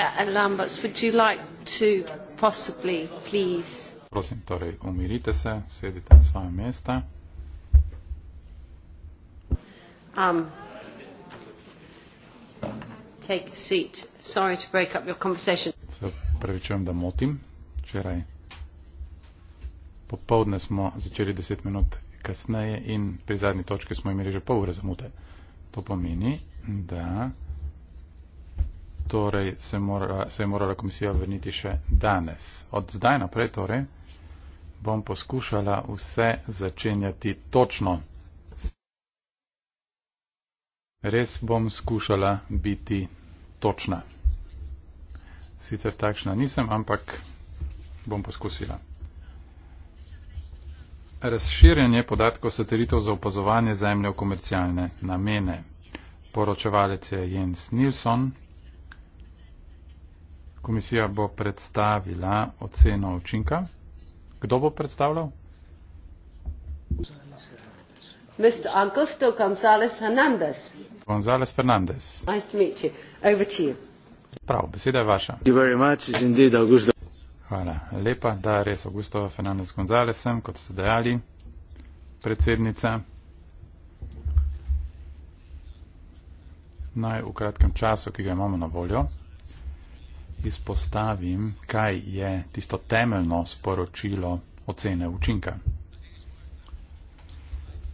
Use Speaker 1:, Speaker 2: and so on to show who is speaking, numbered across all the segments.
Speaker 1: uh, Lambert, would you like to possibly
Speaker 2: please?
Speaker 1: Prosim, torej umirite se, sedite na svoje mesta.
Speaker 2: Um,
Speaker 3: take a seat. Sorry to break up your conversation.
Speaker 1: Se pravičujem, da motim. Včeraj popovdne smo začeli 10 minut kasneje in pri zadnji točki smo imeli že pol ure zamute. To pomeni, da torej se, mora, se je morala komisija vrniti še danes. Od zdaj naprej torej bom poskušala vse začenjati točno. Res bom skušala biti točna. Sicer takšna nisem, ampak bom poskusila. Razširjanje podatkov satelitov za opazovanje zemlje v komercialne namene. Poročevalec je Jens Nilsson, Komisija bo predstavila oceno učinka. Kdo bo predstavljal?
Speaker 3: Mr. Augusto González Hernández.
Speaker 1: González Fernández.
Speaker 3: Nice to meet you.
Speaker 2: Over to you.
Speaker 1: Prav, beseda je vaša. Thank you very much. It's indeed Augusto. Hvala lepa, da je res Augusto Fernández González sem, kot ste dejali, predsednica. Naj v kratkem času, ki ga imamo na voljo, izpostavim, kaj je tisto temeljno sporočilo ocene učinka.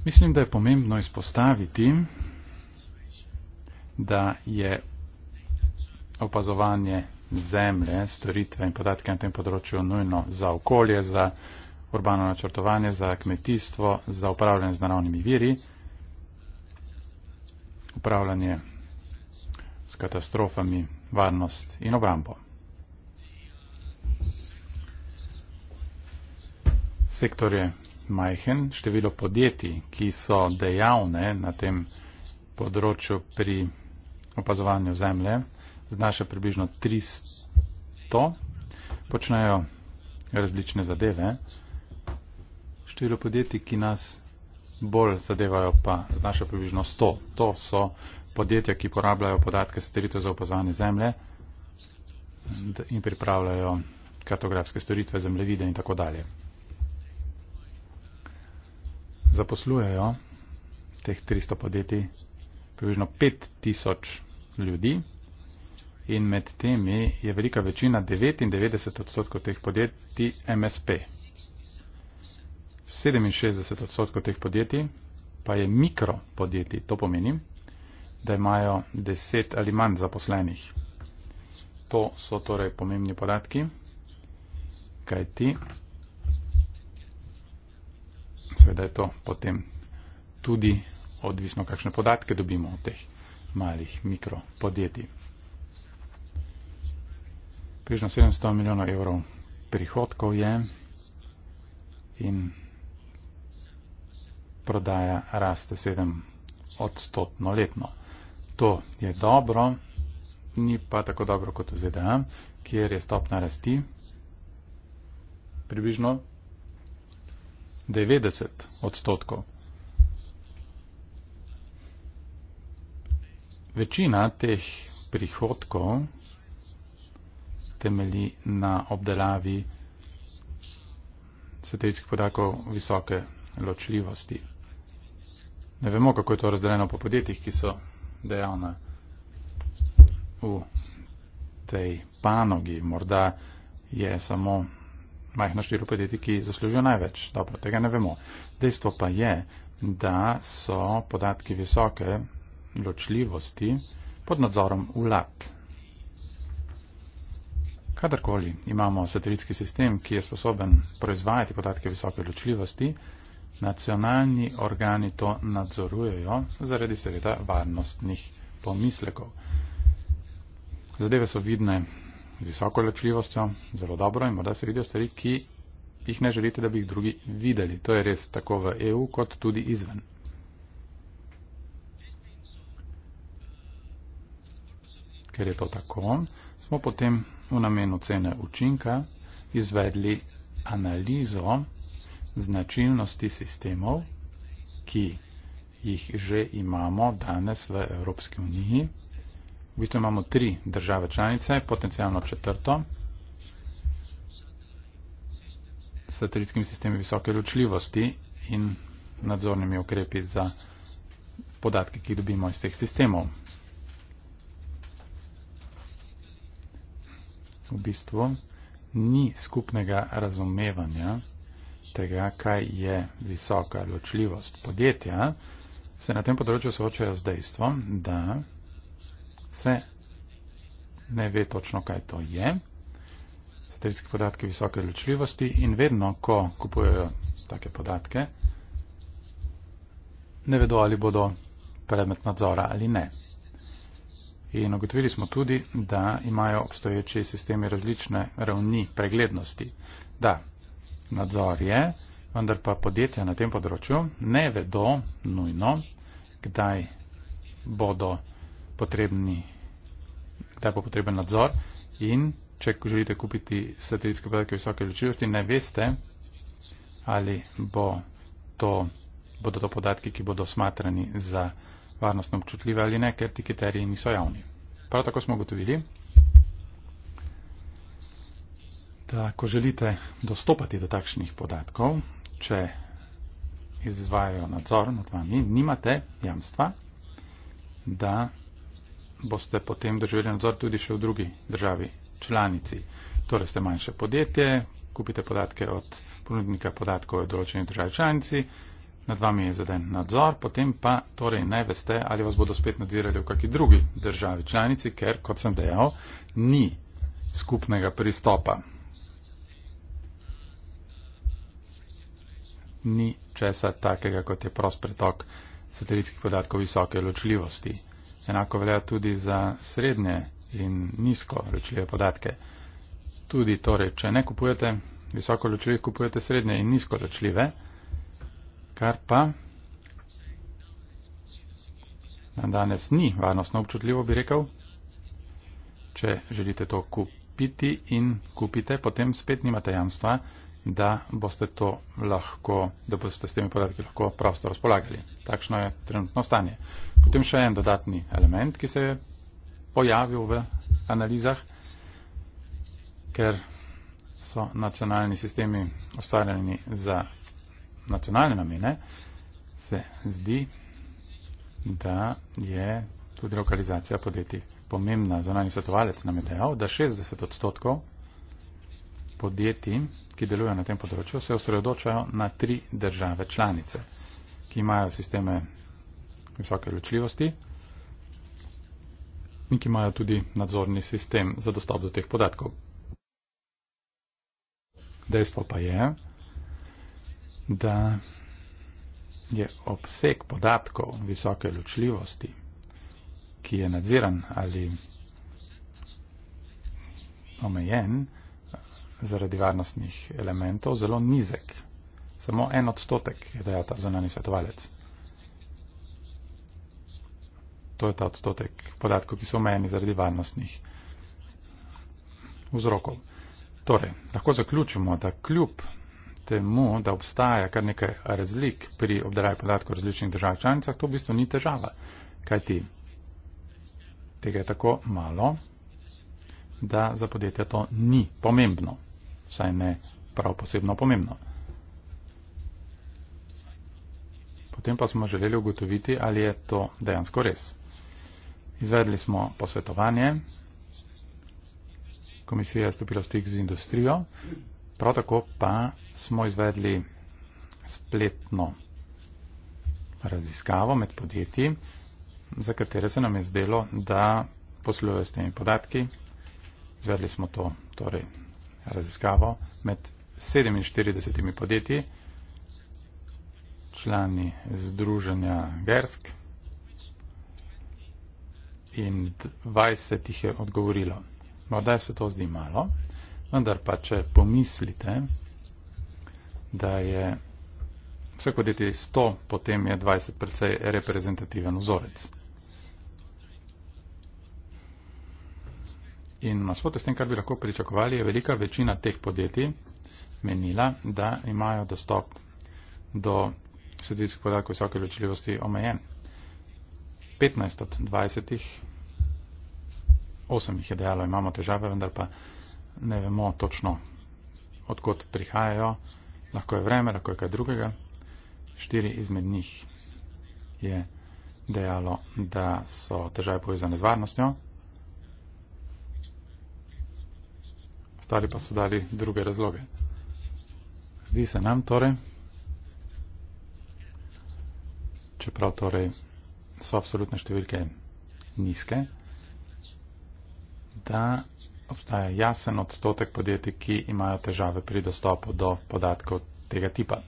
Speaker 1: Mislim, da je pomembno izpostaviti, da je opazovanje zemlje, storitve in podatke na tem področju nujno za okolje, za urbano načrtovanje, za kmetijstvo, za upravljanje z naravnimi viri, upravljanje s katastrofami varnost in obrambo. Sektor je majhen, število podjetij, ki so dejavne na tem področju pri opazovanju zemlje, znaša približno 300, počnejo različne zadeve. Število podjetij, ki nas bolj zadevajo, pa znaša približno 100. To so podjetja, ki porabljajo podatke satelitov za opazovanje zemlje in pripravljajo kartografske storitve, zemljevide in tako dalje. Zaposlujejo teh 300 podjetij približno 5000 ljudi in med temi je velika večina 99 odstotkov teh podjetij MSP. 67 odstotkov teh podjetij pa je mikropodjetij, to pomeni, da imajo deset ali manj zaposlenih. To so torej pomembni podatki, kaj ti, seveda je to potem tudi odvisno, kakšne podatke dobimo od teh malih mikropodjetij. Prižno 700 milijonov evrov prihodkov je in prodaja raste 7 odstotno letno to je dobro, ni pa tako dobro kot v ZDA, kjer je stopna rasti približno 90 odstotkov. Večina teh prihodkov temeli na obdelavi satelitskih podatkov visoke ločljivosti. Ne vemo, kako je to razdeljeno po podjetjih, ki so dejavna v tej panogi. Morda je samo majhno število podjetij, ki zaslužijo največ. Dobro, tega ne vemo. Dejstvo pa je, da so podatki visoke ločljivosti pod nadzorom vlad. Kadarkoli imamo satelitski sistem, ki je sposoben proizvajati podatke visoke ločljivosti, nacionalni organi to nadzorujejo zaradi seveda varnostnih pomislekov. Zadeve so vidne z visoko ločljivostjo, zelo dobro in morda se vidijo stvari, ki jih ne želite, da bi jih drugi videli. To je res tako v EU kot tudi izven. Ker je to tako, smo potem v namenu cene učinka izvedli analizo značilnosti sistemov, ki jih že imamo danes v Evropski uniji. V bistvu imamo tri države članice, potencijalno četrto. satelitskim sistemi visoke ločljivosti in nadzornimi ukrepi za podatke, ki jih dobimo iz teh sistemov. V bistvu ni skupnega razumevanja tega, kaj je visoka ločljivost podjetja, se na tem področju soočajo z dejstvom, da se ne ve točno, kaj to je. Satelitski podatki visoke ločljivosti in vedno, ko kupujejo take podatke, ne vedo, ali bodo predmet nadzora ali ne. In ugotovili smo tudi, da imajo obstoječi sistemi različne ravni preglednosti. Da, nadzor je, vendar pa podjetja na tem področju ne vedo nujno, kdaj bodo potrebni, kdaj bo potreben nadzor in če želite kupiti satelitske podatke visoke ločljivosti, ne veste, ali bo to, bodo to podatki, ki bodo smatrani za varnostno občutljive ali ne, ker ti kriteriji niso javni. Prav tako smo ugotovili, da ko želite dostopati do takšnih podatkov, če izvajajo nadzor nad vami, nimate jamstva, da boste potem doživeli nadzor tudi še v drugi državi članici. Torej ste manjše podjetje, kupite podatke od ponudnika podatkov v določeni državi članici, nad vami je zaden nadzor, potem pa torej ne veste, ali vas bodo spet nadzirali v kaki drugi državi članici, ker, kot sem dejal, ni skupnega pristopa. ni česa takega, kot je prost pretok satelitskih podatkov visoke ločljivosti. Enako velja tudi za srednje in nizko ločljive podatke. Tudi torej, če ne kupujete visoko ločljivih, kupujete srednje in nizko ločljive, kar pa na danes ni varnostno občutljivo, bi rekel. Če želite to kupiti in kupite, potem spet nimate jamstva, da boste, to lahko, da boste s temi podatki lahko prosto razpolagali. Takšno je trenutno stanje. Potem še en dodatni element, ki se je pojavil v analizah, ker so nacionalni sistemi ustvarjeni za nacionalne namene, se zdi, da je tudi lokalizacija podjetij pomembna. Zonalni svetovalec nam je dejal, da 60 odstotkov podjetij, ki delujejo na tem področju, se osredotočajo na tri države članice, ki imajo sisteme visoke ločljivosti in ki imajo tudi nadzorni sistem za dostop do teh podatkov. Dejstvo pa je, da je obseg podatkov visoke ločljivosti, ki je nadziran ali omejen, zaradi varnostnih elementov zelo nizek. Samo en odstotek je dejal ta zunani svetovalec. To je ta odstotek podatkov, ki so omejeni zaradi varnostnih vzrokov. Torej, lahko zaključimo, da kljub temu, da obstaja kar nekaj razlik pri obdelavi podatkov v različnih državah članicah, to v bistvu ni težava. Kaj ti? Tega je tako malo, da za podjetja to ni pomembno vsaj ne prav posebno pomembno. Potem pa smo želeli ugotoviti, ali je to dejansko res. Izvedli smo posvetovanje, komisija je stopila v stik z industrijo, prav tako pa smo izvedli spletno raziskavo med podjetji, za katere se nam je zdelo, da poslujejo s temi podatki. Izvedli smo to torej raziskavo med 47 podjetji, člani Združenja Gersk in 20 jih je odgovorilo. Morda se to zdi malo, vendar pa, če pomislite, da je vse podjetje 100, potem je 20 precej reprezentativen vzorec. In nasprotno s tem, kar bi lahko pričakovali, je velika večina teh podjetij menila, da imajo dostop do sredstvih podatkov visoke ločljivosti omejen. 15 od 20, 8 jih je dejalo, imamo težave, vendar pa ne vemo točno, odkot prihajajo. Lahko je vreme, lahko je kaj drugega. Štiri izmed njih je dejalo, da so težave povezane z varnostjo. ostali pa so dali druge razloge. Zdi se nam torej, čeprav torej so absolutne številke nizke, da obstaja jasen odstotek podjetij, ki imajo težave pri dostopu do podatkov tega tipa.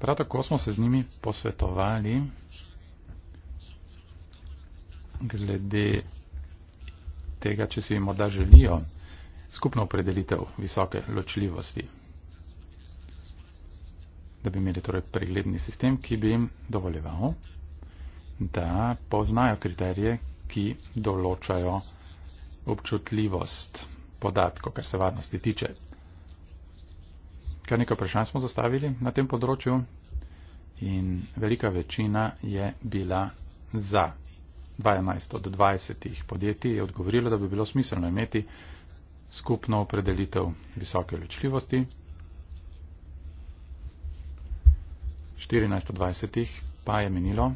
Speaker 1: Prav tako smo se z njimi posvetovali glede tega, če si morda želijo skupno opredelitev visoke ločljivosti. Da bi imeli torej pregledni sistem, ki bi jim dovoljeval, da poznajo kriterije, ki določajo občutljivost podatkov, kar se varnosti tiče. Kar nekaj vprašanj smo zastavili na tem področju in velika večina je bila za 12 od 20 podjetij je odgovorilo, da bi bilo smiselno imeti skupno opredelitev visoke ločljivosti. 14 od 20 pa je menilo,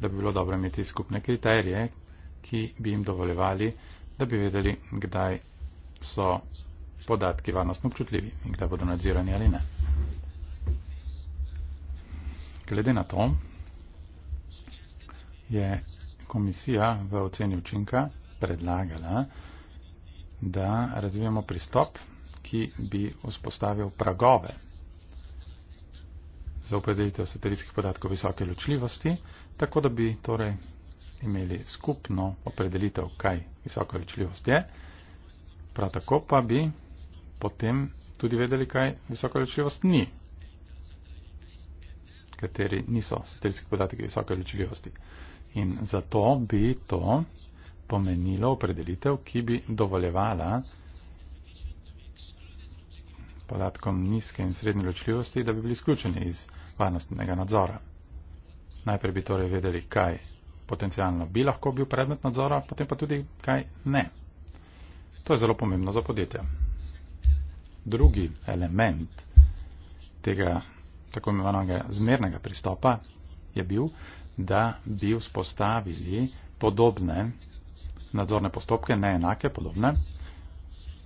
Speaker 1: da bi bilo dobro imeti skupne kriterije, ki bi jim dovoljevali, da bi vedeli, kdaj so podatki varnostno občutljivi in kdaj bodo nadzirani ali ne. Glede na to je komisija v oceni učinka predlagala, da razvijamo pristop, ki bi vzpostavil pragove za opredelitev satelitskih podatkov visoke ločljivosti, tako da bi torej imeli skupno opredelitev, kaj visoka ločljivost je, prav tako pa bi potem tudi vedeli, kaj visoka ločljivost ni, kateri niso satelitski podatki visoke ločljivosti. In zato bi to pomenilo opredelitev, ki bi dovoljevala podatkom nizke in srednje ločljivosti, da bi bili izključeni iz varnostnega nadzora. Najprej bi torej vedeli, kaj potencialno bi lahko bil predmet nadzora, potem pa tudi, kaj ne. To je zelo pomembno za podjetja. Drugi element tega tako imenovanega zmernega pristopa je bil, da bi vzpostavili podobne nadzorne postopke, ne enake, podobne,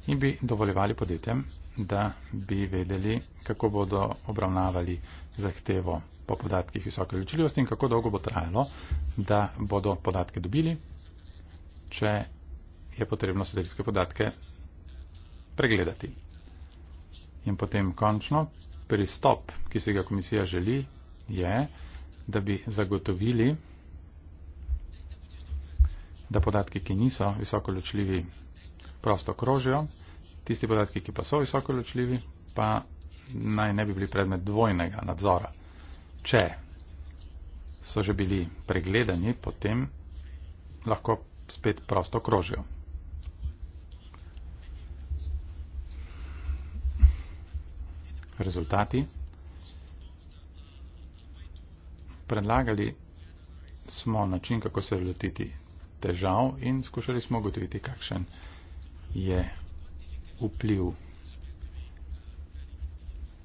Speaker 1: in bi dovoljevali podjetjem, da bi vedeli, kako bodo obravnavali zahtevo po podatkih visoke ločljivosti in kako dolgo bo trajalo, da bodo podatke dobili, če je potrebno sodelijske podatke pregledati. In potem končno pristop, ki se ga komisija želi, je, da bi zagotovili, da podatki, ki niso visokoločljivi, prosto krožijo, tisti podatki, ki pa so visokoločljivi, pa naj ne bi bili predmet dvojnega nadzora. Če so že bili pregledani, potem lahko spet prosto krožijo. Rezultati. predlagali smo način, kako se lotiti težav in skušali smo ugotoviti, kakšen je vpliv.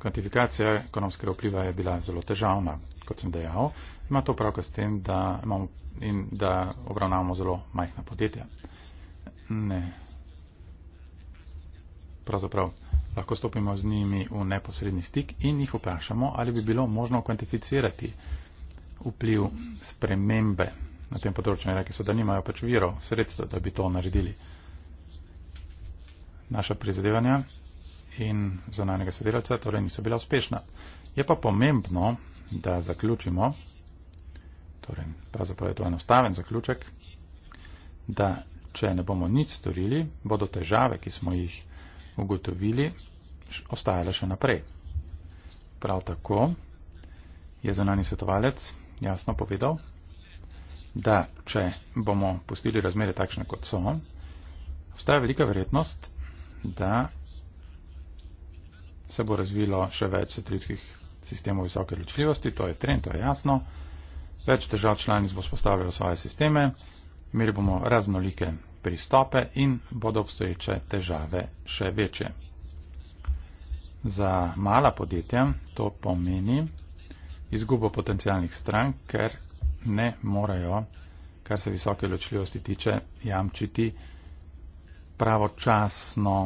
Speaker 1: Kvantifikacija ekonomskega vpliva je bila zelo težavna, kot sem dejal. Ima to pravko s tem, da, imamo in da obravnavamo zelo majhna podjetja. Ne. Pravzaprav lahko stopimo z njimi v neposredni stik in jih vprašamo, ali bi bilo možno kvantificirati vpliv spremembe na tem področju. Rekli so, da nimajo pač virov, sredstev, da bi to naredili. Naša prizadevanja in zonanjega sodelavca torej niso bila uspešna. Je pa pomembno, da zaključimo, torej pravzaprav je to enostaven zaključek, da če ne bomo nič storili, bodo težave, ki smo jih ugotovili, ostajale še naprej. Prav tako je zonani svetovalec jasno povedal, da če bomo pustili razmere takšne, kot so, obstaja velika verjetnost, da se bo razvilo še več satelitskih sistemov visoke ločljivosti, to je trend, to je jasno. Več držav članic bo spostavilo svoje sisteme, imeli bomo raznolike pristope in bodo obstoječe težave še večje. Za mala podjetja to pomeni, izgubo potencijalnih strank, ker ne morejo, kar se visoke ločljivosti tiče, jamčiti pravočasno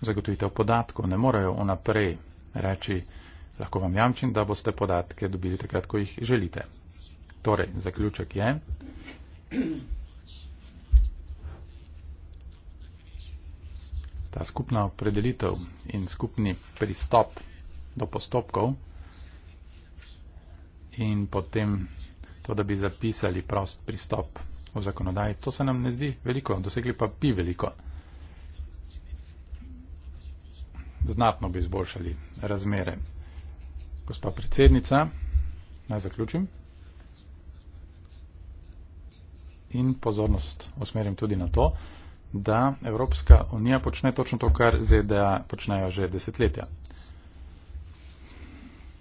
Speaker 1: zagotovitev podatkov. Ne morejo vnaprej reči, lahko vam jamčim, da boste podatke dobili takrat, ko jih želite. Torej, zaključek je. Ta skupna opredelitev in skupni pristop do postopkov in potem to, da bi zapisali prost pristop v zakonodaji, to se nam ne zdi veliko, dosegli pa bi veliko. Znatno bi izboljšali razmere. Gospa predsednica, naj zaključim. In pozornost osmerim tudi na to, da Evropska unija počne točno to, kar ZDA počnejo že desetletja.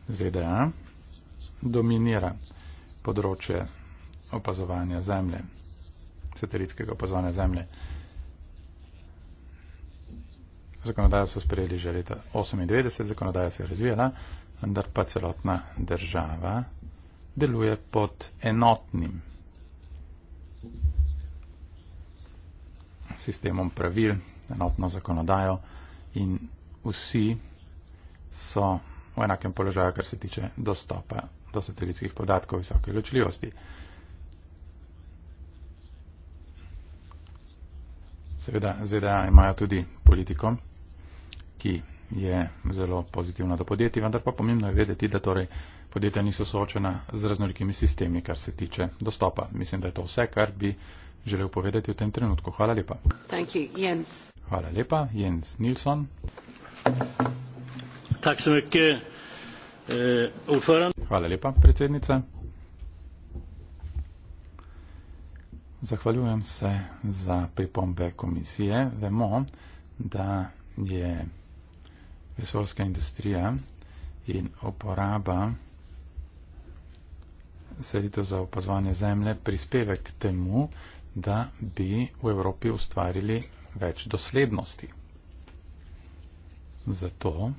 Speaker 1: ZDA dominira področje opazovanja zemlje, satelitskega opazovanja zemlje. Zakonodajo so sprejeli že leta 1998, zakonodaja se je razvijala, vendar pa celotna država deluje pod enotnim sistemom pravil, enotno zakonodajo in vsi so v enakem položaju, kar se tiče dostopa do satelitskih podatkov visoke ločljivosti. Seveda ZDA imajo tudi politiko, ki je zelo pozitivna do podjetij, vendar pa pomembno je vedeti, da torej podjetja niso soočena z raznolikimi sistemi, kar se tiče dostopa. Mislim, da je to vse, kar bi želel povedati v tem trenutku. Hvala lepa.
Speaker 3: Thank you, Jens.
Speaker 1: Hvala lepa, Jens Nilsson. Tak se mi, ki Eh, Hvala lepa, predsednica. Zahvaljujem se za pripombe komisije. Vemo, da je vesolska industrija in uporaba sredstev za opazovanje zemlje prispevek k temu, da bi v Evropi ustvarili več doslednosti. Zato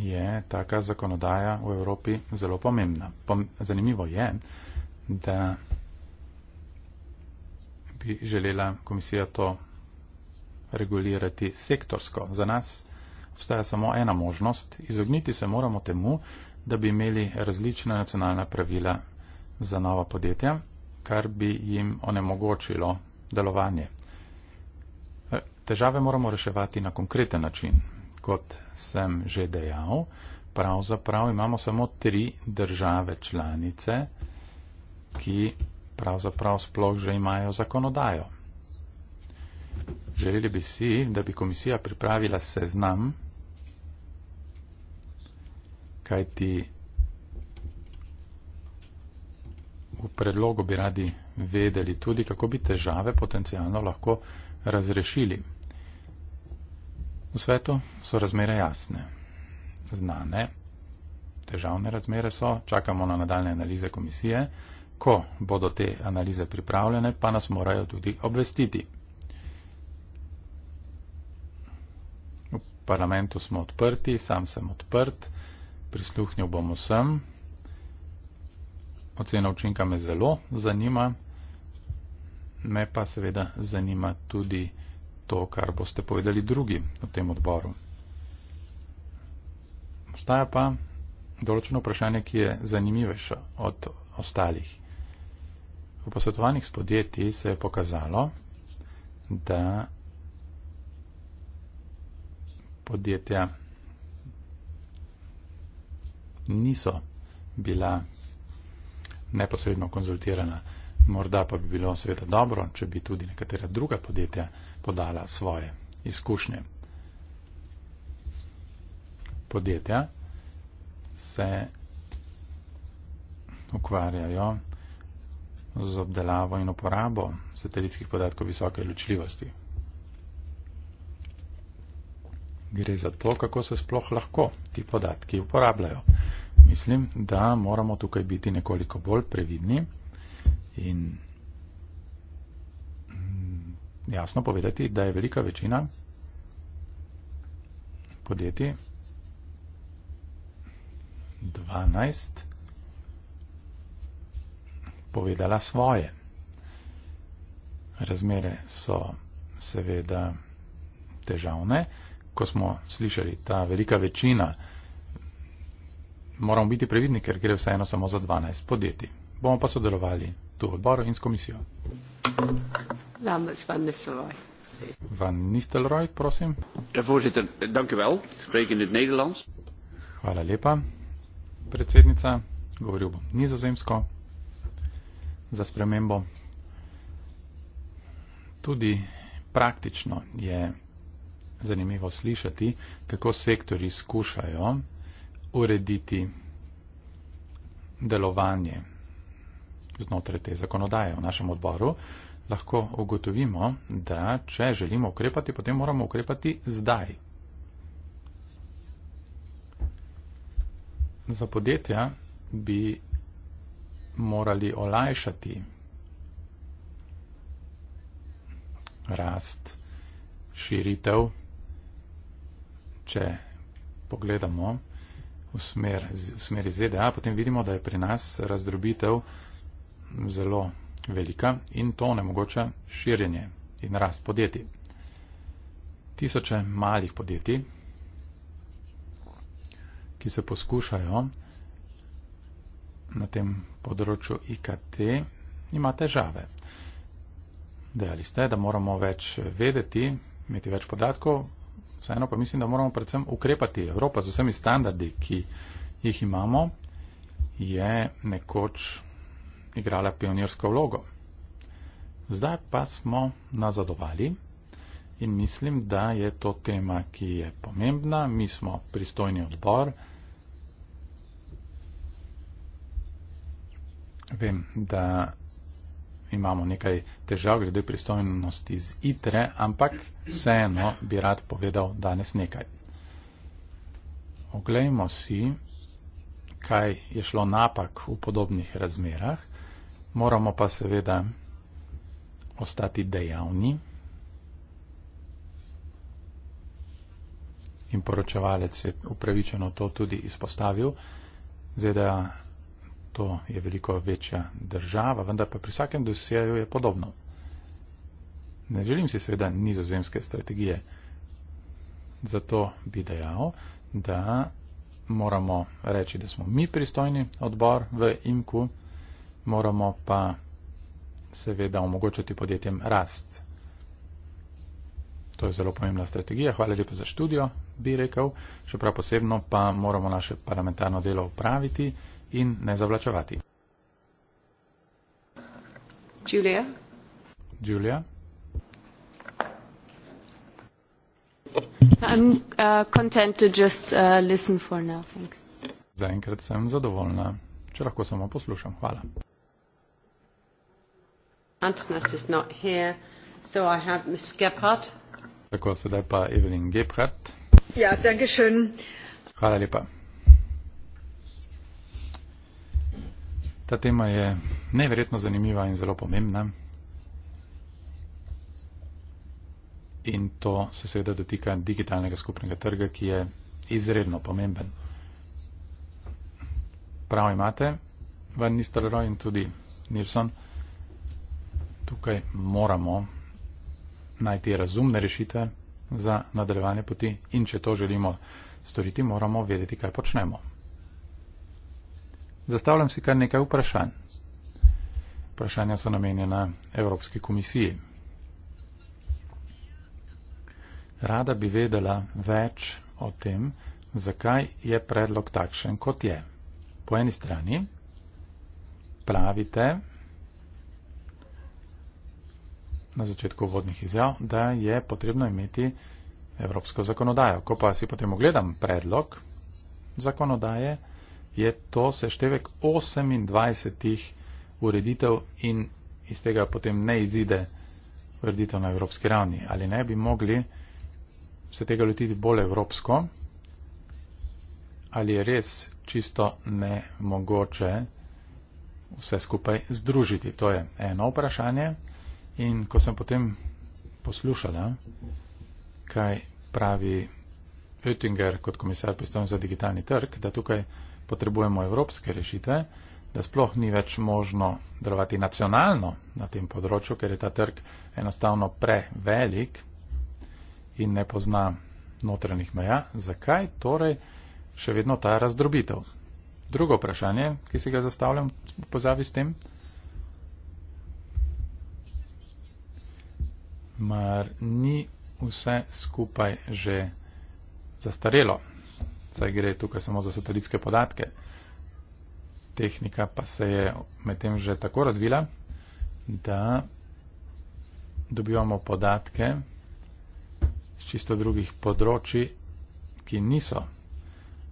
Speaker 1: je taka zakonodaja v Evropi zelo pomembna. Zanimivo je, da bi želela komisija to regulirati sektorsko. Za nas obstaja samo ena možnost. Izogniti se moramo temu, da bi imeli različna nacionalna pravila za nova podjetja, kar bi jim onemogočilo delovanje. Težave moramo reševati na konkreten način kot sem že dejal, pravzaprav imamo samo tri države članice, ki pravzaprav sploh že imajo zakonodajo. Želeli bi si, da bi komisija pripravila seznam, kajti v predlogu bi radi vedeli tudi, kako bi težave potencijalno lahko razrešili. V svetu so razmere jasne, znane, težavne razmere so, čakamo na nadaljne analize komisije, ko bodo te analize pripravljene, pa nas morajo tudi obvestiti. V parlamentu smo odprti, sam sem odprt, prisluhnil bom vsem, ocena učinka me zelo zanima, me pa seveda zanima tudi to, kar boste povedali drugi na tem odboru. Obstaja pa določeno vprašanje, ki je zanimivejše od ostalih. V posvetovanjih s podjetji se je pokazalo, da podjetja niso bila neposredno konzultirana. Morda pa bi bilo seveda dobro, če bi tudi nekatera druga podjetja podala svoje izkušnje. Podjetja se ukvarjajo z obdelavo in uporabo satelitskih podatkov visoke ločljivosti. Gre za to, kako se sploh lahko ti podatki uporabljajo. Mislim, da moramo tukaj biti nekoliko bolj previdni in jasno povedati, da je velika večina podjetij 12 povedala svoje. Razmere so seveda težavne. Ko smo slišali ta velika večina, moramo biti previdni, ker gre vseeno samo za 12 podjetij. Bomo pa sodelovali tu odboru in s komisijo. Van Nistelrooy, prosim. Ja, voorzitter,
Speaker 2: dank u wel. Ik spreek in het Nederlands.
Speaker 1: Hvala lepa, predsednica. Govoril bom nizozemsko za spremembo. Tudi praktično je zanimivo slišati, kako sektori skušajo urediti delovanje znotraj te zakonodaje v našem odboru, lahko ugotovimo, da če želimo ukrepati, potem moramo ukrepati zdaj. Za podjetja bi morali olajšati rast, širitev, če pogledamo v smer, v smeri ZDA, potem vidimo, da je pri nas razdrobitev zelo velika in to onemogoča širjenje in rast podjetij. Tisoče malih podjetij, ki se poskušajo na tem področju IKT, ima težave. Dejali ste, da moramo več vedeti, imeti več podatkov, vseeno pa mislim, da moramo predvsem ukrepati. Evropa z vsemi standardi, ki jih imamo, je nekoč igrala pionirsko vlogo. Zdaj pa smo nazadovali in mislim, da je to tema, ki je pomembna. Mi smo pristojni odbor. Vem, da imamo nekaj težav glede pristojnosti z ITRE, ampak vseeno bi rad povedal danes nekaj. Oglejmo si, kaj je šlo napak v podobnih razmerah Moramo pa seveda ostati dejavni in poročevalec je upravičeno to tudi izpostavil. ZDA to je veliko večja država, vendar pa pri vsakem dosjeju je podobno. Ne želim si seveda nizozemske strategije. Zato bi dejal, da moramo reči, da smo mi pristojni odbor v IMKU moramo pa seveda omogočiti podjetjem rast. To je zelo pomembna strategija. Hvala lepa za študijo, bi rekel. Še prav posebno pa moramo naše parlamentarno delo upraviti in ne zavlačevati. Julia. Julia. I'm uh, content to just uh, listen for now. Thanks. Zaenkrat sem zadovoljna. Če lahko samo poslušam. Hvala. Tako, sedaj pa Evelyn Gebhardt.
Speaker 2: Ja, dankeschön.
Speaker 1: Hvala lepa. Ta tema je neverjetno zanimiva in zelo pomembna. In to se seveda dotika digitalnega skupnega trga, ki je izredno pomemben. Prav imate, Van Nistelrooy in tudi Nilsson tukaj moramo najti razumne rešitve za nadaljevanje poti in če to želimo storiti, moramo vedeti, kaj počnemo. Zastavljam si kar nekaj vprašanj. Vprašanja so namenjena Evropski komisiji. Rada bi vedela več o tem, zakaj je predlog takšen, kot je. Po eni strani pravite, na začetku vodnih izjav, da je potrebno imeti evropsko zakonodajo. Ko pa si potem ogledam predlog zakonodaje, je to seštevek 28 ureditev in iz tega potem ne izide ureditev na evropski ravni. Ali ne bi mogli se tega lotiti bolj evropsko? Ali je res čisto nemogoče vse skupaj združiti? To je eno vprašanje. In ko sem potem poslušala, kaj pravi Oettinger kot komisar pristojen za digitalni trg, da tukaj potrebujemo evropske rešitve, da sploh ni več možno delovati nacionalno na tem področju, ker je ta trg enostavno prevelik in ne pozna notranjih meja. Zakaj torej še vedno ta razdrobitev? Drugo vprašanje, ki se ga zastavljam v pozavi s tem, mar ni vse skupaj že zastarelo. Saj gre tukaj samo za satelitske podatke. Tehnika pa se je medtem že tako razvila, da dobivamo podatke z čisto drugih področji, ki niso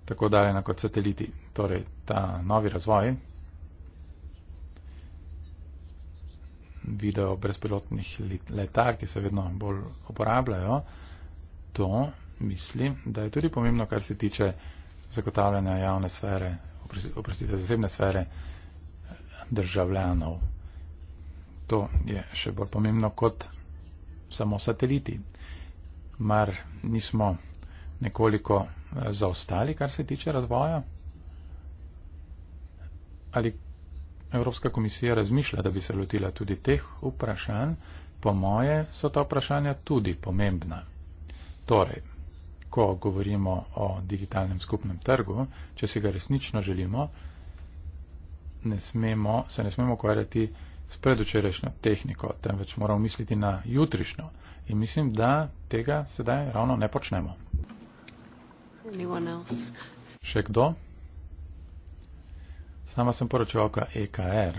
Speaker 1: tako daljena kot sateliti. Torej, ta novi razvoj video brezpilotnih letal, ki se vedno bolj uporabljajo. To mislim, da je tudi pomembno, kar se tiče zagotavljanja javne sfere, oprostite, zasebne sfere državljanov. To je še bolj pomembno kot samo sateliti. Mar nismo nekoliko eh, zaostali, kar se tiče razvoja? Ali Evropska komisija razmišlja, da bi se lotila tudi teh vprašanj, po moje so ta vprašanja tudi pomembna. Torej, ko govorimo o digitalnem skupnem trgu, če si ga resnično želimo, ne smemo, se ne smemo ukvarjati s predvčerajšnjo tehniko, temveč moramo misliti na jutrišnjo. In mislim, da tega sedaj ravno ne počnemo. Še kdo? Sama sem poročevalka EKR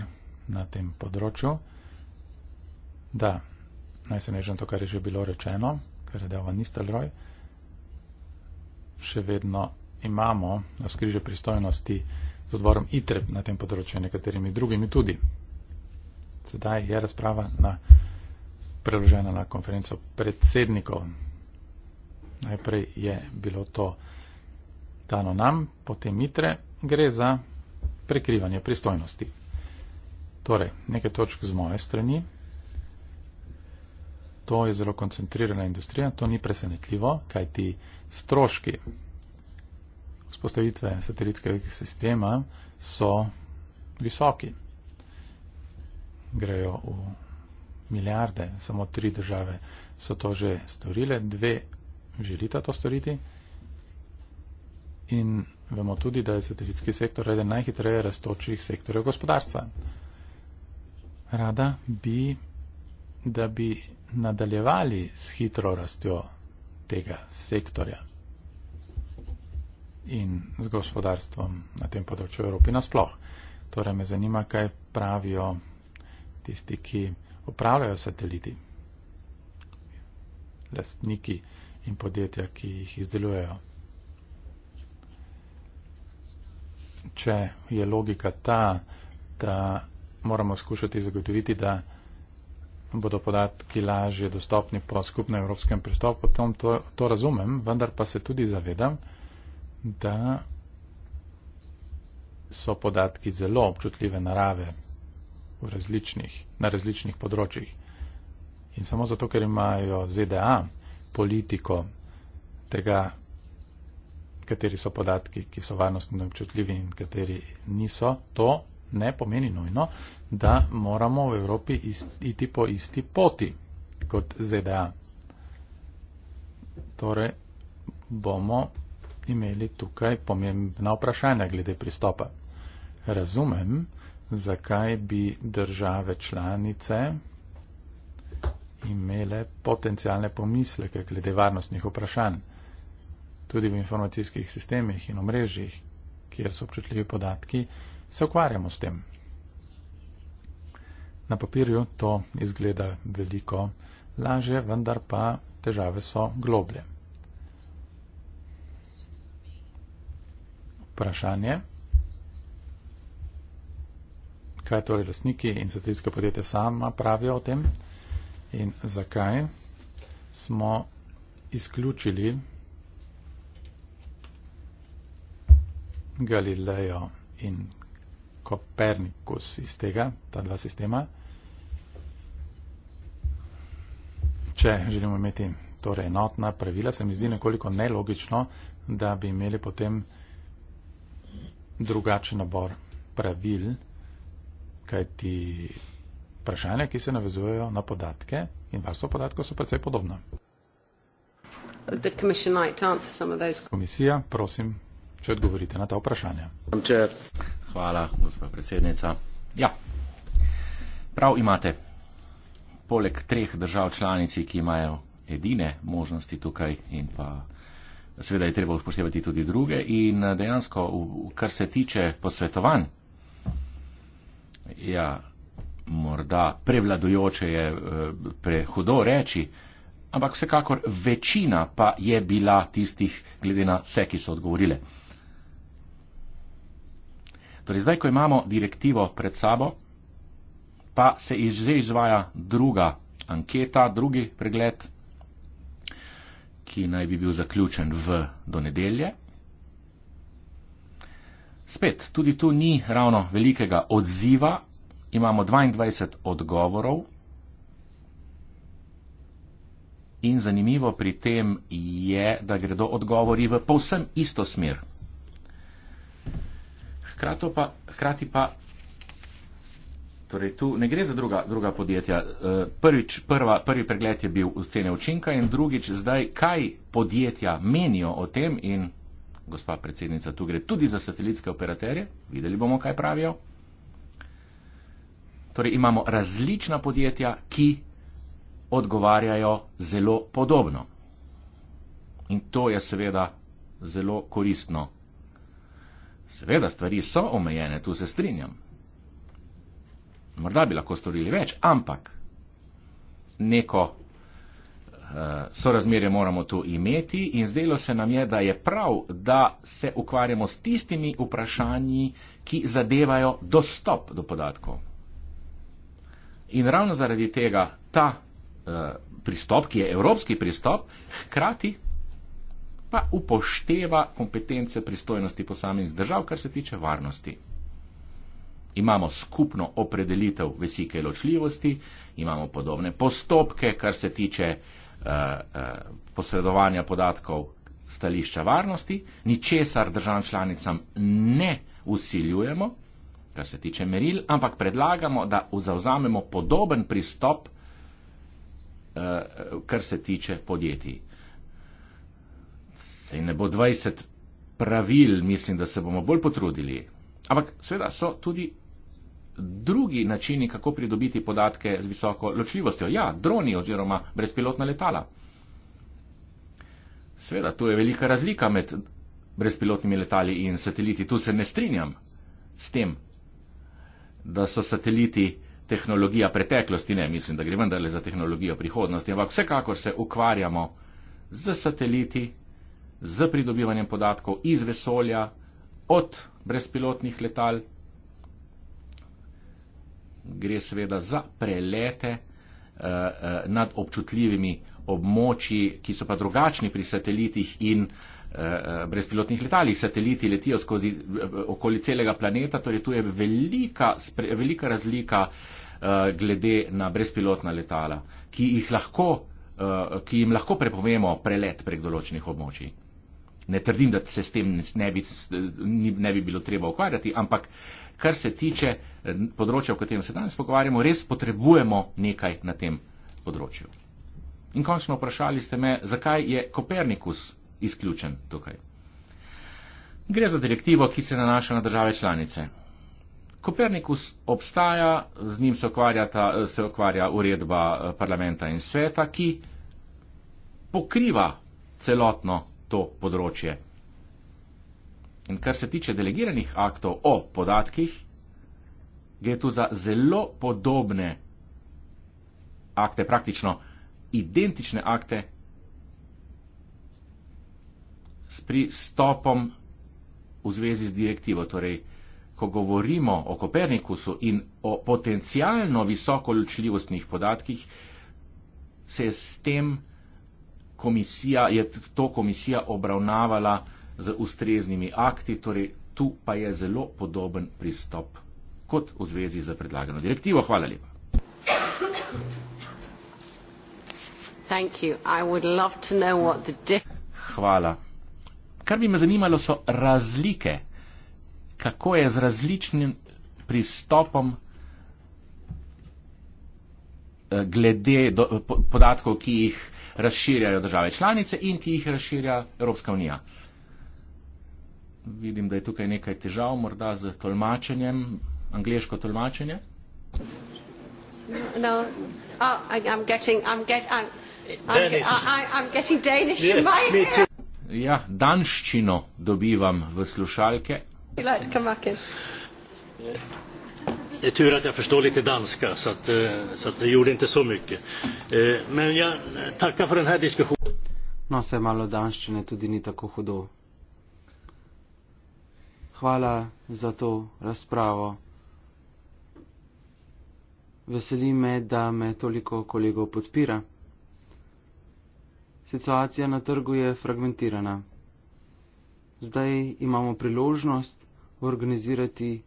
Speaker 1: na tem področju. Da, naj se nežem to, kar je že bilo rečeno, kar je dejal Nistelroj. Še vedno imamo na skriže pristojnosti z odborom ITREP na tem področju in nekaterimi drugimi tudi. Sedaj je razprava na, preložena na konferenco predsednikov. Najprej je bilo to dano nam, potem ITRE. Gre za prekrivanje pristojnosti. Torej, nekaj točk z moje strani. To je zelo koncentrirana industrija, to ni presenetljivo, kaj ti stroški vzpostavitve satelitskega sistema so visoki. Grejo v milijarde, samo tri države so to že storile, dve želita to storiti, in vemo tudi, da je satelitski sektor eden najhitreje raztočih sektorjev gospodarstva. Rada bi, da bi nadaljevali s hitro rastjo tega sektorja in z gospodarstvom na tem področju Evropi nasploh. Torej me zanima, kaj pravijo tisti, ki upravljajo sateliti, lastniki in podjetja, ki jih izdelujejo. če je logika ta, da moramo skušati zagotoviti, da bodo podatki lažje dostopni po skupnem evropskem pristopu, potem to, to razumem, vendar pa se tudi zavedam, da so podatki zelo občutljive narave različnih, na različnih področjih. In samo zato, ker imajo ZDA politiko tega kateri so podatki, ki so varnostno občutljivi in kateri niso, to ne pomeni nujno, da moramo v Evropi iti po isti poti kot ZDA. Torej bomo imeli tukaj pomembna vprašanja glede pristopa. Razumem, zakaj bi države članice imele potencijalne pomisleke glede varnostnih vprašanj tudi v informacijskih sistemih in omrežjih, kjer so občutljivi podatki, se ukvarjamo s tem. Na papirju to izgleda veliko lažje, vendar pa težave so globlje. Vprašanje. Kaj torej lastniki in satelitska podjetja sama pravijo o tem in zakaj smo izključili Galileo in Copernicus iz tega, ta dva sistema. Če želimo imeti torej enotna pravila, se mi zdi nekoliko nelogično, da bi imeli potem drugačen nabor pravil, kajti vprašanja, ki se navezujejo na podatke in varstvo podatkov, so precej podobna. Komisija, prosim, če odgovorite na ta vprašanja.
Speaker 2: Hvala, gospod predsednica. Ja, prav imate. Poleg treh držav članici, ki imajo edine možnosti tukaj in pa seveda je treba upoštevati tudi druge in dejansko, kar se tiče posvetovanj, ja, morda prevladujoče je eh, prehudo reči, ampak vsekakor večina pa je bila tistih, glede na vse, ki so odgovorile. Torej, zdaj, ko imamo direktivo pred sabo, pa se že izvaja druga anketa, drugi pregled, ki naj bi bil zaključen v do nedelje. Spet, tudi tu ni ravno velikega odziva, imamo 22 odgovorov. In zanimivo pri tem je, da gredo odgovori v povsem isto smer. Hkrati pa, hkrati pa torej tu ne gre za druga, druga podjetja. E, prvič, prva, prvi pregled je bil ocene učinka in drugič, zdaj kaj podjetja menijo o tem in gospa predsednica, tu gre tudi za satelitske operaterje, videli bomo, kaj pravijo. Torej imamo različna podjetja, ki odgovarjajo zelo podobno. In to je seveda zelo koristno Seveda, stvari so omejene, tu se strinjam. Morda bi lahko storili več, ampak neko uh, sorazmerje moramo tu imeti in zdelo se nam je, da je prav, da se ukvarjamo s tistimi vprašanji, ki zadevajo dostop do podatkov. In ravno zaradi tega ta uh, pristop, ki je evropski pristop, hkrati pa upošteva kompetence pristojnosti posameznih držav, kar se tiče varnosti. Imamo skupno opredelitev vesike ločljivosti, imamo podobne postopke, kar se tiče uh, uh, posredovanja podatkov stališča varnosti, ničesar državam članicam ne usiljujemo, kar se tiče meril, ampak predlagamo, da zauzamemo podoben pristop, uh, kar se tiče podjetij. Sej ne bo 20 pravil, mislim, da se bomo bolj potrudili. Ampak seveda so tudi drugi načini, kako pridobiti podatke z visoko ločljivostjo. Ja, droni oziroma brezpilotna letala. Seveda, tu je velika razlika med brezpilotnimi letali in sateliti. Tu se ne strinjam s tem, da so sateliti tehnologija preteklosti. Ne, mislim, da gre vendarle za tehnologijo prihodnosti. Ampak vsekakor se ukvarjamo z sateliti z pridobivanjem podatkov iz vesolja, od brezpilotnih letal. Gre seveda za prelete eh, eh, nad občutljivimi območji, ki so pa drugačni pri satelitih in eh, brezpilotnih letalih. Sateliti letijo skozi okoli celega planeta, torej tu je velika, velika razlika glede na brezpilotna letala, ki, lahko, ki jim lahko prepovemo prelet prek določenih območij. Ne trdim, da se s tem ne bi, ne bi bilo treba ukvarjati, ampak kar se tiče eh, področja, o katerem se danes pogovarjamo, res potrebujemo nekaj na tem področju. In končno vprašali ste me, zakaj je Kopernikus izključen tukaj. Gre za direktivo, ki se nanaša na države članice. Kopernikus obstaja, z njim se, eh, se ukvarja uredba eh, parlamenta in sveta, ki pokriva celotno to področje. In kar se tiče delegiranih aktov o podatkih, gre tu za zelo podobne akte, praktično identične akte s pristopom v zvezi z direktivo. Torej, ko govorimo o Kopernikusu in o potencijalno visoko ločljivostnih podatkih, se je s tem komisija, je to komisija obravnavala z ustreznimi akti, torej tu pa je zelo podoben pristop kot v zvezi z predlagano direktivo. Hvala lepa. Hvala. Kar bi me zanimalo, so razlike, kako je z različnim pristopom eh, glede do, podatkov, ki jih razširjajo države članice in ki jih razširja Evropska unija. Vidim, da je tukaj nekaj težav, morda z tolmačenjem, angliško tolmačenje.
Speaker 1: No, I'm
Speaker 3: getting Danish in my head.
Speaker 2: Ja, danščino dobivam v slušalke.
Speaker 3: Like to come back in. Yeah.
Speaker 2: Det är tur att jag förstår lite danska, så, att, eh, så att det gjorde inte så mycket.
Speaker 3: Eh, men jag tackar för den här diskussionen. No, se malo danščine tudi ni tako hudo. Hvala za to razpravo. Veseli me, da me toliko kolegov podpira. Situacija na trgu je fragmentirana. Zdaj imamo priložnost organizirati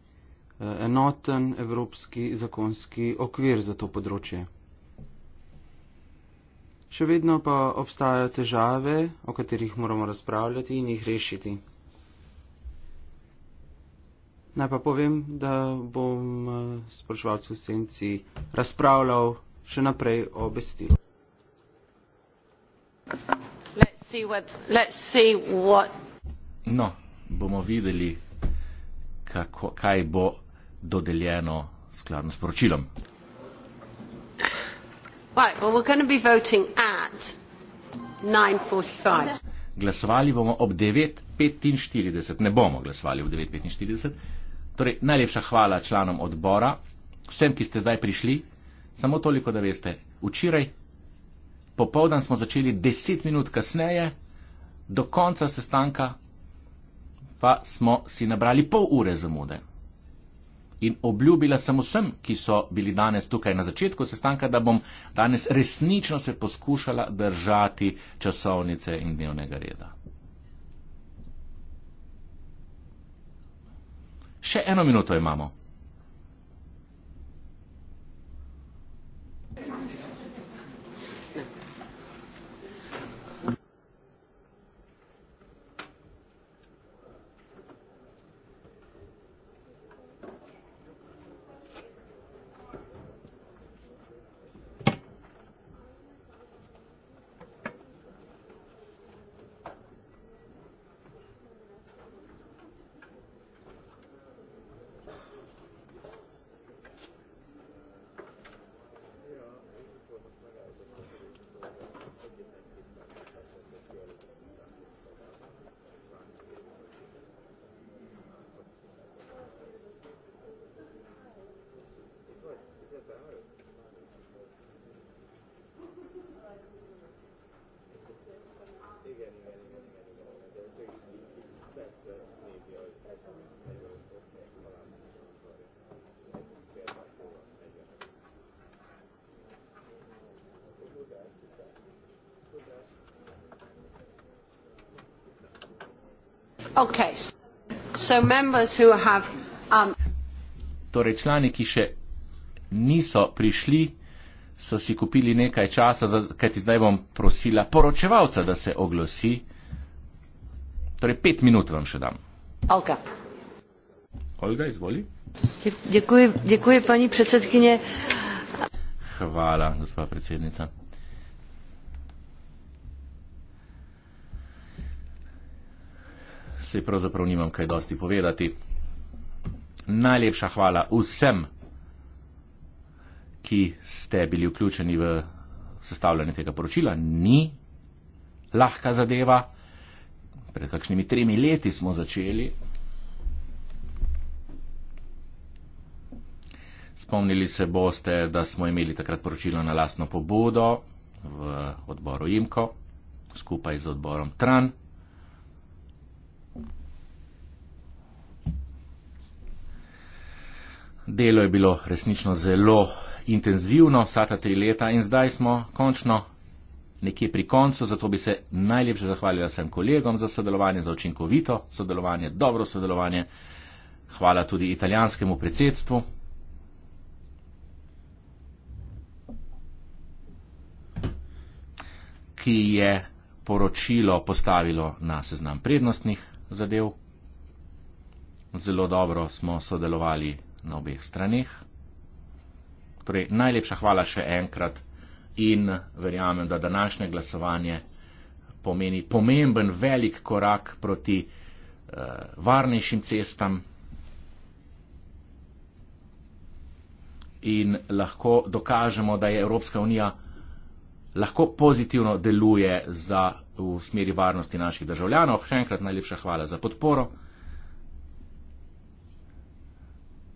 Speaker 3: Eh, enoten evropski zakonski okvir za to področje. Še vedno pa obstajajo težave, o katerih moramo razpravljati in jih rešiti. Naj pa povem, da bom eh, s prošvalcem v senci razpravljal še naprej o
Speaker 2: besedilu. No, bomo videli, kako, kaj bo dodeljeno skladno s poročilom. Right, well, Glasovali bomo ob 9.45, ne bomo glasovali ob 9.45. Torej, najlepša hvala članom odbora, vsem, ki ste zdaj prišli. Samo toliko, da veste, včeraj popovdan smo začeli 10 minut kasneje, do konca sestanka pa smo si nabrali pol ure zamude in obljubila sem vsem, ki so bili danes tukaj na začetku sestanka, da bom danes resnično se poskušala držati časovnice in dnevnega reda. Še eno minuto imamo.
Speaker 3: Okay. So members who have, um...
Speaker 2: Torej, člani, ki še niso prišli, so si kupili nekaj časa, kaj ti zdaj bom prosila poročevalca, da se oglosi. Torej, pet minut vam še dam. Olga. Olga, izvoli. Děkuji, děkuji paní předsedkyně. Hvala, gospa predsednica. sej pravzaprav nimam kaj dosti povedati. Najlepša hvala vsem, ki ste bili vključeni v sestavljanje tega poročila. Ni lahka zadeva. Pred kakšnimi tremi leti smo začeli. Spomnili se boste, da smo imeli takrat poročilo na lastno pobudo v odboru IMKO skupaj z odborom Tran. Delo je bilo resnično zelo intenzivno vsa ta tri leta in zdaj smo končno nekje pri koncu, zato bi se najlepše zahvalila vsem kolegom za sodelovanje, za učinkovito sodelovanje, dobro sodelovanje. Hvala tudi italijanskemu predsedstvu. ki je poročilo postavilo na seznam prednostnih zadev. Zelo dobro smo sodelovali na obeh straneh. Torej, najlepša hvala še enkrat in verjamem, da današnje glasovanje pomeni pomemben velik korak proti uh, varnejšim cestam in lahko dokažemo, da je Evropska unija lahko pozitivno deluje za, v smeri varnosti naših državljanov. Še enkrat najlepša hvala za podporo.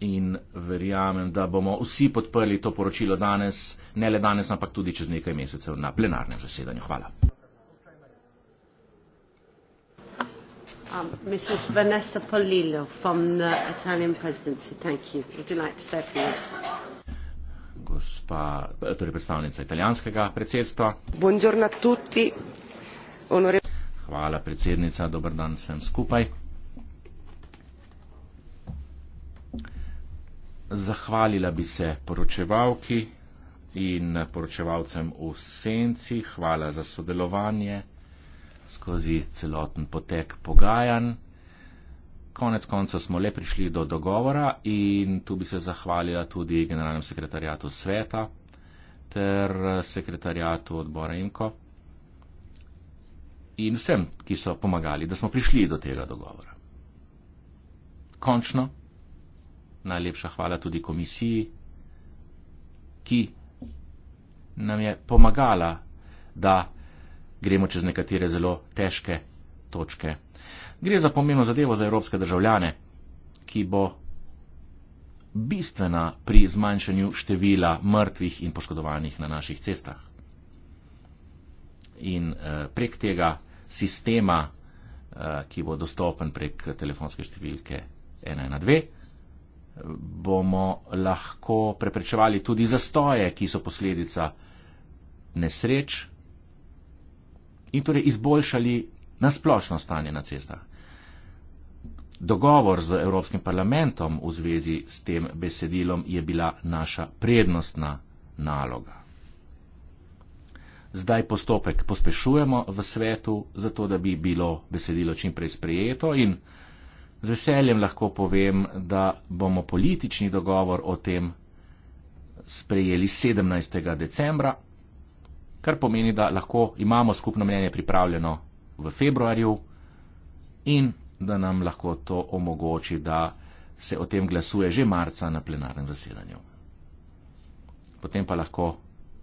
Speaker 2: in verjamem, da bomo vsi podprli to poročilo danes, ne le danes, ampak tudi čez nekaj mesecev na plenarnem zasedanju. Hvala.
Speaker 3: Um, Mrs. Vanessa Polillo from the Italian presidency, thank you. Would you like to say a few words?
Speaker 2: Gospa, torej predstavnica italijanskega predsedstva.
Speaker 3: Buongiorno a tutti.
Speaker 2: Onore... Hvala predsednica, dober dan vsem skupaj. zahvalila bi se poročevalki in poročevalcem v senci, hvala za sodelovanje skozi celoten potek pogajanj. Konec konca smo le prišli do dogovora in tu bi se zahvalila tudi generalnemu sekretarjatu sveta ter sekretarjatu odbora IMKO in vsem, ki so pomagali, da smo prišli do tega dogovora. Končno najlepša hvala tudi komisiji, ki nam je pomagala, da gremo čez nekatere zelo težke točke. Gre za pomembno zadevo za evropske državljane, ki bo bistvena pri zmanjšanju števila mrtvih in poškodovanih na naših cestah. In eh, prek tega sistema, eh, ki bo dostopen prek telefonske številke 112, bomo lahko preprečevali tudi zastoje, ki so posledica nesreč in torej izboljšali nasplošno stanje na cestah. Dogovor z Evropskim parlamentom v zvezi s tem besedilom je bila naša prednostna naloga. Zdaj postopek pospešujemo v svetu, zato da bi bilo besedilo čimprej sprejeto in z veseljem lahko povem, da bomo politični dogovor o tem sprejeli 17. decembra, kar pomeni, da lahko imamo skupno mnenje pripravljeno v februarju in da nam lahko to omogoči, da se o tem glasuje že marca na plenarnem zasedanju. Potem pa lahko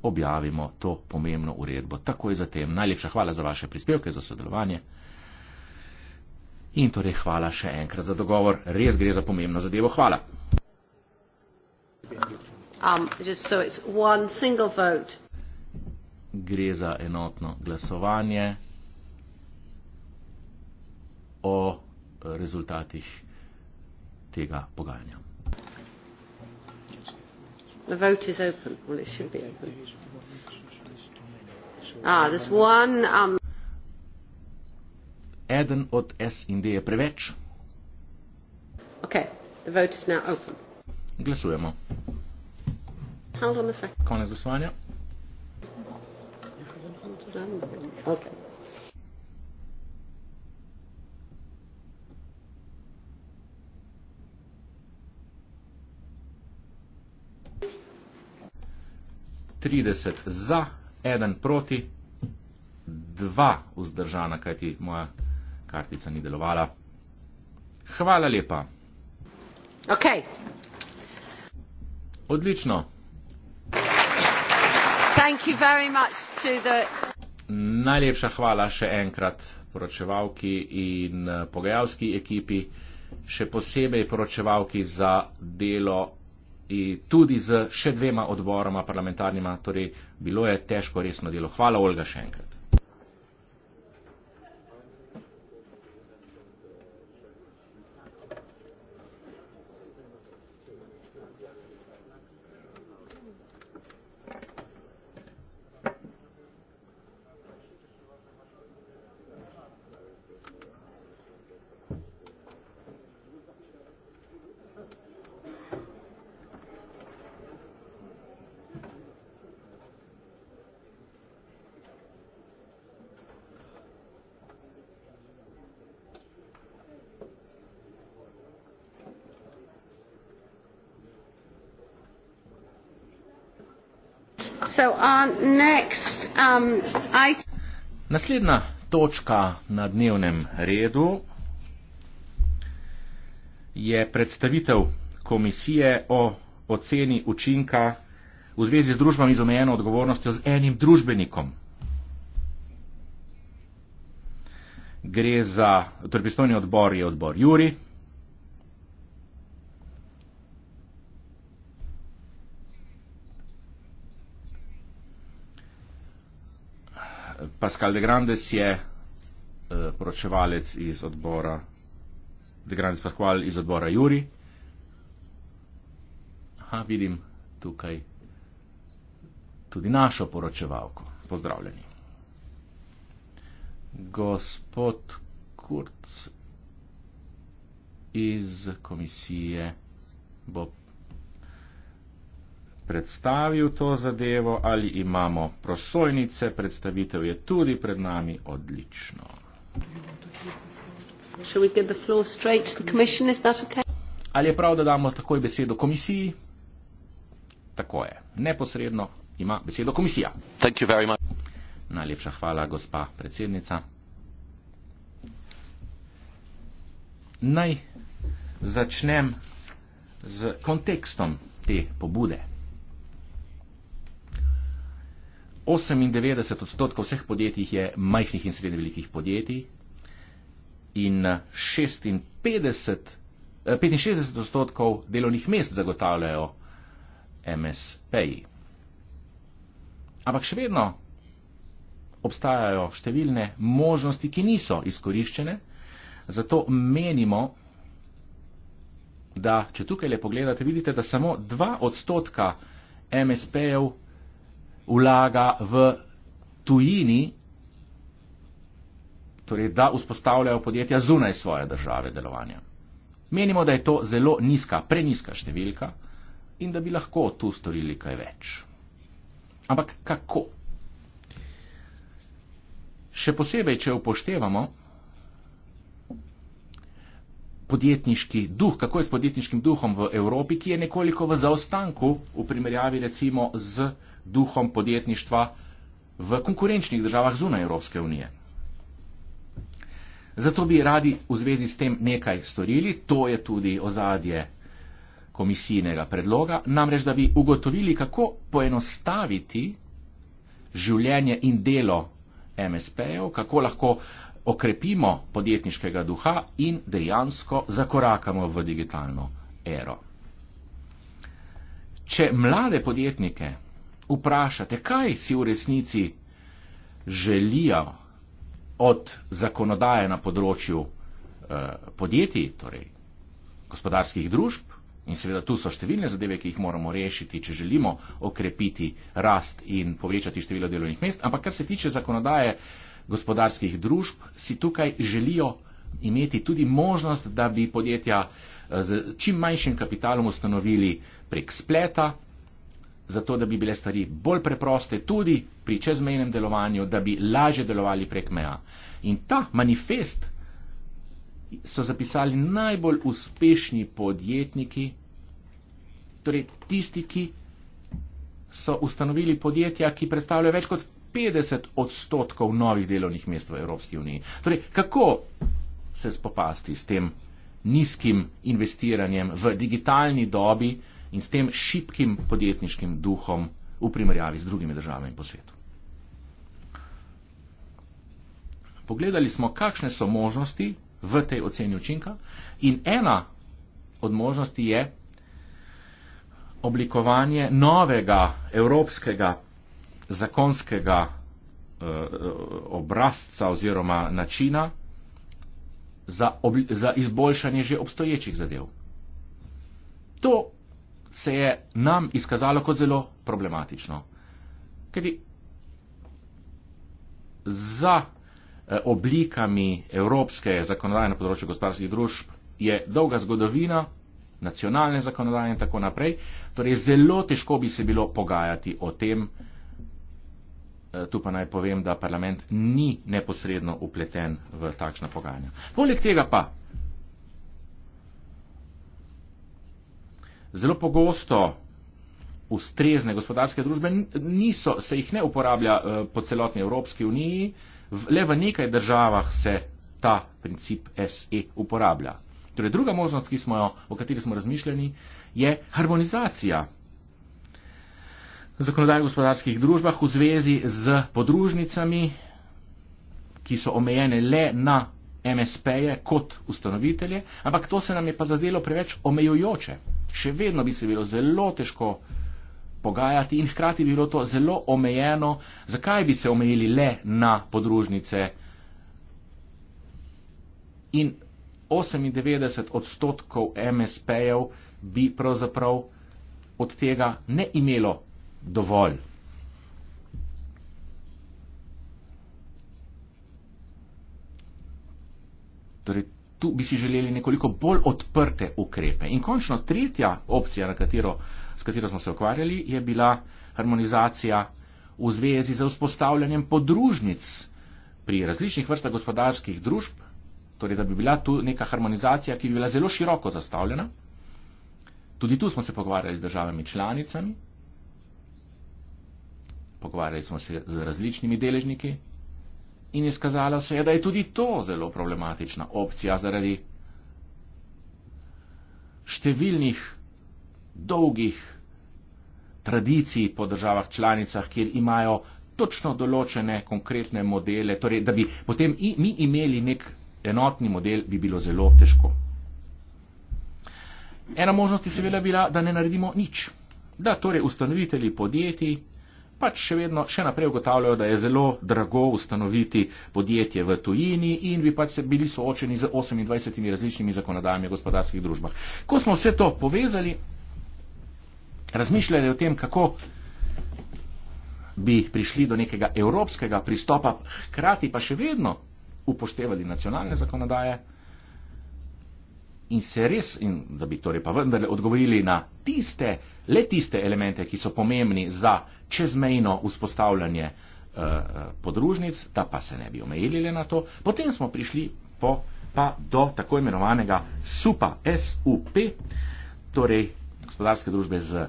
Speaker 2: objavimo to pomembno uredbo. Takoj zatem najlepša hvala za vaše prispevke, za sodelovanje. In torej hvala še enkrat za dogovor. Res gre za pomembno zadevo. Hvala.
Speaker 1: Um, just so it's one single vote.
Speaker 2: Gre za enotno glasovanje o rezultatih tega pogajanja.
Speaker 3: The vote is open. Well, it should be open.
Speaker 2: Ah, there's one. Um eden od SND je preveč. Okay, Glasujemo. Konec glasovanja. Okay. Trideset za, eden proti, dva vzdržana, kajti moja kartica ni delovala. Hvala lepa. Ok. Odlično.
Speaker 3: Thank you very much to the...
Speaker 2: Najlepša hvala še enkrat poročevalki in eh, pogajalski ekipi, še posebej poročevalki za delo tudi z še dvema odboroma parlamentarnima, torej bilo je težko resno delo. Hvala Olga še enkrat.
Speaker 3: Um,
Speaker 2: Naslednja točka na dnevnem redu je predstavitev komisije o oceni učinka v zvezi z družbami z omejeno odgovornostjo z enim družbenikom. Gre za, torej pristojni odbor je odbor Juri, Pascal de Grandes je eh, poročevalec iz odbora De Grandes Pascual iz odbora Juri. Aha, vidim tukaj tudi našo poročevalko. Pozdravljeni. Gospod Kurc iz komisije bo predstavil to zadevo, ali imamo prosojnice, predstavitev je tudi pred nami odlično. Ali je prav, da damo takoj besedo komisiji? Tako je. Neposredno ima besedo komisija. Najlepša hvala, gospa predsednica. Naj začnem z kontekstom te pobude. 98 odstotkov vseh podjetij je majhnih in srednje velikih podjetij in 56, 65 eh, odstotkov delovnih mest zagotavljajo MSP-ji. Ampak še vedno obstajajo številne možnosti, ki niso izkoriščene, zato menimo, da če tukaj le pogledate, vidite, da samo 2 odstotka MSP-jev vlaga v tujini, torej da vzpostavljajo podjetja zunaj svoje države delovanja. Menimo, da je to zelo nizka, preniska številka in da bi lahko tu storili kaj več. Ampak kako? Še posebej, če upoštevamo podjetniški duh, kako je s podjetniškim duhom v Evropi, ki je nekoliko v zaostanku v primerjavi recimo z duhom podjetništva v konkurenčnih državah zunaj Evropske unije. Zato bi radi v zvezi s tem nekaj storili, to je tudi ozadje komisijnega predloga, namreč da bi ugotovili, kako poenostaviti življenje in delo MSP-jev, kako lahko okrepimo podjetniškega duha in dejansko zakorakamo v digitalno ero. Če mlade podjetnike vprašate, kaj si v resnici želijo od zakonodaje na področju eh, podjetij, torej gospodarskih družb. In seveda tu so številne zadeve, ki jih moramo rešiti, če želimo okrepiti rast in povečati število delovnih mest. Ampak kar se tiče zakonodaje gospodarskih družb, si tukaj želijo imeti tudi možnost, da bi podjetja eh, z čim manjšim kapitalom ustanovili prek spleta, zato da bi bile stvari bolj preproste tudi pri čezmejnem delovanju, da bi lažje delovali prek meja. In ta manifest so zapisali najbolj uspešni podjetniki, torej tisti, ki so ustanovili podjetja, ki predstavljajo več kot 50 odstotkov novih delovnih mest v Evropski uniji. Torej, kako se spopasti s tem nizkim investiranjem v digitalni dobi, in s tem šipkim podjetniškim duhom v primerjavi z drugimi državami po svetu. Pogledali smo, kakšne so možnosti v tej oceni učinka in ena od možnosti je oblikovanje novega evropskega zakonskega eh, obrazca oziroma načina za, obli, za izboljšanje že obstoječih zadev. To se je nam izkazalo kot zelo problematično. Kajti za eh, oblikami evropske zakonodaje na področju gospodarskih družb je dolga zgodovina, nacionalne zakonodaje in tako naprej, torej zelo težko bi se bilo pogajati o tem, eh, tu pa naj povem, da parlament ni neposredno upleten v takšna pogajanja. Poleg tega pa zelo pogosto ustrezne gospodarske družbe niso, se jih ne uporablja eh, po celotni Evropski uniji, le v nekaj državah se ta princip SE uporablja. Torej druga možnost, smo jo, o kateri smo razmišljali, je harmonizacija zakonodaje o gospodarskih družbah v zvezi z podružnicami, ki so omejene le na MSP-je kot ustanovitelje, ampak to se nam je pa zazdelo preveč omejujoče. Še vedno bi se bilo zelo težko pogajati in hkrati bi bilo to zelo omejeno, zakaj bi se omejili le na podružnice. In 98 odstotkov MSP-jev bi pravzaprav od tega ne imelo dovolj Torej, tu bi si želeli nekoliko bolj odprte ukrepe. In končno tretja opcija, katero, s katero smo se ukvarjali, je bila harmonizacija v zvezi z vzpostavljanjem podružnic pri različnih vrstah gospodarskih družb, torej da bi bila tu neka harmonizacija, ki bi bila zelo široko zastavljena. Tudi tu smo se pogovarjali z državami članicami, pogovarjali smo se z različnimi deležniki, in izkazalo se je, da je tudi to zelo problematična opcija zaradi številnih dolgih tradicij po državah članicah, kjer imajo točno določene konkretne modele, torej da bi potem mi imeli nek enotni model, bi bilo zelo težko. Ena možnost je seveda bila, da ne naredimo nič, da torej ustanovitelji podjetij pač še vedno še naprej ugotavljajo, da je zelo drago ustanoviti podjetje v tujini in bi pač se bili soočeni z 28 različnimi zakonodajami o gospodarskih družbah. Ko smo vse to povezali, razmišljali o tem, kako bi prišli do nekega evropskega pristopa, hkrati pa še vedno upoštevali nacionalne zakonodaje, in se res, in da bi torej pa vendarle odgovorili na tiste, le tiste elemente, ki so pomembni za čezmejno vzpostavljanje uh, podružnic, da pa se ne bi omejili le na to, potem smo prišli po, pa do tako imenovanega SUPA, SUP, torej gospodarske družbe z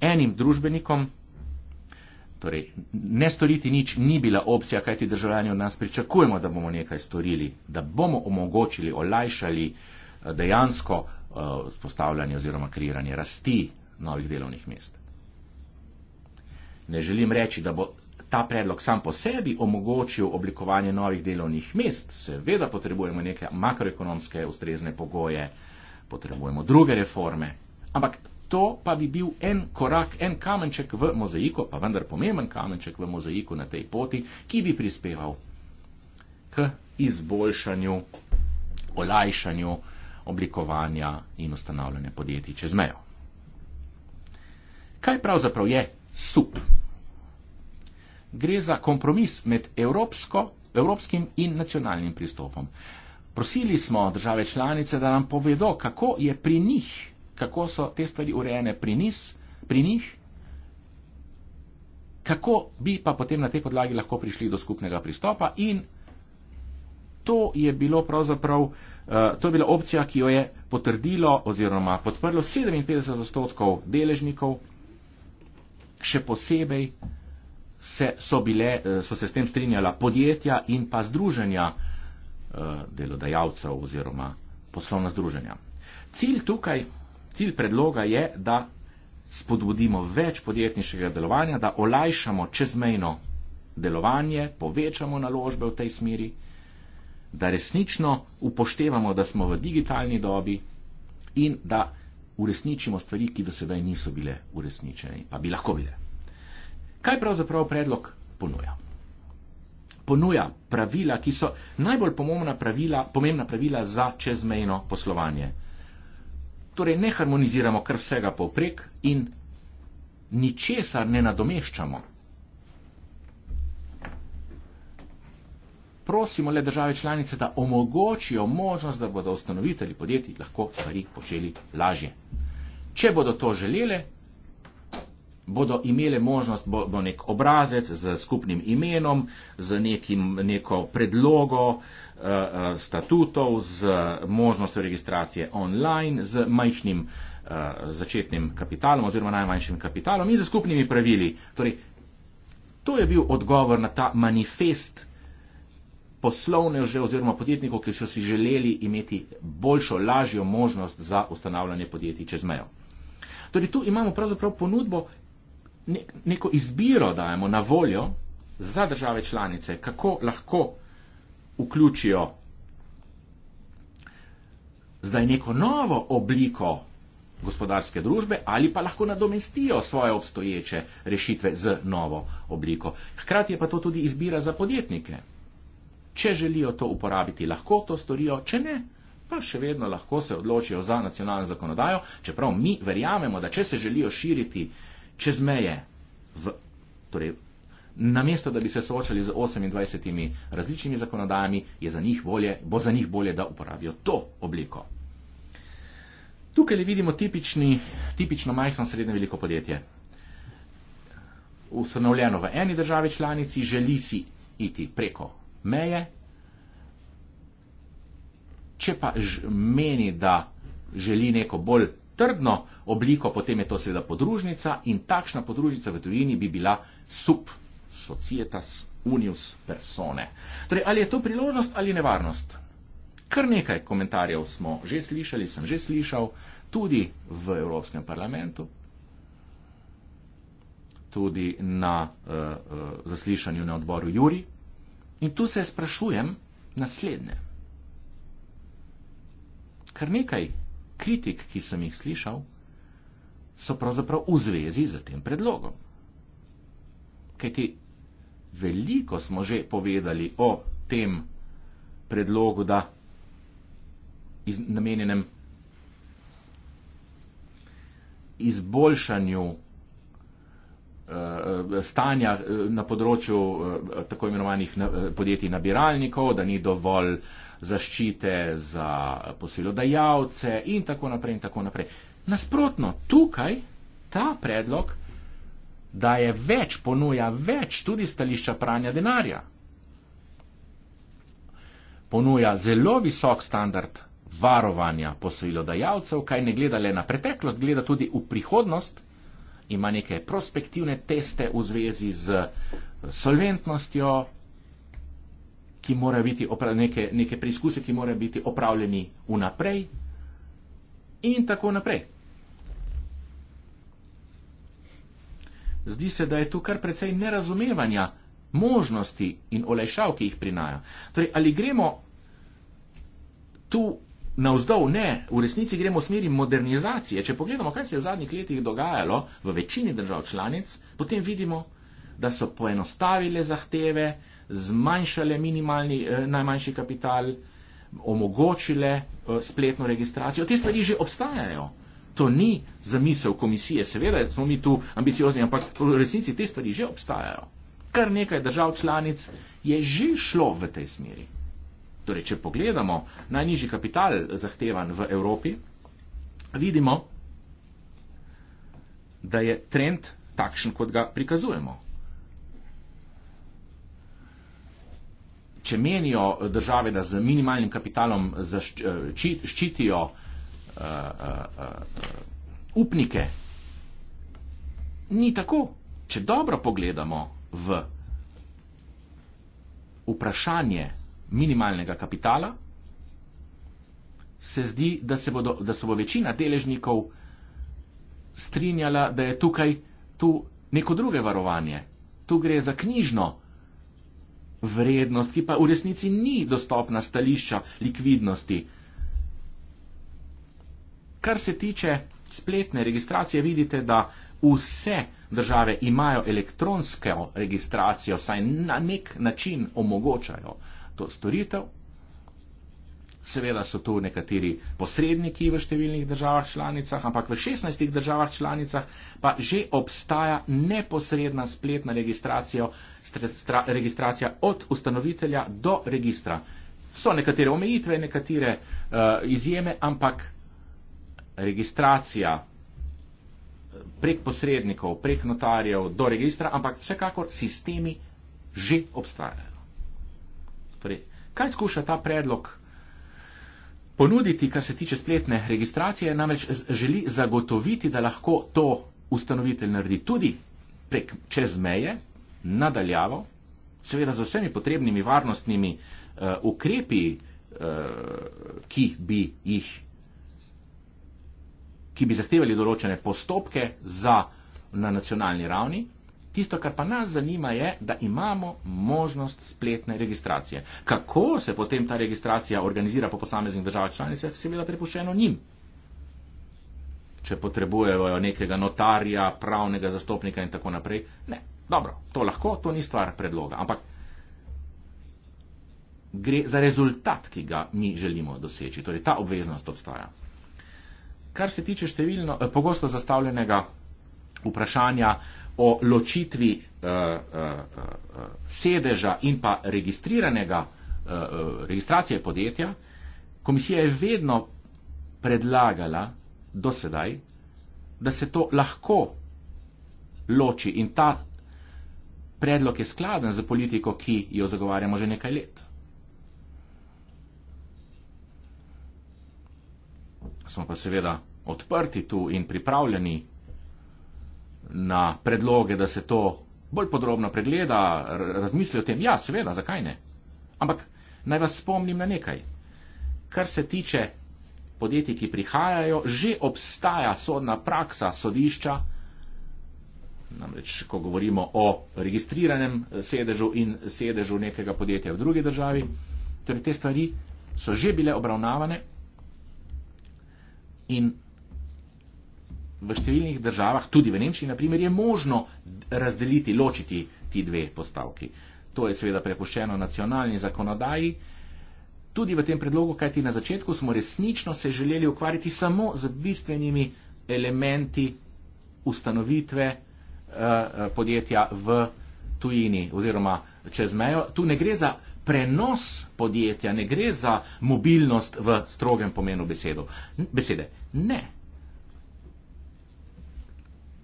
Speaker 2: enim družbenikom, Torej, ne storiti nič ni bila opcija, kajti državljani od nas pričakujemo, da bomo nekaj storili, da bomo omogočili, olajšali eh, dejansko spostavljanje eh, oziroma kreiranje rasti novih delovnih mest. Ne želim reči, da bo ta predlog sam po sebi omogočil oblikovanje novih delovnih mest. Seveda potrebujemo neke makroekonomske ustrezne pogoje, potrebujemo druge reforme, ampak to pa bi bil en korak, en kamenček v mozaiku, pa vendar pomemben kamenček v mozaiku na tej poti, ki bi prispeval k izboljšanju, olajšanju oblikovanja in ustanavljanja podjetij čez mejo. Kaj pravzaprav je sup? Gre za kompromis med evropsko, evropskim in nacionalnim pristopom. Prosili smo države članice, da nam povedo, kako je pri njih kako so te stvari urejene pri, nis, pri njih, kako bi pa potem na tej podlagi lahko prišli do skupnega pristopa in to je, eh, to je bila opcija, ki jo je potrdilo oziroma podprlo 57 odstotkov deležnikov, še posebej se so, bile, eh, so se s tem strinjala podjetja in pa združenja eh, delodajalcev oziroma poslovna združenja. Cilj tukaj Cilj predloga je, da spodbudimo več podjetniškega delovanja, da olajšamo čezmejno delovanje, povečamo naložbe v tej smeri, da resnično upoštevamo, da smo v digitalni dobi in da uresničimo stvari, ki do sedaj niso bile uresničene, pa bi lahko bile. Kaj pravzaprav predlog ponuja? Ponuja pravila, ki so najbolj pomembna pravila, pomembna pravila za čezmejno poslovanje. Torej ne harmoniziramo kar vsega povprek in ničesar ne nadomeščamo. Prosimo le države članice, da omogočijo možnost, da bodo ustanoviteli podjetij lahko stvari počeli lažje. Če bodo to želele, bodo imele možnost, bo, bo nek obrazec z skupnim imenom, z nekim, neko predlogo, uh, Eh, statutov, z možnostjo registracije online, z majhnim eh, začetnim kapitalom oziroma najmanjšim kapitalom in z skupnimi pravili. Torej, to je bil odgovor na ta manifest poslovnežev oziroma podjetnikov, ki so si želeli imeti boljšo, lažjo možnost za ustanavljanje podjetij čez mejo. Torej, tu imamo pravzaprav ponudbo, neko izbiro dajemo na voljo za države članice, kako lahko vključijo zdaj neko novo obliko gospodarske družbe ali pa lahko nadomestijo svoje obstoječe rešitve z novo obliko. Hkrati je pa to tudi izbira za podjetnike. Če želijo to uporabiti, lahko to storijo, če ne, pa še vedno lahko se odločijo za nacionalno zakonodajo, čeprav mi verjamemo, da če se želijo širiti čez meje, v, torej namesto da bi se soočali z 28 različnimi zakonodajami, je za njih bolje, bo za njih bolje, da uporabijo to obliko. Tukaj le vidimo tipični, tipično majhno srednje veliko podjetje. Ustanovljeno v eni državi članici, želi si iti preko meje. Če pa meni, da želi neko bolj trdno obliko, potem je to seveda podružnica in takšna podružnica v tujini bi bila sup societas unius persone. Torej, ali je to priložnost ali nevarnost? Kar nekaj komentarjev smo že slišali, sem že slišal, tudi v Evropskem parlamentu, tudi na uh, uh, zaslišanju na odboru Juri. In tu se sprašujem naslednje. Kar nekaj kritik, ki sem jih slišal, so pravzaprav v zvezi z tem predlogom. Kajti Veliko smo že povedali o tem predlogu, da iz namenjenem izboljšanju eh, stanja eh, na področju eh, tako imenovanih podjetij nabiralnikov, da ni dovolj zaščite za posilodajalce in tako naprej in tako naprej. Nasprotno, tukaj ta predlog daje več, ponuja več tudi stališča pranja denarja. Ponuja zelo visok standard varovanja posojilodajalcev, kaj ne gleda le na preteklost, gleda tudi v prihodnost, ima neke prospektivne teste v zvezi z eh, solventnostjo, ki morajo biti neke, neke preizkuse, ki morajo biti opravljeni vnaprej in tako naprej. Zdi se, da je tu kar precej nerazumevanja možnosti in olajšav, ki jih prinaja. Torej, ali gremo tu navzdol? Ne, v resnici gremo v smeri modernizacije. Če pogledamo, kaj se je v zadnjih letih dogajalo v večini držav članic, potem vidimo, da so poenostavile zahteve, zmanjšale minimalni, eh, najmanjši kapital, omogočile eh, spletno registracijo. Te stvari že obstajajo to ni zamisel komisije, seveda smo mi tu ambiciozni, ampak v resnici te stvari že obstajajo. Kar nekaj držav članic je že šlo v tej smeri. Torej, če pogledamo najnižji kapital zahtevan v Evropi, vidimo, da je trend takšen, kot ga prikazujemo. Če menijo države, da z minimalnim kapitalom eh, ščitijo zašč, uh, uh, upnike. Ni tako. Če dobro pogledamo v vprašanje minimalnega kapitala, se zdi, da se, bodo, da se bo večina deležnikov strinjala, da je tukaj tu neko druge varovanje. Tu gre za knjižno vrednost, ki pa v resnici ni dostopna stališča likvidnosti. Kar se tiče spletne registracije, vidite, da vse države imajo elektronsko registracijo, saj na nek način omogočajo to storitev. Seveda so tu nekateri posredniki v številnih državah članicah, ampak v 16 državah članicah pa že obstaja neposredna spletna registracija, registracija od ustanovitelja do registra. So nekatere omejitve, nekatere uh, izjeme, ampak registracija prek posrednikov, prek notarjev do registra, ampak vsekakor sistemi že obstajajo. Torej, kaj skuša ta predlog ponuditi, kar se tiče spletne registracije, namreč želi zagotoviti, da lahko to ustanovitelj naredi tudi prek čez meje, nadaljavo, seveda z vsemi potrebnimi varnostnimi uh, ukrepi, uh, ki bi jih ki bi zahtevali določene postopke za, na nacionalni ravni. Tisto, kar pa nas zanima, je, da imamo možnost spletne registracije. Kako se potem ta registracija organizira po posameznih državah članicah, seveda prepuščeno njim. Če potrebujejo nekega notarja, pravnega zastopnika in tako naprej. Ne, dobro, to lahko, to ni stvar predloga. Ampak gre za rezultat, ki ga mi želimo doseči. Torej, ta obveznost obstaja kar se tiče številno, eh, pogosto zastavljenega vprašanja o ločitvi eh, eh, eh, sedeža in pa registriranega, eh, eh, registracije podjetja, komisija je vedno predlagala do sedaj, da se to lahko loči in ta predlog je skladen z politiko, ki jo zagovarjamo že nekaj let. smo pa seveda odprti tu in pripravljeni na predloge, da se to bolj podrobno pregleda, razmisli o tem. Ja, seveda, zakaj ne? Ampak naj vas spomnim na nekaj. Kar se tiče podjetij, ki prihajajo, že obstaja sodna praksa sodišča, namreč, ko govorimo o registriranem eh, sedežu in sedežu nekega podjetja v drugi državi, torej te stvari so že bile obravnavane In v številnih državah, tudi v Nemčiji, naprimer, je možno razdeliti, ločiti ti dve postavki. To je seveda prepuščeno nacionalni zakonodaji. Tudi v tem predlogu, kajti na začetku smo resnično se želeli ukvarjati samo z bistvenimi elementi ustanovitve eh, eh podjetja v tujini oziroma čez mejo. Tu ne gre za prenos podjetja, ne gre za mobilnost v strogem pomenu besedo, besede. Ne.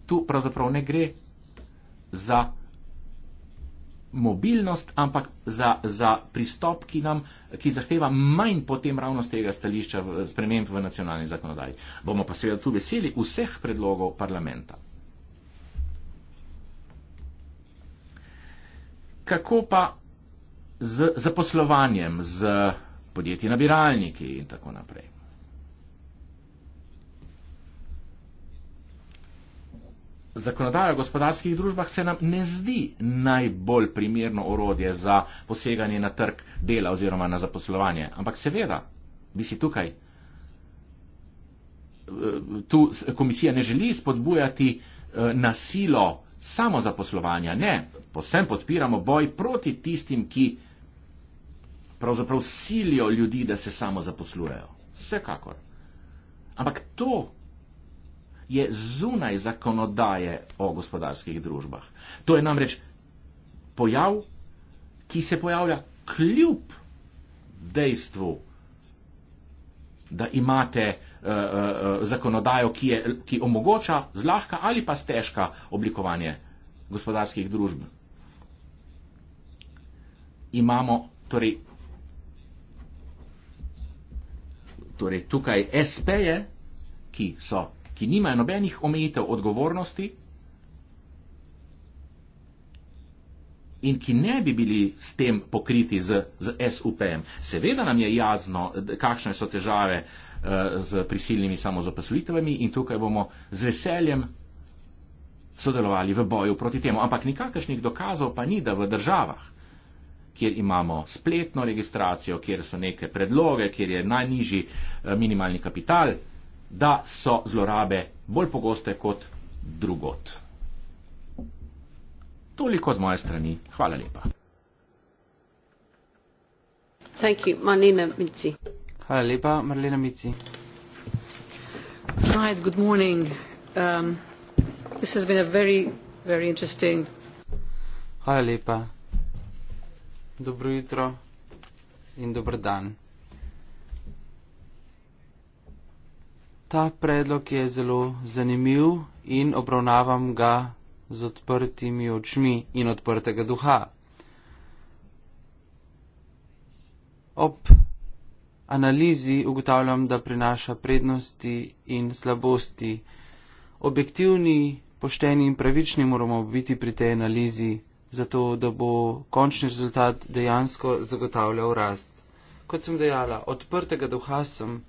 Speaker 2: Tu pravzaprav ne gre za mobilnost, ampak za, za pristop, ki, nam, ki zahteva manj potem ravno z tega stališča sprememb v nacionalni zakonodaji. Bomo pa seveda tu veseli vseh predlogov parlamenta. Kako pa z zaposlovanjem, z podjetji nabiralniki in tako naprej. Zakonodaja o gospodarskih družbah se nam ne zdi najbolj primerno orodje za poseganje na trg dela oziroma na zaposlovanje, ampak seveda, vi si tukaj. Tu komisija ne želi spodbujati eh, nasilo samo zaposlovanja, ne, posem podpiramo boj proti tistim, ki pravzaprav silijo ljudi, da se samo zaposlujejo. Vsekakor. Ampak to je zunaj zakonodaje o gospodarskih družbah. To je namreč pojav, ki se pojavlja kljub dejstvu, da imate Eh, eh, zakonodajo, ki, je, ki omogoča zlahka ali pa stežka oblikovanje gospodarskih družb. Imamo torej, torej tukaj SP-je, ki, ki nimajo nobenih omejitev odgovornosti in ki ne bi bili s tem pokriti z, z SUP-em. Seveda nam je jasno, kakšne so težave uh, z prisilnimi samozaposlitvami in tukaj bomo z veseljem sodelovali v boju proti temu. Ampak nikakršnih dokazov pa ni, da v državah, kjer imamo spletno registracijo, kjer so neke predloge, kjer je najnižji eh, minimalni kapital, da so zlorabe bolj pogoste kot drugot. Toliko z moje strani. Hvala lepa.
Speaker 3: Thank you, Manina Minci good
Speaker 2: morning. Um, this has been a very, very interesting.
Speaker 3: Hvala lepa. Dobro jutro in dober dan. Ta predlog je zelo zanimiv in obravnavam ga z odprtimi očmi in odprtega duha. Ob analizi ugotavljam, da prinaša prednosti in slabosti. Objektivni, pošteni in pravični moramo biti pri tej analizi, zato da bo končni rezultat dejansko zagotavljal rast. Kot sem dejala, odprtega duha sem.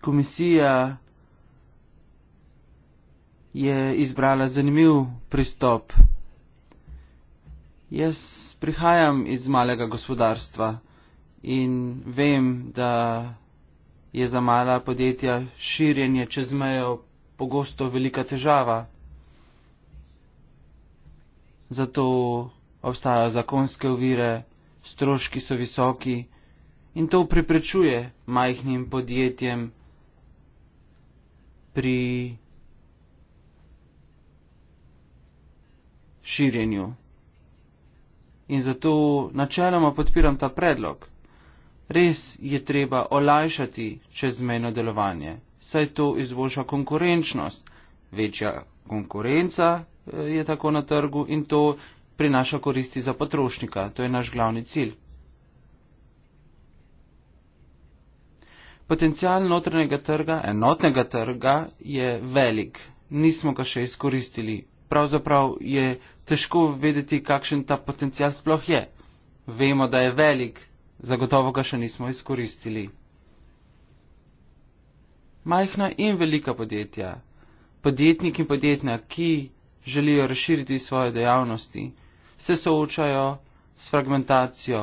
Speaker 3: Komisija je izbrala zanimiv pristop. Jaz prihajam iz malega gospodarstva in vem, da je za mala podjetja širjenje čez mejo pogosto velika težava. Zato obstajajo zakonske ovire, stroški so visoki in to preprečuje majhnim podjetjem pri širjenju. In zato načeloma podpiram ta predlog. Res je treba olajšati čezmejno delovanje, saj to izboljša konkurenčnost. Večja konkurenca eh, je tako na trgu in to prinaša koristi za potrošnika. To je naš glavni cilj. Potencijal notranjega trga, enotnega trga, je velik. Nismo ga še izkoristili pravzaprav je težko vedeti, kakšen ta potencial sploh je. Vemo, da je velik, zagotovo ga še nismo izkoristili. Majhna in velika podjetja, podjetnik in podjetnja, ki želijo razširiti svoje dejavnosti, se soočajo s fragmentacijo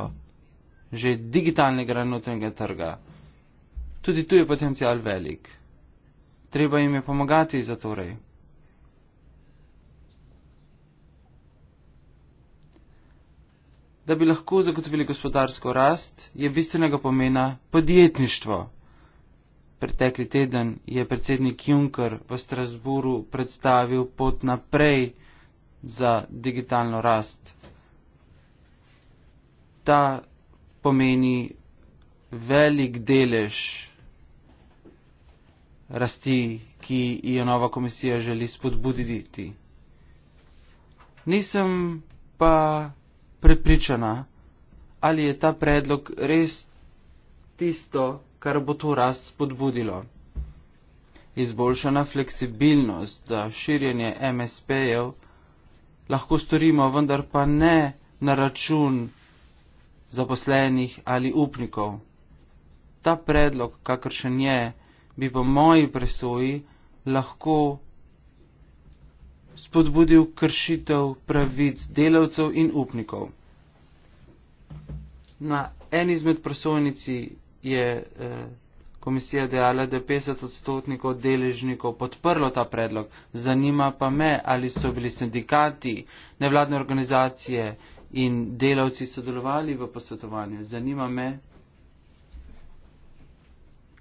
Speaker 3: že digitalnega notranjega trga. Tudi tu je potencial velik. Treba jim je pomagati za torej. da bi lahko zagotovili gospodarsko rast, je bistvenega pomena podjetništvo. Pretekli teden je predsednik Juncker v Strasburu predstavil pot naprej za digitalno rast. Ta pomeni velik delež rasti, ki jo nova komisija želi spodbuditi. Nisem pa prepričana, ali je ta predlog res tisto, kar bo to rast spodbudilo. Izboljšana fleksibilnost za širjenje MSP-jev lahko storimo, vendar pa ne na račun zaposlenih ali upnikov. Ta predlog, kakršen je, bi po moji presoji lahko spodbudil kršitev pravic delavcev in upnikov. Na en izmed prosojnici je eh, komisija dejala, da je 50 odstotnikov deležnikov podprlo ta predlog. Zanima pa me, ali so bili sindikati, nevladne organizacije in delavci sodelovali v posvetovanju. Zanima me,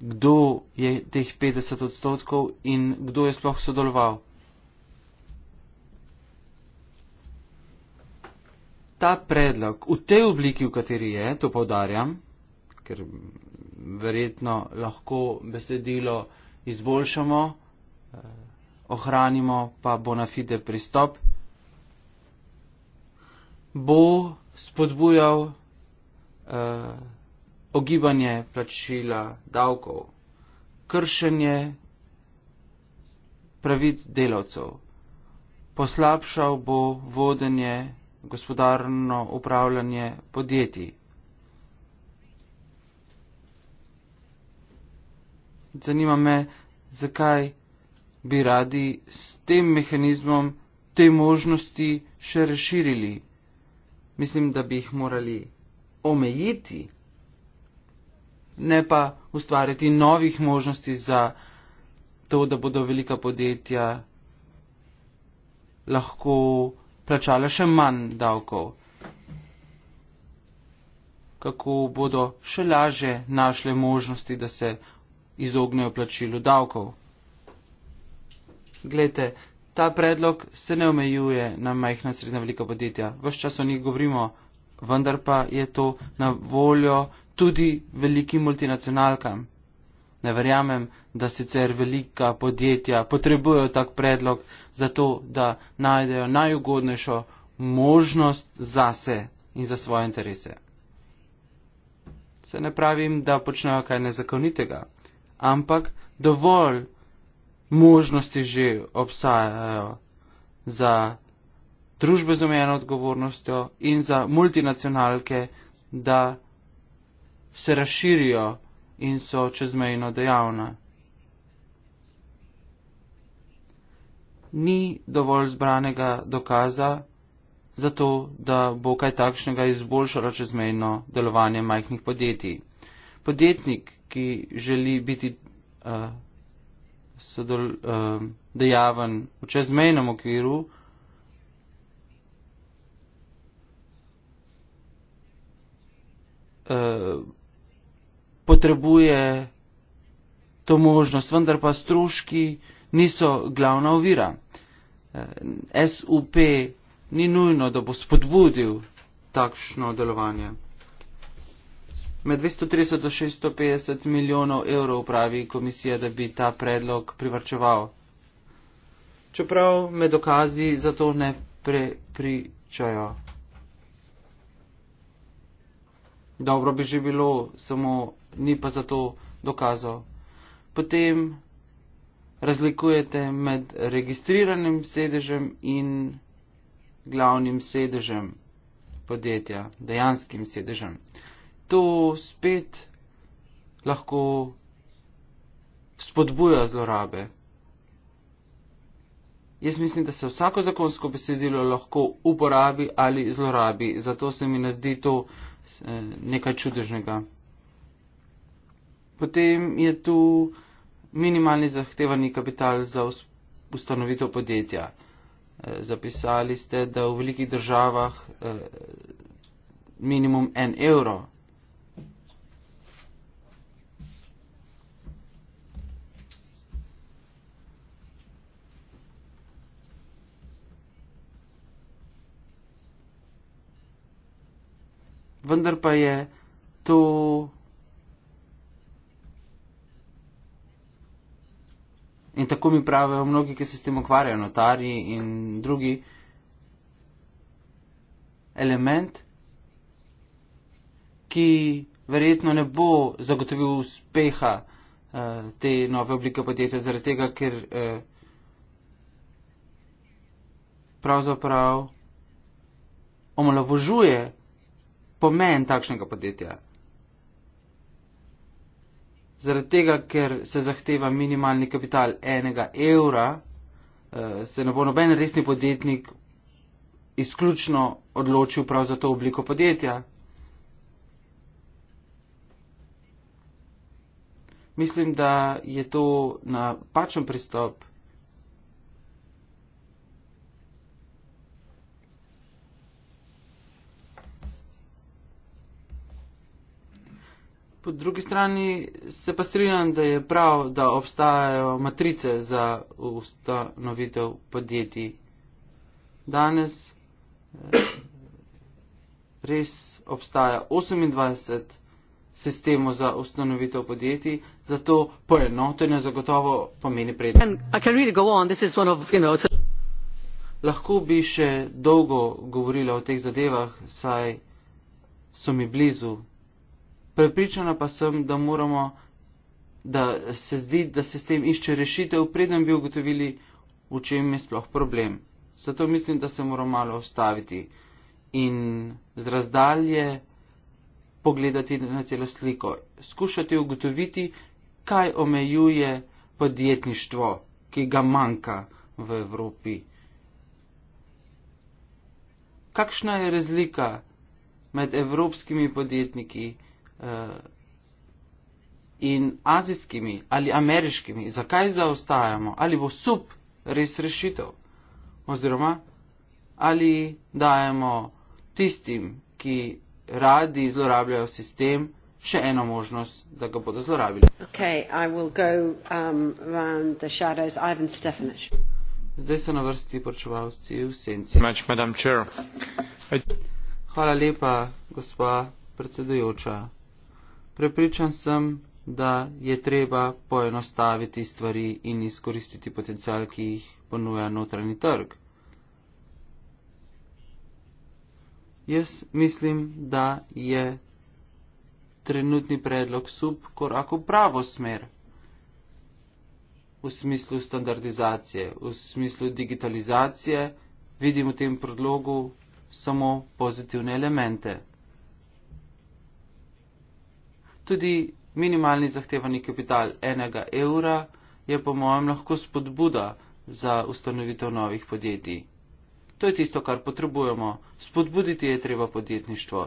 Speaker 3: kdo je teh 50 odstotkov in kdo je sploh sodeloval. ta predlog v tej obliki, v kateri je, to povdarjam, ker verjetno lahko besedilo izboljšamo, eh, ohranimo pa bonafide pristop, bo spodbujal eh, ogibanje plačila davkov, kršenje pravic delavcev, poslabšal bo vodenje gospodarno upravljanje podjetij. Zanima me, zakaj bi radi s tem mehanizmom te možnosti še razširili. Mislim, da bi jih morali omejiti, ne pa ustvariti novih možnosti za to, da bodo velika podjetja lahko plačale še manj davkov, kako bodo še laže našle možnosti, da se izognejo plačilu davkov. Glede, ta predlog se ne omejuje na majhna srednja velika podjetja, vse čas o njih govorimo, vendar pa je to na voljo tudi velikim multinacionalkam. Ne verjamem, da sicer velika podjetja potrebujejo tak predlog za to, da najdejo najugodnejšo možnost za se in za svoje interese. Se ne pravim, da počnejo kaj nezakonitega, ampak dovolj možnosti že obstajajo za družbe z omejeno odgovornostjo in za multinacionalke, da se razširijo in so čezmejno dejavna. Ni dovolj zbranega dokaza za to, da bo kaj takšnega izboljšalo čezmejno delovanje majhnih podjetij. Podjetnik, ki želi biti uh, sodol, uh, dejaven v čezmejnem okviru, uh, potrebuje to možnost, vendar pa stroški niso glavna ovira. Eh, SUP ni nujno, da bo spodbudil takšno delovanje. Med 230 do 650 milijonov evrov pravi komisija, da bi ta predlog privrčeval. Čeprav me dokazi za to ne prepričajo. Dobro bi že bilo samo ni pa za to dokazov. Potem razlikujete med registriranim sedežem in glavnim sedežem podjetja, dejanskim sedežem. To spet lahko spodbuja zlorabe. Jaz mislim, da se vsako zakonsko besedilo lahko uporabi ali zlorabi, zato se mi ne zdi to eh, nekaj čudežnega potem je tu minimalni zahtevani kapital za ustanovitev podjetja. E, zapisali ste, da v velikih državah e, minimum en evro. Vendar pa je to In tako mi pravijo mnogi, ki se s tem ukvarjajo, notari in drugi element, ki verjetno ne bo zagotovil uspeha eh, te nove oblike podjetja, zaradi tega, ker eh, pravzaprav omalovožuje pomen takšnega podjetja. Zaradi tega, ker se zahteva minimalni kapital enega evra, eh, se ne bo noben resni podjetnik izključno odločil prav za to obliko podjetja. Mislim, da je to napačen pristop. Po drugi strani se pa strinjam, da je prav, da obstajajo matrice za ustanovitev podjetij. Danes eh, res obstaja 28 sistemov za ustanovitev podjetij, zato poenotenje zagotovo pomeni prednost. Lahko bi še dolgo govorila o teh zadevah, saj so mi blizu Prepričana pa sem, da moramo, da se zdi, da se s tem išče rešitev, preden bi ugotovili, v čem je sploh problem. Zato mislim, da se moramo malo ostaviti in z razdalje pogledati na celo sliko, skušati ugotoviti, kaj omejuje podjetništvo, ki ga manjka v Evropi. Kakšna je razlika med evropskimi podjetniki Eh, in azijskimi ali ameriškimi, zakaj zaostajamo, ali bo sub res rešitev, oziroma ali dajemo tistim, ki radi zlorabljajo sistem, še eno možnost, da ga bodo zlorabili.
Speaker 2: Okay, um,
Speaker 3: Zdaj so na vrsti poročevalci v senci. Hvala lepa, gospa predsedujoča prepričan sem, da je treba poenostaviti stvari in izkoristiti potencial, ki jih ponuja notranji trg. Jaz mislim, da je trenutni predlog sub korak v pravo smer v smislu standardizacije, v smislu digitalizacije, vidim v tem predlogu samo pozitivne elemente. Tudi minimalni zahtevani kapital enega evra je po mojem lahko spodbuda za ustanovitev novih podjetij. To je tisto, kar potrebujemo. Spodbuditi je treba podjetništvo.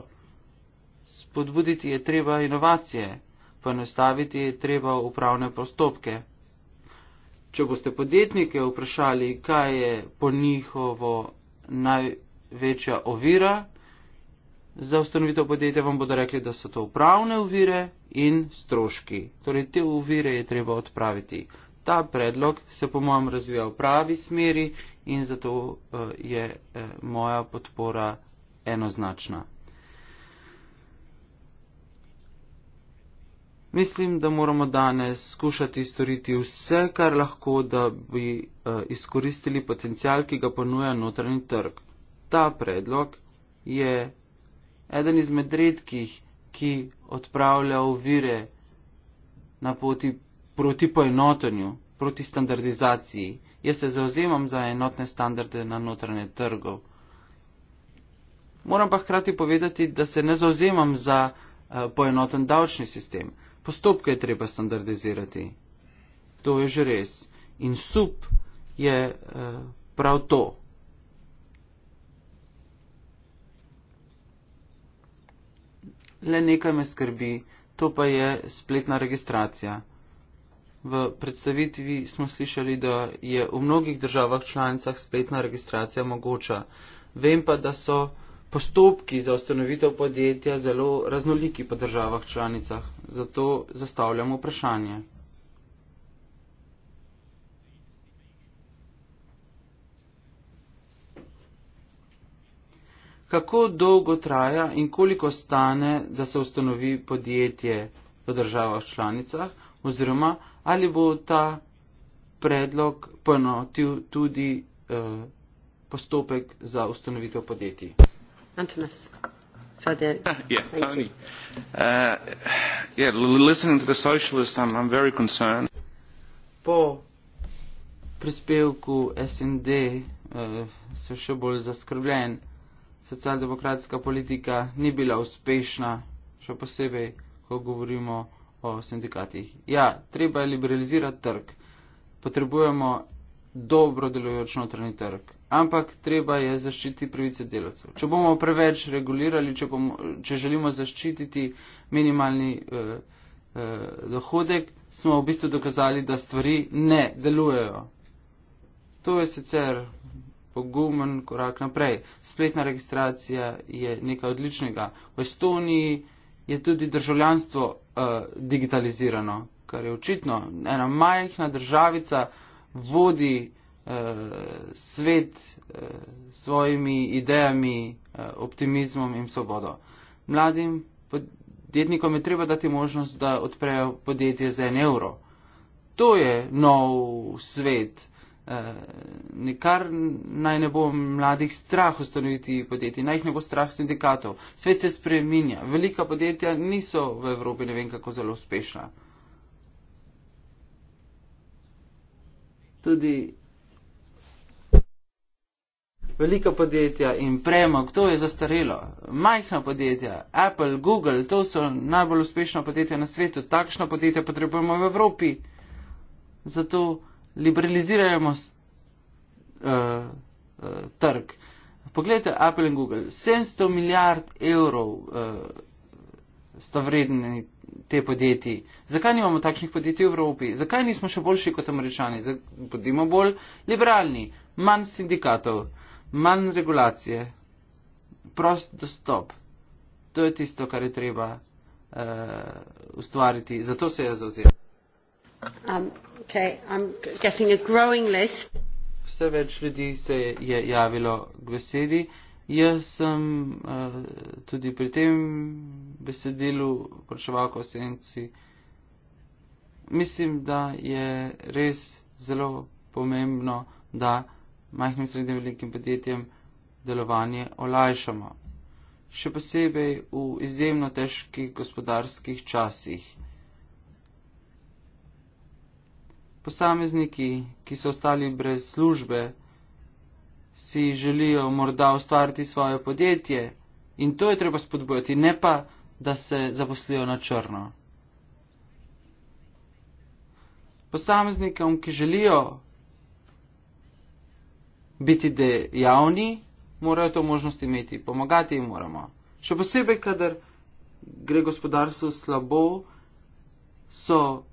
Speaker 3: Spodbuditi je treba inovacije. Poenostaviti je treba upravne postopke. Če boste podjetnike vprašali, kaj je po njihovo največja ovira, za ustanovitev podjetja vam bodo rekli, da so to upravne uvire in stroški. Torej, te uvire je treba odpraviti. Ta predlog se po mojem razvija v pravi smeri in zato eh, je eh, moja podpora enoznačna. Mislim, da moramo danes skušati storiti vse, kar lahko, da bi eh, izkoristili potencial, ki ga ponuja notranji trg. Ta predlog je eden izmed redkih, ki odpravlja ovire na poti proti poenotenju, proti standardizaciji. Jaz se zauzemam za enotne standarde na notranje trgov. Moram pa hkrati povedati, da se ne zauzemam za eh, poenoten davčni sistem. Postopke je treba standardizirati. To je že res. In sup je eh, prav to. Le nekaj me skrbi, to pa je spletna registracija. V predstavitvi smo slišali, da je v mnogih državah članicah spletna registracija mogoča. Vem pa, da so postopki za ustanovitev podjetja zelo raznoliki po državah članicah, zato zastavljam vprašanje. kako dolgo traja in koliko stane, da se ustanovi podjetje v državah članicah, oziroma ali bo ta predlog ponotil tudi eh, postopek za ustanovitev podjetij. Antonis. Uh, po prispevku SND uh, eh, sem še bolj zaskrbljen socialdemokratska politika ni bila uspešna, še posebej, ko govorimo o sindikatih. Ja, treba je liberalizirati trg, potrebujemo dobro delujoč notranji trg. Ampak treba je zaščiti pravice delavcev. Če bomo preveč regulirali, če, bomo, če želimo zaščititi minimalni eh, eh, dohodek, smo v bistvu dokazali, da stvari ne delujejo. To je sicer pogumen korak naprej. Spletna registracija je nekaj odličnega. V Estoniji je tudi državljanstvo uh, digitalizirano, kar je očitno. Ena majhna državica vodi uh, svet eh, s uh, svojimi idejami, uh, optimizmom in svobodo. Mladim podjetnikom je treba dati možnost, da odprejo podjetje za en evro. To je nov svet. Eh, nikar naj ne bo mladih strah ustanoviti podjetij, naj jih ne bo strah sindikatov. Svet se spreminja, velika podjetja niso v Evropi ne vem kako zelo uspešna. Tudi velika podjetja in premog, to je zastarelo. Majhna podjetja, Apple, Google, to so najbolj uspešna podjetja na svetu. Takšna podjetja potrebujemo v Evropi. Zato liberaliziramo uh, eh, uh, eh, trg. Poglejte Apple in Google. 700 milijard evrov uh, sta vredni te podjetji. Zakaj nimamo takšnih podjetij v Evropi? Zakaj nismo še boljši kot američani? Bodimo bolj liberalni. Manj sindikatov, manj regulacije, prost dostop. To je tisto, kar je treba uh, ustvariti. Zato se jaz zauzemam.
Speaker 1: Um, okay, I'm getting a growing list.
Speaker 3: Vse več ljudi se je javilo k besedi. Jaz sem uh, tudi pri tem besedilu vprašal o senci. Mislim, da je res zelo pomembno, da majhnim in srednjim velikim podjetjem delovanje olajšamo. Še posebej v izjemno težkih gospodarskih časih. Posamezniki, ki so ostali brez službe, si želijo morda ustvariti svoje podjetje in to je treba spodbojati, ne pa, da se zaposlijo na črno. Posameznikom, ki želijo biti dejavni, morajo to možnost imeti, pomagati jim moramo. Še posebej, kadar gre gospodarstvo slabo, so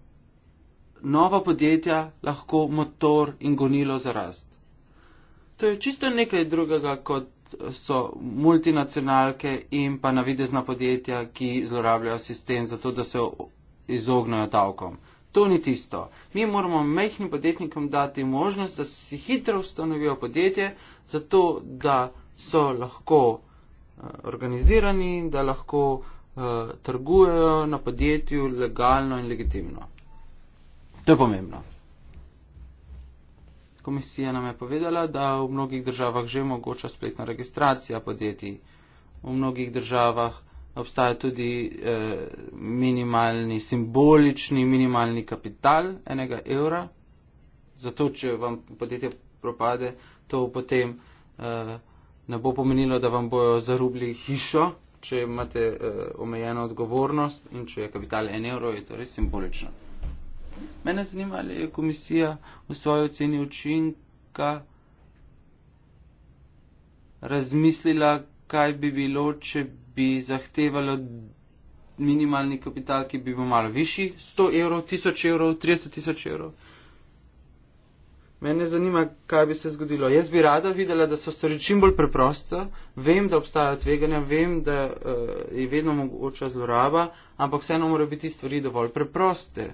Speaker 3: nova podjetja lahko motor in gonilo za rast. To je čisto nekaj drugega, kot so multinacionalke in pa navidezna podjetja, ki zlorabljajo sistem za to, da se izognajo davkom. To ni tisto. Mi moramo mehnim podjetnikom dati možnost, da si hitro ustanovijo podjetje, zato da so lahko eh, organizirani, da lahko uh, trgujejo na podjetju legalno in legitimno. To je pomembno. Komisija nam je povedala, da v mnogih državah že mogoča spletna registracija podjetij. V mnogih državah obstaja tudi eh, minimalni, simbolični minimalni kapital enega evra. Zato, če vam podjetje propade, to potem eh, ne bo pomenilo, da vam bojo zarubili hišo, če imate eh, omejeno odgovornost in če je kapital en evro, je to res simbolično. Mene zanima, ali je komisija v svoji oceni učinka razmislila, kaj bi bilo, če bi zahtevalo minimalni kapital, ki bi bil malo višji, 100 evrov, 1000 evrov, 30 tisoč evrov. Mene zanima, kaj bi se zgodilo. Jaz bi rada videla, da so stvari čim bolj preproste. Vem, da obstajajo tveganja, vem, da uh, je vedno mogoča zloraba, ampak vseeno mora biti stvari dovolj preproste.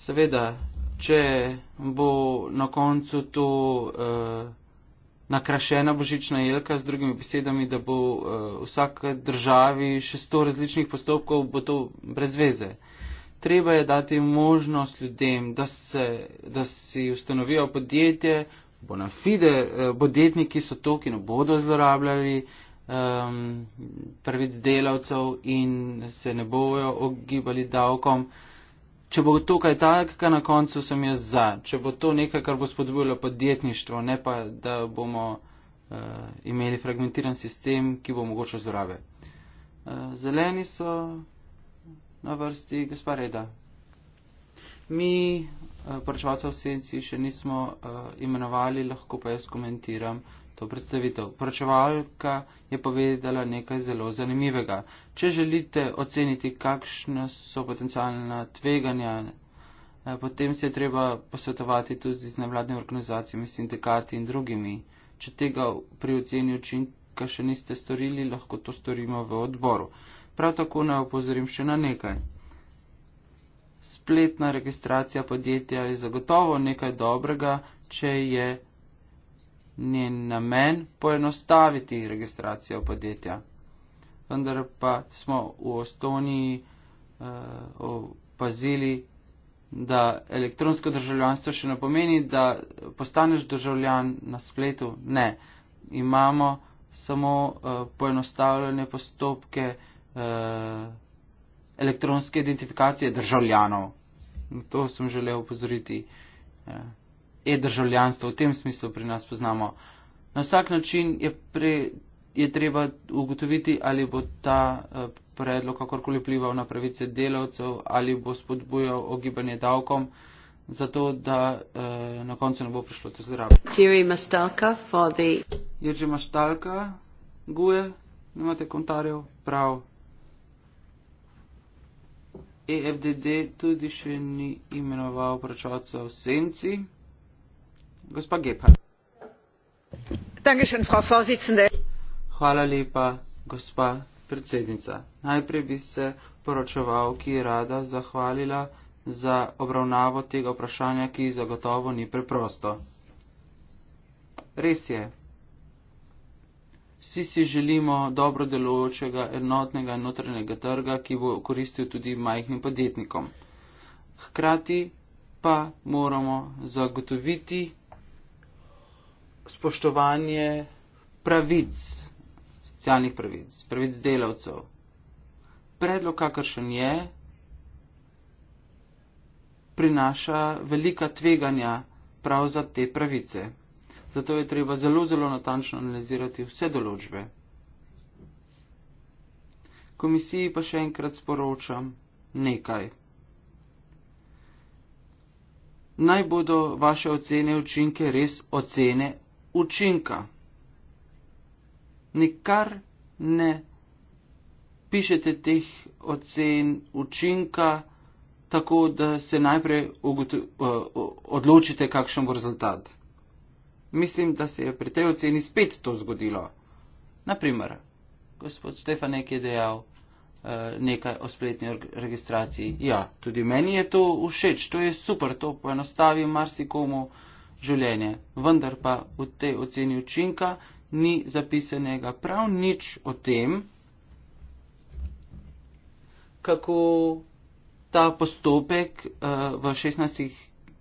Speaker 3: Seveda, če bo na koncu to eh, nakrašena božična jelka, z drugimi besedami, da bo eh, vsak državi še sto različnih postopkov, bo to brez veze. Treba je dati možnost ljudem, da, se, da si ustanovijo podjetje, bonafide, eh, podjetniki so to, ki ne bodo zlorabljali um, ehm, prvic delavcev in se ne bojo ogibali davkom. Uh, če bo to kaj takega, na koncu sem jaz za. Če bo to nekaj, kar bo spodbujalo podjetništvo, ne pa, da bomo uh, imeli fragmentiran sistem, ki bo mogoče zdrave. Uh, zeleni so na vrsti gospa Reda. Mi, uh, eh, poročevalce v senci, še nismo uh, imenovali, lahko pa jaz komentiram. Uh, to predstavitev. Poročevalka je povedala nekaj zelo zanimivega. Če želite oceniti, kakšna so potencijalna tveganja, eh, potem se je treba posvetovati tudi z nevladnimi organizacijami, sindikati in drugimi. Če tega pri oceni učinka še niste storili, lahko to storimo v odboru. Prav tako naj opozorim še na nekaj. Spletna registracija podjetja je zagotovo nekaj dobrega, če je njen namen poenostaviti registracijo podjetja. Vendar pa smo v Estoniji eh, opazili, da elektronsko državljanstvo še ne pomeni, da postaneš državljan na spletu. Ne, imamo samo eh, poenostavljene postopke eh, elektronske identifikacije državljanov. To sem želel upozoriti. Eh e-državljanstvo v tem smislu pri nas poznamo. Na vsak način je, pre, je treba ugotoviti, ali bo ta eh, predlog kakorkoli vplival na pravice delavcev, ali bo spodbujal ogibanje davkom, zato da eh, na koncu ne bo prišlo do zdrav. Jiri Mastalka, Fodi. Jiri Mastalka, Guje, nimate komentarjev? Prav. EFDD tudi še ni imenoval pračalca v senci frau predsednica. Najprej bi se poročevalki rada zahvalila za obravnavo tega vprašanja, ki zagotovo ni preprosto. Res je. Vsi si želimo dobro delujočega enotnega notranjega trga, ki bo koristil tudi majhnim podjetnikom. Hkrati pa moramo zagotoviti spoštovanje pravic, socialnih pravic, pravic delavcev. Predlog, kakršen je, prinaša velika tveganja prav za te pravice. Zato je treba zelo, zelo natančno analizirati vse določbe. Komisiji pa še enkrat sporočam nekaj. Naj bodo vaše ocene učinke res ocene učinka. Nikar ne pišete teh ocen učinka tako, da se najprej odločite, kakšen bo rezultat. Mislim, da se je pri tej oceni spet to zgodilo. Naprimer, gospod Stefanek je dejal e, nekaj o spletni registraciji. Ja, tudi meni je to všeč, to je super, to poenostavi marsikomu. Uh, življenje. Vendar pa v tej oceni učinka ni zapisanega prav nič o tem, kako ta postopek uh, v 16.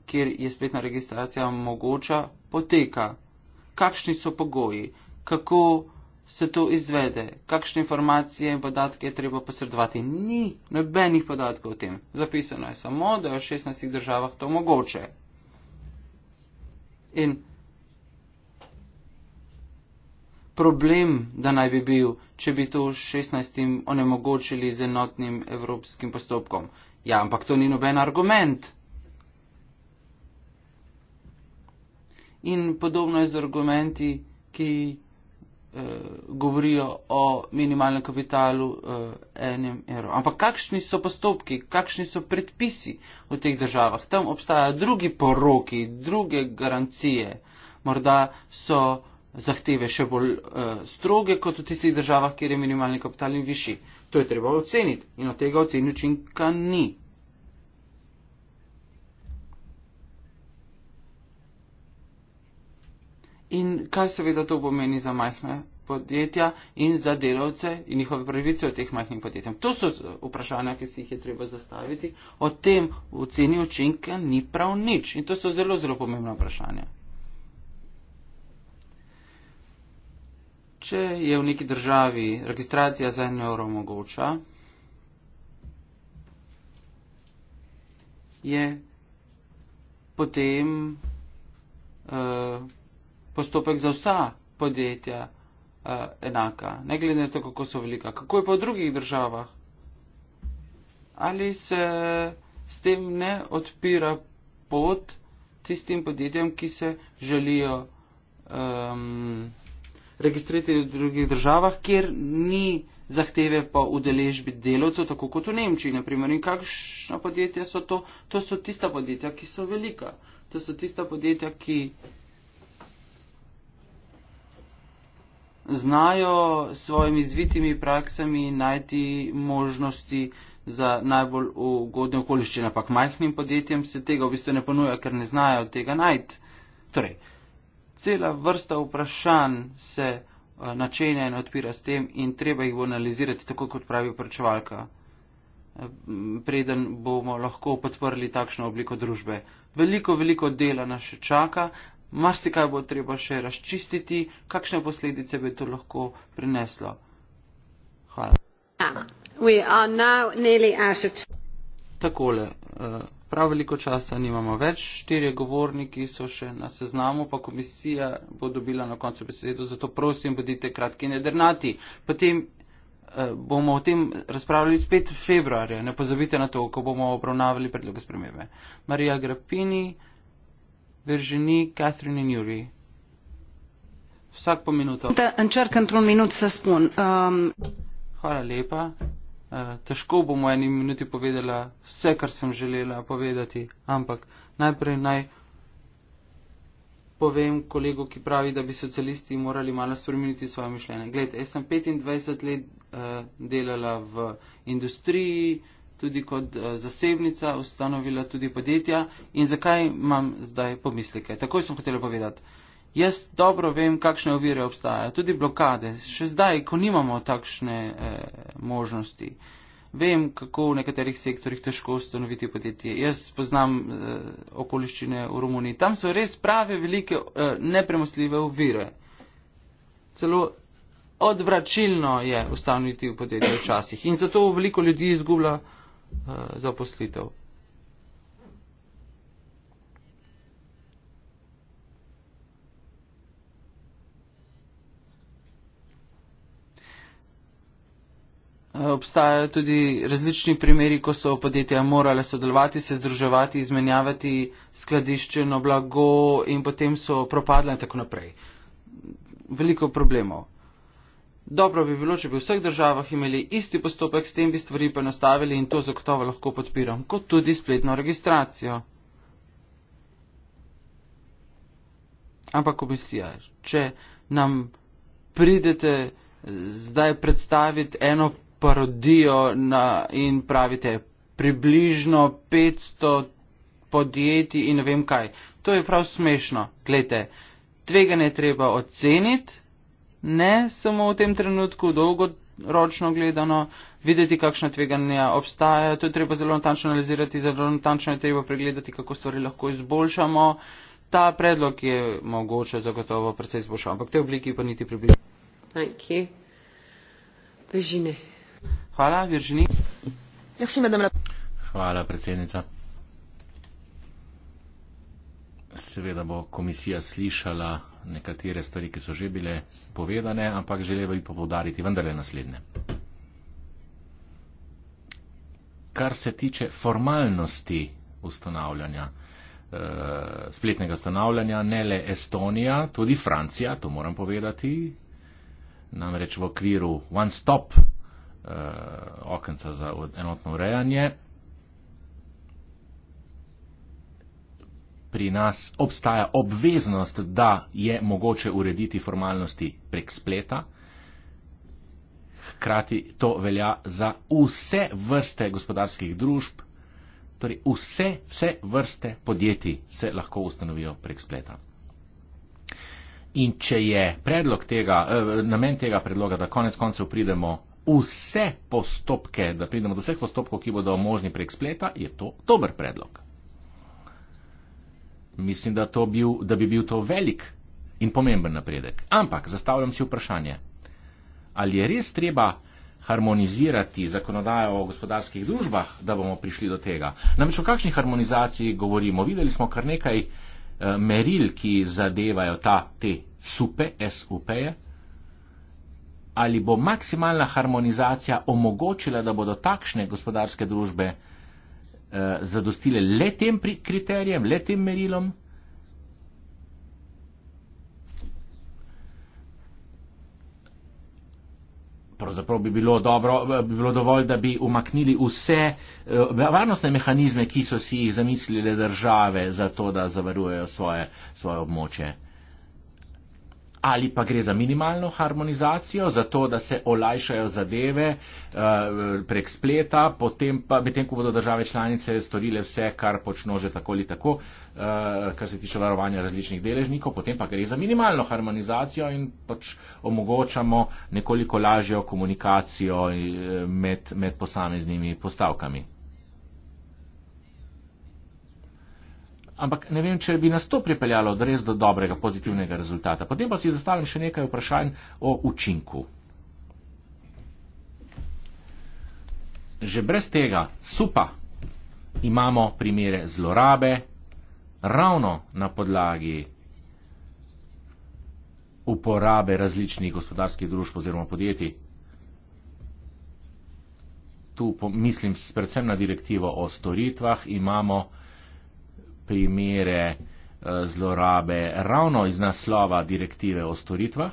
Speaker 3: kjer je spletna registracija mogoča, poteka. Kakšni so pogoji, kako se to izvede, kakšne informacije in podatke je treba posredovati. Ni nobenih podatkov o tem. Zapisano je samo, da je v 16 državah to mogoče. In problem, da naj bi bil, če bi to 16. onemogočili z enotnim evropskim postopkom. Ja, ampak to ni noben argument. In podobno je z argumenti, ki Eh, govorijo o minimalnem kapitalu uh, eh, enem evrom. Ampak kakšni so postopki, kakšni so predpisi v teh državah? Tam obstajajo drugi poroki, druge garancije, morda so zahteve še bolj uh, stroge kot v tistih državah, kjer je minimalni kapital in višji. To je treba oceniti in od tega oceni učinka ni. In kaj seveda to pomeni za majhne podjetja in za delavce in njihove pravice v teh majhnim podjetjem? To so vprašanja, ki si jih je treba zastaviti. O tem v ceni učinka ni prav nič in to so zelo, zelo pomembna vprašanja. Če je v neki državi registracija za en evro mogoča, je potem. Uh, postopek za vsa podjetja uh, enaka, ne glede na to, kako so velika. Kako je pa v drugih državah? Ali se s tem ne odpira pot tistim podjetjem, ki se želijo um, registrirati v drugih državah, kjer ni zahteve po udeležbi delovcev, tako kot v Nemčiji, naprimer. In kakšna podjetja so to? To so tista podjetja, ki so velika. To so tista podjetja, ki. znajo s svojimi zvitimi praksami najti možnosti za najbolj ugodne okoliščine, ampak majhnim podjetjem se tega v bistvu ne ponuja, ker ne znajo tega najti. Torej, cela vrsta vprašanj se eh, načenja in odpira s tem in treba jih bo analizirati, tako kot pravi vprašovalka, eh, preden bomo lahko podprli takšno obliko družbe. Veliko, veliko dela nas še čaka, marsikaj bo treba še razčistiti, kakšne posledice bi to lahko prineslo. Hvala. Ah, Takole, eh, prav veliko časa nimamo več, štirje govorniki so še na seznamu, pa komisija bo dobila na koncu besedo, zato prosim, bodite kratki in jedrnati. Potem eh, bomo o tem razpravljali spet februarja, ne pozabite na to, ko bomo obravnavali predloge spremembe. Marija Grappini. Virginie, Catherine in Yuri. Vsak po minuto. Da črkam tri minute, se spun. Um... Hvala lepa. Uh, težko bom v eni minuti povedala vse, kar sem želela povedati, ampak najprej naj povem kolegu, ki pravi, da bi socialisti morali malo spremeniti svoje mišljenje. Glede, jaz sem 25 let uh, delala v industriji, uh, tudi kot eh, zasebnica ustanovila tudi podjetja in zakaj imam zdaj pomisleke. Takoj sem hotela povedati. Jaz dobro vem, kakšne ovire obstajajo, tudi blokade, še zdaj, ko nimamo takšne eh, možnosti. Vem, kako v nekaterih sektorjih težko ustanoviti podjetje. Jaz poznam eh, okoliščine v Romuniji. Tam so res prave velike eh, nepremostljive ovire. Celo odvračilno je ustanoviti v podjetje včasih. In zato veliko ljudi izgublja Eh, zaposlitev. Eh, obstajajo tudi različni primeri, ko so podjetja morale sodelovati, se združevati, izmenjavati skladiščeno blago in potem so propadle in tako naprej. Veliko problemov. Dobro bi bilo, če bi v vseh državah imeli isti postopek, s tem bi stvari poenostavili in to zagotovo lahko podpiram, kot tudi spletno registracijo. Ampak komisija, če nam pridete zdaj predstaviti eno parodijo na, in pravite približno 500 podjetij in ne vem kaj, to je prav smešno. Glejte, tvegane je treba oceniti ne samo v tem trenutku, dolgoročno gledano, videti, kakšna tveganja obstajajo. To je treba zelo natančno analizirati, zelo natančno je treba pregledati, kako stvari lahko izboljšamo. Ta predlog je mogoče zagotovo predvsej izboljšal, ampak te obliki pa niti približno. Hvala, Viržini.
Speaker 2: Hvala, predsednica. Seveda bo komisija slišala nekatere stvari, ki so že bile povedane, ampak želeli bi povdariti vendarle naslednje. Kar se tiče formalnosti ustanavljanja, e, spletnega ustanavljanja, ne le Estonija, tudi Francija, to moram povedati, namreč v okviru one-stop e, eh, okenca za enotno urejanje, pri nas obstaja obveznost, da je mogoče urediti formalnosti prek spleta. Hkrati to velja za vse vrste gospodarskih družb, torej vse, vse vrste podjetij se lahko ustanovijo prek spleta. In če je predlog tega, eh, namen tega predloga, da konec koncev pridemo vse postopke, da pridemo do vseh postopkov, ki bodo možni prek spleta, je to dober predlog mislim, da, bil, da bi bil to velik in pomemben napredek. Ampak zastavljam si vprašanje, ali je res treba harmonizirati zakonodajo o gospodarskih družbah, da bomo prišli do tega. Namreč o kakšni harmonizaciji govorimo? Videli smo kar nekaj eh, meril, ki zadevajo ta, te supe, SUP-je. Ali bo maksimalna harmonizacija omogočila, da bodo takšne gospodarske družbe eh, uh, zadostile le tem pri, kriterijem, le tem merilom. Pravzaprav bi bilo, dobro, eh, bi bilo dovolj, da bi umaknili vse eh, varnostne mehanizme, ki so si jih zamislili države za to, da zavarujejo svoje, svoje območje ali pa gre za minimalno harmonizacijo, za to, da se olajšajo zadeve eh, prek spleta, pa, medtem ko bodo države članice storile vse, kar počno že tako ali tako, eh, kar se tiče varovanja različnih deležnikov, potem pa gre za minimalno harmonizacijo in pač omogočamo nekoliko lažjo komunikacijo eh, med, med posameznimi postavkami. ampak ne vem, če bi nas to pripeljalo do res do dobrega, pozitivnega rezultata. Potem pa si zastavim še nekaj vprašanj o učinku. Že brez tega supa imamo primere zlorabe ravno na podlagi uporabe različnih gospodarskih družb oziroma podjetij. Tu mislim predvsem na direktivo o storitvah, imamo primere eh, zlorabe ravno iz naslova direktive o storitvah.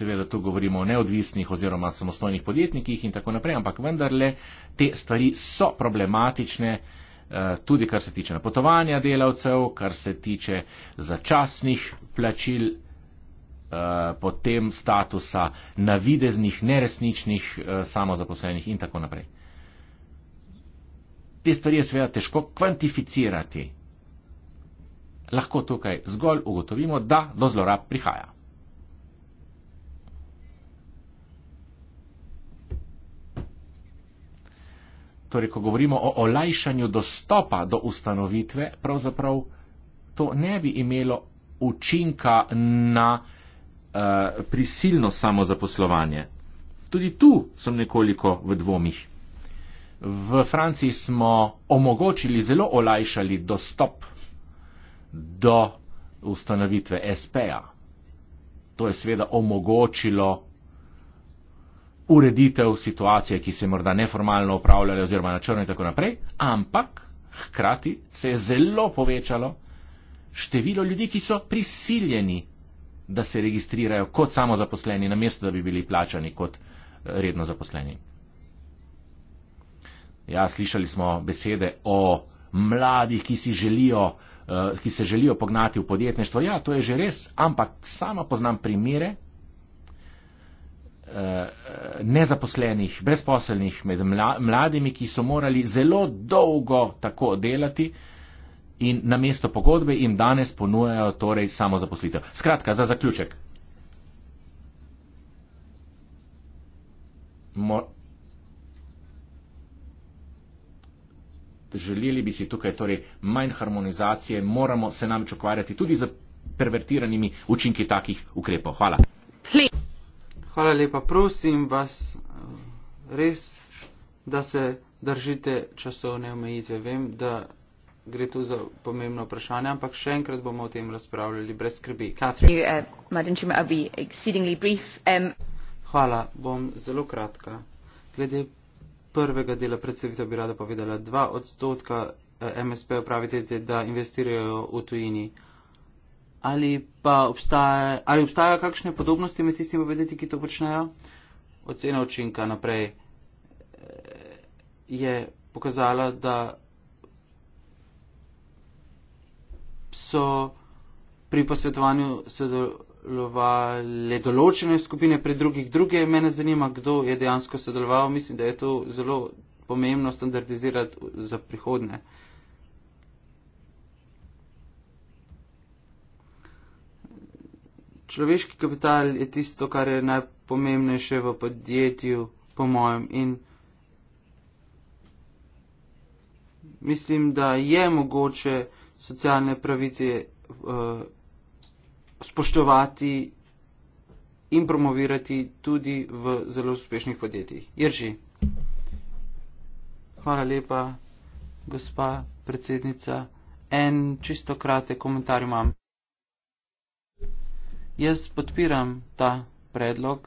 Speaker 2: Seveda tu govorimo o neodvisnih oziroma samostojnih podjetnikih in tako naprej, ampak vendarle te stvari so problematične eh, tudi kar se tiče napotovanja delavcev, kar se tiče začasnih plačil, eh, potem statusa navideznih, neresničnih samozaposlenih in tako naprej. Te stvari je seveda težko kvantificirati. Lahko tukaj zgolj ugotovimo, da do zlorab prihaja. Torej, ko govorimo o olajšanju dostopa do ustanovitve, pravzaprav to ne bi imelo učinka na uh, prisilno samozaposlovanje. Tudi tu sem nekoliko v dvomih. V Franciji smo omogočili, zelo olajšali dostop do ustanovitve SP-ja. To je seveda omogočilo ureditev situacije, ki se je morda neformalno upravljala oziroma na črno in tako naprej, ampak hkrati se je zelo povečalo število ljudi, ki so prisiljeni, da se registrirajo kot samozaposleni, namesto da bi bili plačani kot redno zaposleni. Ja, slišali smo besede o mladih, ki, želijo, uh, ki se želijo pognati v podjetništvo. Ja, to je že res, ampak sama poznam primere eh, nezaposlenih, brezposelnih med mladimi, ki so morali zelo dolgo tako delati in na mesto pogodbe jim danes ponujajo torej samo zaposlitev. Skratka, za zaključek. Mo želeli bi si tukaj torej manj harmonizacije, moramo se nam čokvarjati tudi z pervertiranimi učinki takih ukrepov. Hvala.
Speaker 3: Hvala lepa, prosim vas res, da se držite časovne omejitve. Vem, da gre tu za pomembno vprašanje, ampak še enkrat bomo o tem razpravljali brez skrbi. Uh,
Speaker 2: um,
Speaker 3: Hvala, bom zelo kratka. Glede prvega dela predstavitev bi rada povedala. Dva odstotka eh, MSP upravitete, da investirajo v tujini. Ali pa obstajajo obstaja kakšne podobnosti med tistimi povedeti, ki to počnejo? Ocena učinka naprej eh, je pokazala, da so pri posvetovanju sodelovali sodelovali določene skupine, pred drugih druge. Mene zanima, kdo je dejansko sodeloval. Mislim, da je to zelo pomembno standardizirati za prihodne. Človeški kapital je tisto, kar je najpomembnejše v podjetju, po mojem. In mislim, da je mogoče socialne pravice. Uh, spoštovati in promovirati tudi v zelo uspešnih podjetjih. Jerži. Hvala lepa, gospa predsednica. En čisto kratek komentar imam. Jaz podpiram ta predlog,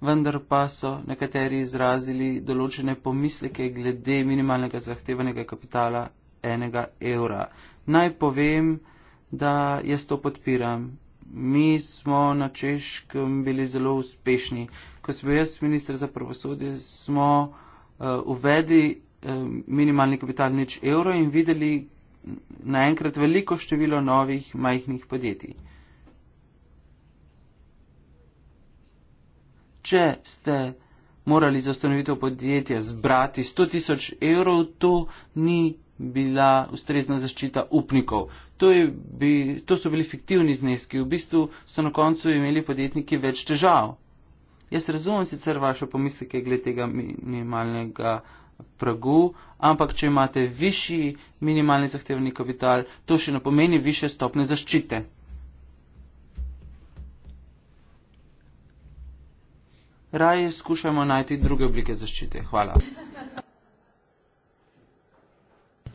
Speaker 3: vendar pa so nekateri izrazili določene pomisleke glede minimalnega zahtevanega kapitala enega evra. Naj povem, da jaz to podpiram. Mi smo na Češkem bili zelo uspešni. Ko sem bil jaz ministr za pravosodje, smo uh, uvedli uh, minimalni kapital nič evro in videli naenkrat veliko število novih majhnih podjetij. Če ste morali za ustanovitev podjetja zbrati 100 tisoč evrov, to ni bila ustrezna zaščita upnikov. To, bi, to so bili fiktivni zneski, v bistvu so na koncu imeli podjetniki več težav. Jaz razumem sicer vaše pomisleke glede tega minimalnega pragu, ampak če imate višji minimalni zahtevni kapital, to še ne pomeni više stopne zaščite. Raje skušamo najti druge oblike zaščite. Hvala.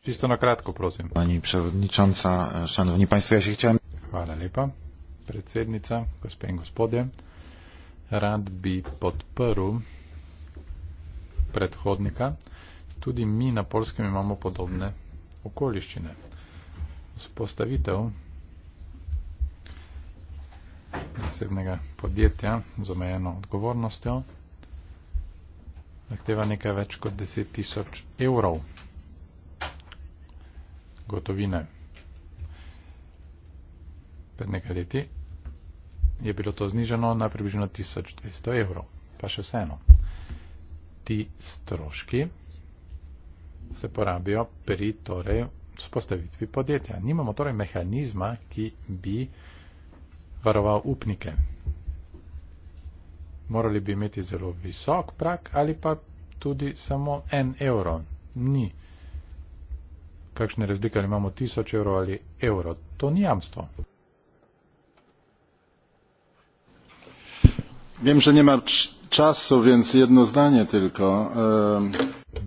Speaker 3: Čisto na kratko,
Speaker 1: prosim. Pani przewodnicząca, szanowni państwo, ja się chciałem... Hvala lepa, predsednica, gospe in gospodje. Rad bi podprl predhodnika. Tudi mi na Polskem imamo podobne okoliščine. Spostavitev zasebnega podjetja z omejeno odgovornostjo zahteva nekaj več kot 10 tisoč evrov gotovine. Pred nekaj leti je bilo to zniženo na približno 1200 evrov. Pa še vseeno, ti stroški se porabijo pri torej spostavitvi podjetja. Nimamo torej mehanizma, ki bi varoval upnike. Morali bi imeti zelo visok prak ali pa tudi samo en evro. Ni kakšne razlike, ali imamo tisoč evrov ali evro. To ni jamstvo. Vem, že nima časa, vjenc jedno zdanje tylko. Um...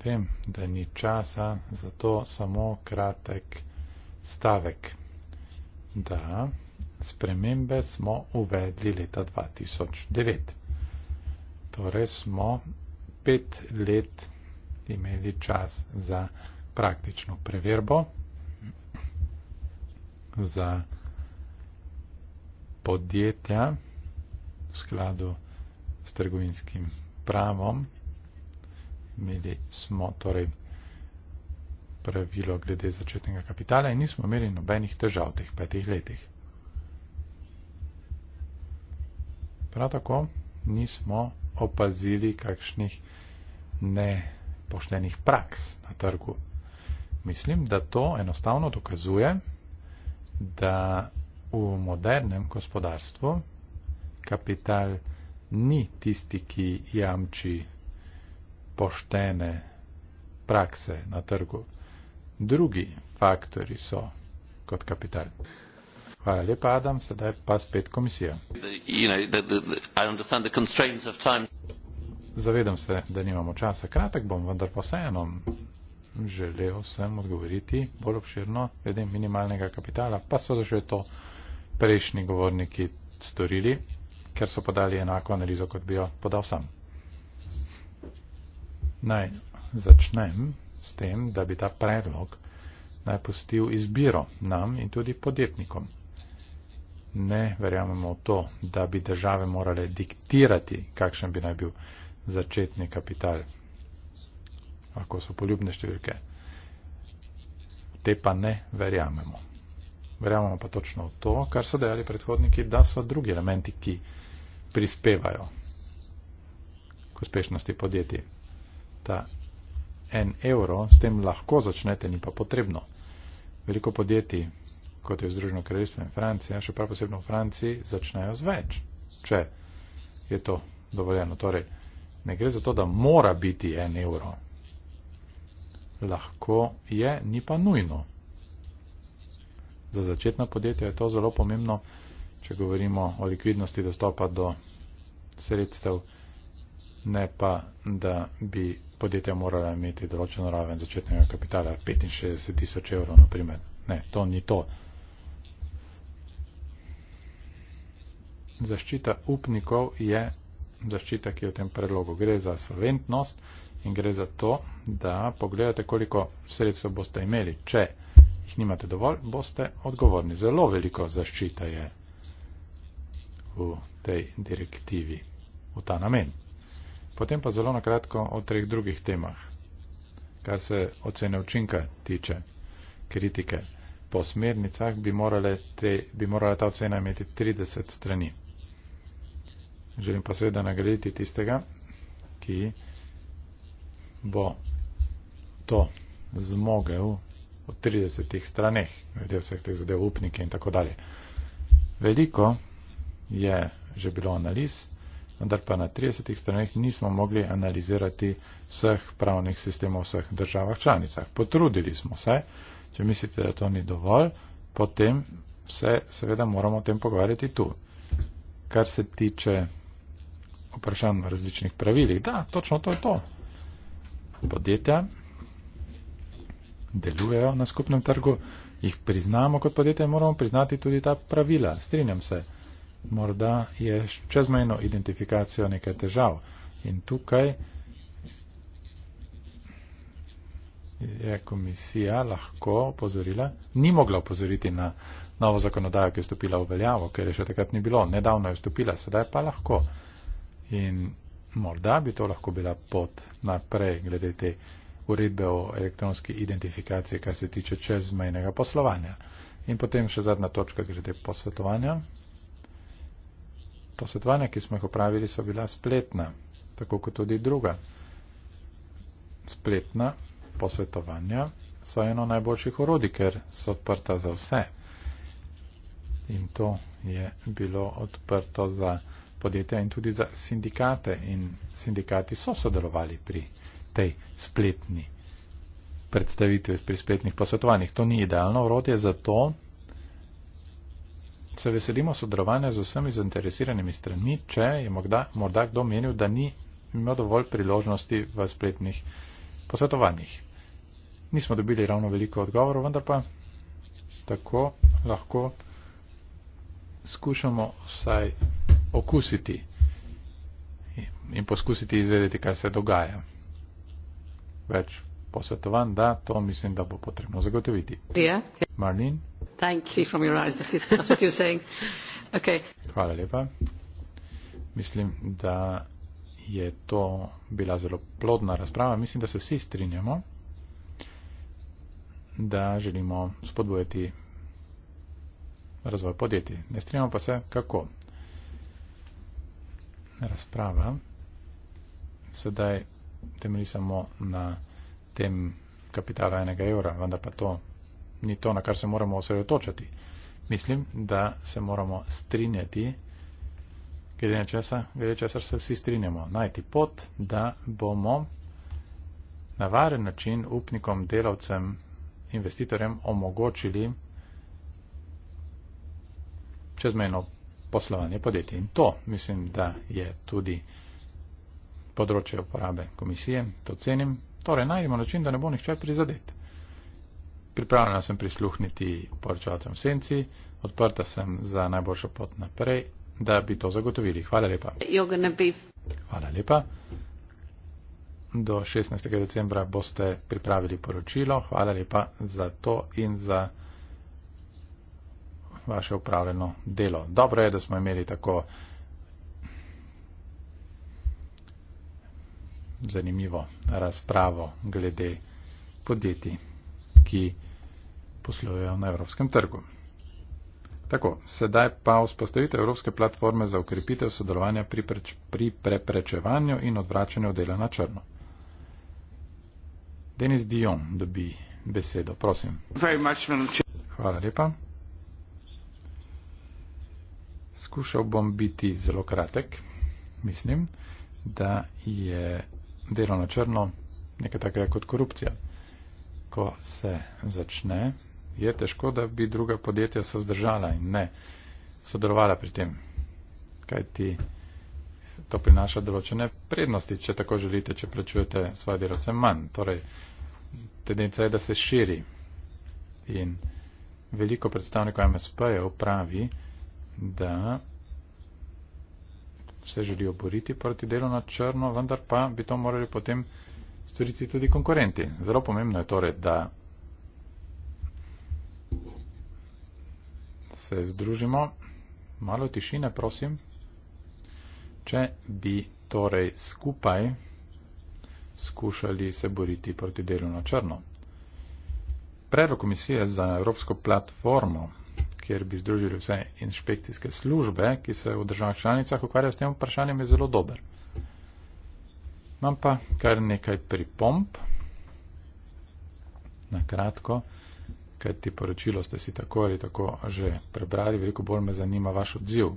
Speaker 1: Vem, da ni časa, zato samo kratek stavek. Da, spremembe smo uvedli leta 2009. Torej smo pet let imeli čas za praktično preverbo za podjetja v skladu s trgovinskim pravom. Imeli smo torej pravilo glede začetnega kapitala in nismo imeli nobenih težav v teh petih letih. Prav tako nismo opazili kakšnih nepoštenih praks na trgu Mislim, da to enostavno dokazuje, da v modernem gospodarstvu kapital ni tisti, ki jamči poštene prakse na trgu. Drugi faktori so kot kapital. Hvala lepa, Adam, sedaj pa spet komisija. Zavedam se, da nimamo časa. Kratek bom, vendar posejeno želel sem odgovoriti bolj obširno, glede minimalnega kapitala, pa so že to prejšnji govorniki storili, ker so podali enako analizo, kot bi jo podal sam. Naj začnem s tem, da bi ta predlog naj postil izbiro nam in tudi podjetnikom. Ne verjamemo v to, da bi države morale diktirati, kakšen bi naj bil začetni kapital lahko so poljubne številke. Te pa ne verjamemo. Verjamemo pa točno v to, kar so dejali predhodniki, da so drugi elementi, ki prispevajo k uspešnosti podjetij. Ta en evro, s tem lahko začnete, ni pa potrebno. Veliko podjetij, kot je Združeno kraljestvo in Francija, še prav posebno v Franciji, začnejo z več, če je to dovoljeno. Torej, ne gre za to, da mora biti en evro, lahko je, ni pa nujno. Za začetna podjetja je to zelo pomembno, če govorimo o likvidnosti dostopa do sredstev, ne pa, da bi podjetja morala imeti določeno raven začetnega kapitala, 65 tisoč evrov, naprimer. Ne, to ni to. Zaščita upnikov je zaščita, ki je v tem predlogu. Gre za solventnost, in gre za to, da pogledate, koliko sredstev boste imeli. Če jih nimate dovolj, boste odgovorni. Zelo veliko zaščita je v tej direktivi v ta namen. Potem pa zelo nakratko o treh drugih temah, kar se ocene učinka tiče kritike. Po smernicah bi, te, bi morala ta ocena imeti 30 strani. Želim pa seveda nagraditi tistega, ki bo to zmogel v 30 straneh, glede vseh teh zadev upnike in tako dalje. Veliko je že bilo analiz, vendar pa na 30 straneh nismo mogli analizirati vseh pravnih sistemov v vseh državah članicah. Potrudili smo se, če mislite, da to ni dovolj, potem se seveda moramo o tem pogovarjati tu. Kar se tiče vprašanj v različnih pravilih, da, točno to je to, podjetja, delujejo na skupnem trgu, jih priznamo kot podjetje, moramo priznati tudi ta pravila. Strinjam se, morda je čezmejno identifikacijo nekaj težav. In tukaj je komisija lahko opozorila, ni mogla opozoriti na novo zakonodajo, ki je vstopila v veljavo, ker je še takrat ni bilo, nedavno je vstopila, sedaj pa lahko. In morda bi to lahko bila pot naprej, glede te uredbe o elektronski identifikaciji, kar se tiče čezmejnega poslovanja. In potem še zadnja točka, glede posvetovanja. Posvetovanja, ki smo jih opravili, so bila spletna, tako kot tudi druga. Spletna posvetovanja so eno najboljših orodij, ker so odprta za vse. In to je bilo odprto za vse podjetja in tudi za sindikate. In sindikati so sodelovali pri tej spletni predstavitvi, pri spletnih posvetovanjih. To ni idealno urodje, zato se veselimo sodelovanja z vsemi zainteresiranimi stranmi, če je morda, morda kdo menil, da ni imel dovolj priložnosti v spletnih posvetovanjih. Nismo dobili ravno veliko odgovorov, vendar pa tako lahko skušamo vsaj okusiti in poskusiti izvedeti, kaj se dogaja. Več posvetovanj, da to mislim, da bo potrebno zagotoviti. Marlin. Hvala lepa. Mislim, da je to bila zelo plodna razprava. Mislim, da se vsi strinjamo, da želimo spodbujati razvoj podjetij. Ne strinjamo pa se, kako razprava sedaj temelji samo na tem kapitala enega evra, vendar pa to ni to, na kar se moramo osredotočati. Mislim, da se moramo strinjati, glede na česa, glede česar se vsi strinjamo, najti pot, da bomo na varen način upnikom, delavcem, investitorjem omogočili čezmejno poslovanje podjetja. In to mislim, da je tudi področje uporabe komisije, to cenim. Torej, najdemo način, da ne bo nihče prizadet. Pripravljena sem prisluhniti poročevalcem v senci, odprta sem za najboljšo pot naprej, da bi to zagotovili. Hvala lepa. Hvala lepa. Do 16. decembra boste pripravili poročilo. Hvala lepa za to in za vaše upravljeno delo. Dobro je, da smo imeli tako zanimivo razpravo glede podjetij, ki poslujejo na evropskem trgu. Tako, sedaj pa vzpostavitev Evropske platforme za ukrepitev sodelovanja pri, preč, pri preprečevanju in odvračanju dela na črno. Denis Dion dobi besedo, prosim. Hvala lepa. Skušal bom biti zelo kratek. Mislim, da je delo na črno nekaj takega kot korupcija. Ko se začne, je težko, da bi druga podjetja se vzdržala in ne sodelovala pri tem. Kaj ti to prinaša določene prednosti, če tako želite, če plačujete svoje delovce manj. Torej, tendenca je, da se širi. In veliko predstavnikov MSP-jev pravi, da se želijo boriti proti delu na črno, vendar pa bi to morali potem storiti tudi konkurenti. Zelo pomembno je torej, da se združimo. Malo tišine, prosim. Če bi torej skupaj skušali se boriti proti delu na črno. Predlog komisije za Evropsko platformo kjer bi združili vse inšpekcijske službe, ki se v državah članicah ukvarjajo s tem vprašanjem, je zelo dober. Imam pa kar nekaj pripomp, na kratko, kaj ti poročilo ste si tako ali tako že prebrali, veliko bolj me zanima vaš odziv.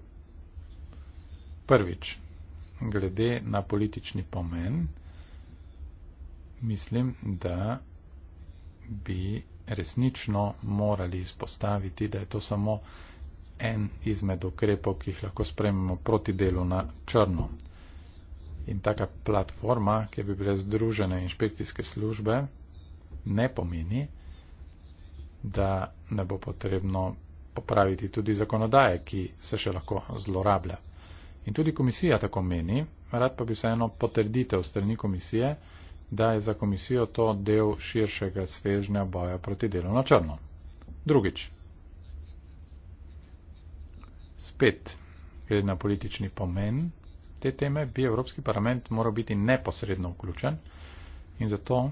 Speaker 1: Prvič, glede na politični pomen, mislim, da bi resnično morali izpostaviti, da je to samo en izmed ukrepov, ki jih lahko sprememo proti delu na črno. In taka platforma, kjer bi bile združene inšpekcijske službe, ne pomeni, da ne bo potrebno popraviti tudi zakonodaje, ki se še lahko zlorablja. In tudi komisija tako meni, rad pa bi vseeno potrditev strani komisije, da je za komisijo to del širšega svežnja boja proti delu na črno. Drugič. Spet, glede na politični pomen te teme, bi Evropski parlament moral biti neposredno vključen in zato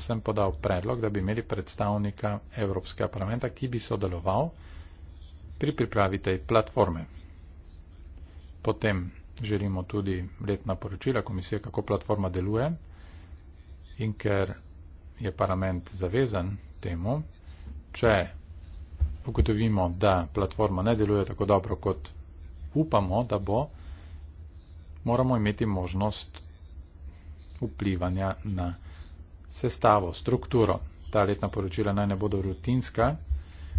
Speaker 1: sem podal predlog, da bi imeli predstavnika Evropskega parlamenta, ki bi sodeloval pri pripravi tej platforme. Potem želimo tudi letna poročila komisije, kako platforma deluje in ker je parlament zavezan temu, če ugotovimo, da platforma ne deluje tako dobro, kot upamo, da bo, moramo imeti možnost vplivanja na sestavo, strukturo. Ta letna poročila naj ne bodo rutinska,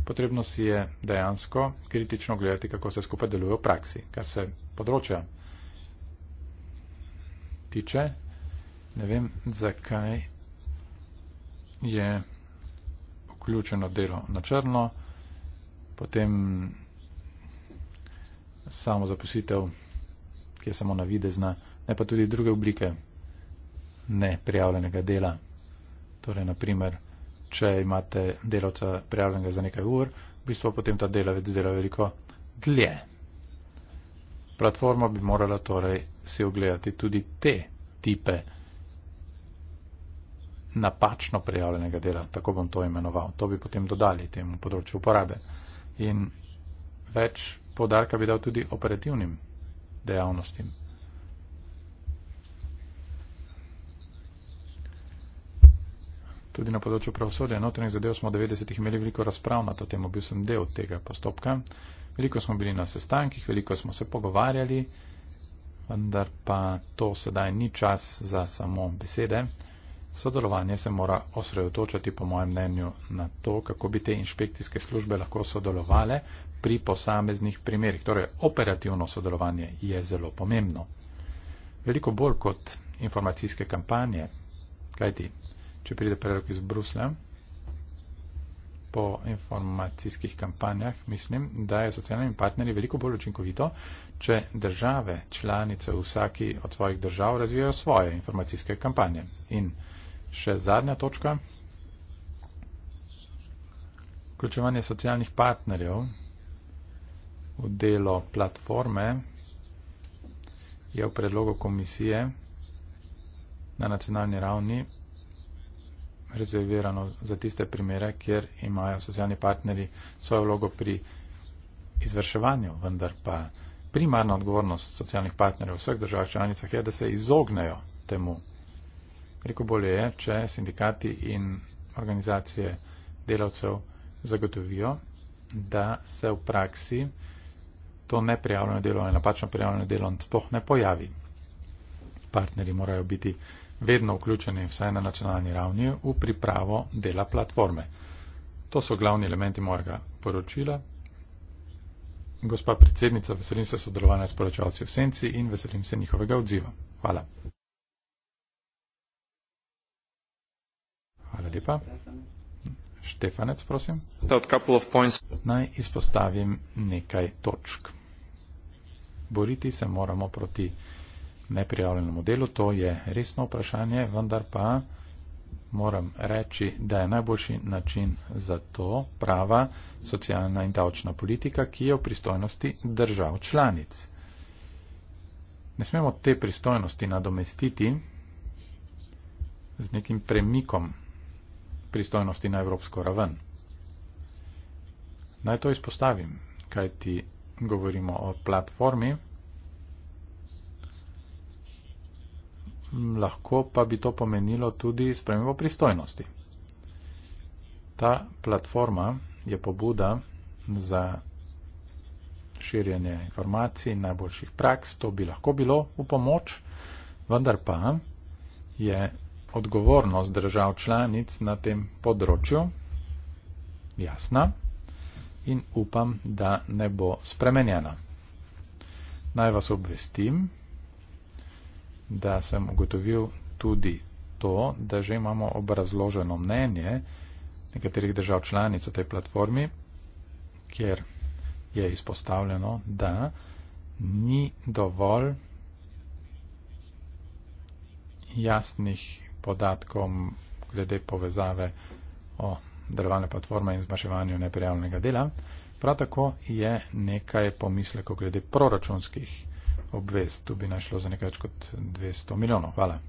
Speaker 1: potrebno si je dejansko kritično gledati, kako se skupaj deluje v praksi, kar se področja tiče, ne vem, zakaj je vključeno delo na črno, potem samo zaposlitev, ki je samo navidezna, ne pa tudi druge oblike neprijavljenega dela. Torej, naprimer, če imate delavca prijavljenega za nekaj ur, v bistvu potem ta delavec dela veliko dlje. Platforma bi morala torej si ogledati tudi te tipe napačno prijavljenega dela, tako bom to imenoval. To bi potem dodali temu področju uporabe. In več povdarka bi dal tudi operativnim dejavnostim. Tudi na področju pravosodja in notranjih zadev smo v 90-ih imeli veliko razprav na to temo, bil sem del tega postopka. Veliko smo bili na sestankih, veliko smo se pogovarjali, vendar pa to sedaj ni čas za samo besede. Sodelovanje se mora osredotočati, po mojem mnenju, na to, kako bi te inšpekcijske službe lahko sodelovale pri posameznih primerjih. Torej, operativno sodelovanje je zelo pomembno. Veliko bolj kot informacijske kampanje, kajti, če pride predlog iz Bruslja, po informacijskih kampanjah, mislim, da je socialnimi partnerji veliko bolj učinkovito, če države, članice vsaki od svojih držav razvijajo svoje informacijske kampanje. In še zadnja točka. Vključevanje socialnih partnerjev v delo platforme je v predlogu komisije na nacionalni ravni rezervirano za tiste primere, kjer imajo socialni partnerji svojo vlogo pri izvrševanju, vendar pa primarna odgovornost socialnih partnerjev v vseh državah članicah je, da se izognejo temu Reko bolje je, če sindikati in organizacije delavcev zagotovijo, da se v praksi to neprijavljeno delo ali napačno prijavljeno delo sploh ne pojavi. Partneri morajo biti vedno vključeni vsaj na nacionalni ravni v pripravo dela platforme. To so glavni elementi mojega poročila. Gospa predsednica, veselim se sodelovanja s poročalci v Senci in veselim se njihovega odziva. Hvala. Hvala lepa. Štefanec, prosim. Naj izpostavim nekaj točk. Boriti se moramo proti neprijavljenemu delu, to je resno vprašanje, vendar pa moram reči, da je najboljši način za to prava socialna in davčna politika, ki je v pristojnosti držav članic. Ne smemo te pristojnosti nadomestiti z nekim premikom pristojnosti na evropsko raven. Naj to izpostavim, kaj ti govorimo o platformi, lahko pa bi to pomenilo tudi spremembo pristojnosti. Ta platforma je pobuda za širjenje informacij in najboljših praks, to bi lahko bilo v pomoč, vendar pa je odgovornost držav članic na tem področju jasna in upam, da ne bo spremenjena. Naj vas obvestim, da sem ugotovil tudi to, da že imamo obrazloženo mnenje nekaterih držav članic o tej platformi, kjer je izpostavljeno, da ni dovolj jasnih podatkom glede povezave o delovanju platforme in zmaševanju neprijavljenega dela. Prav tako je nekaj pomislekov glede proračunskih obvez. Tu bi našlo za nekaj več kot 200 milijonov. Hvala.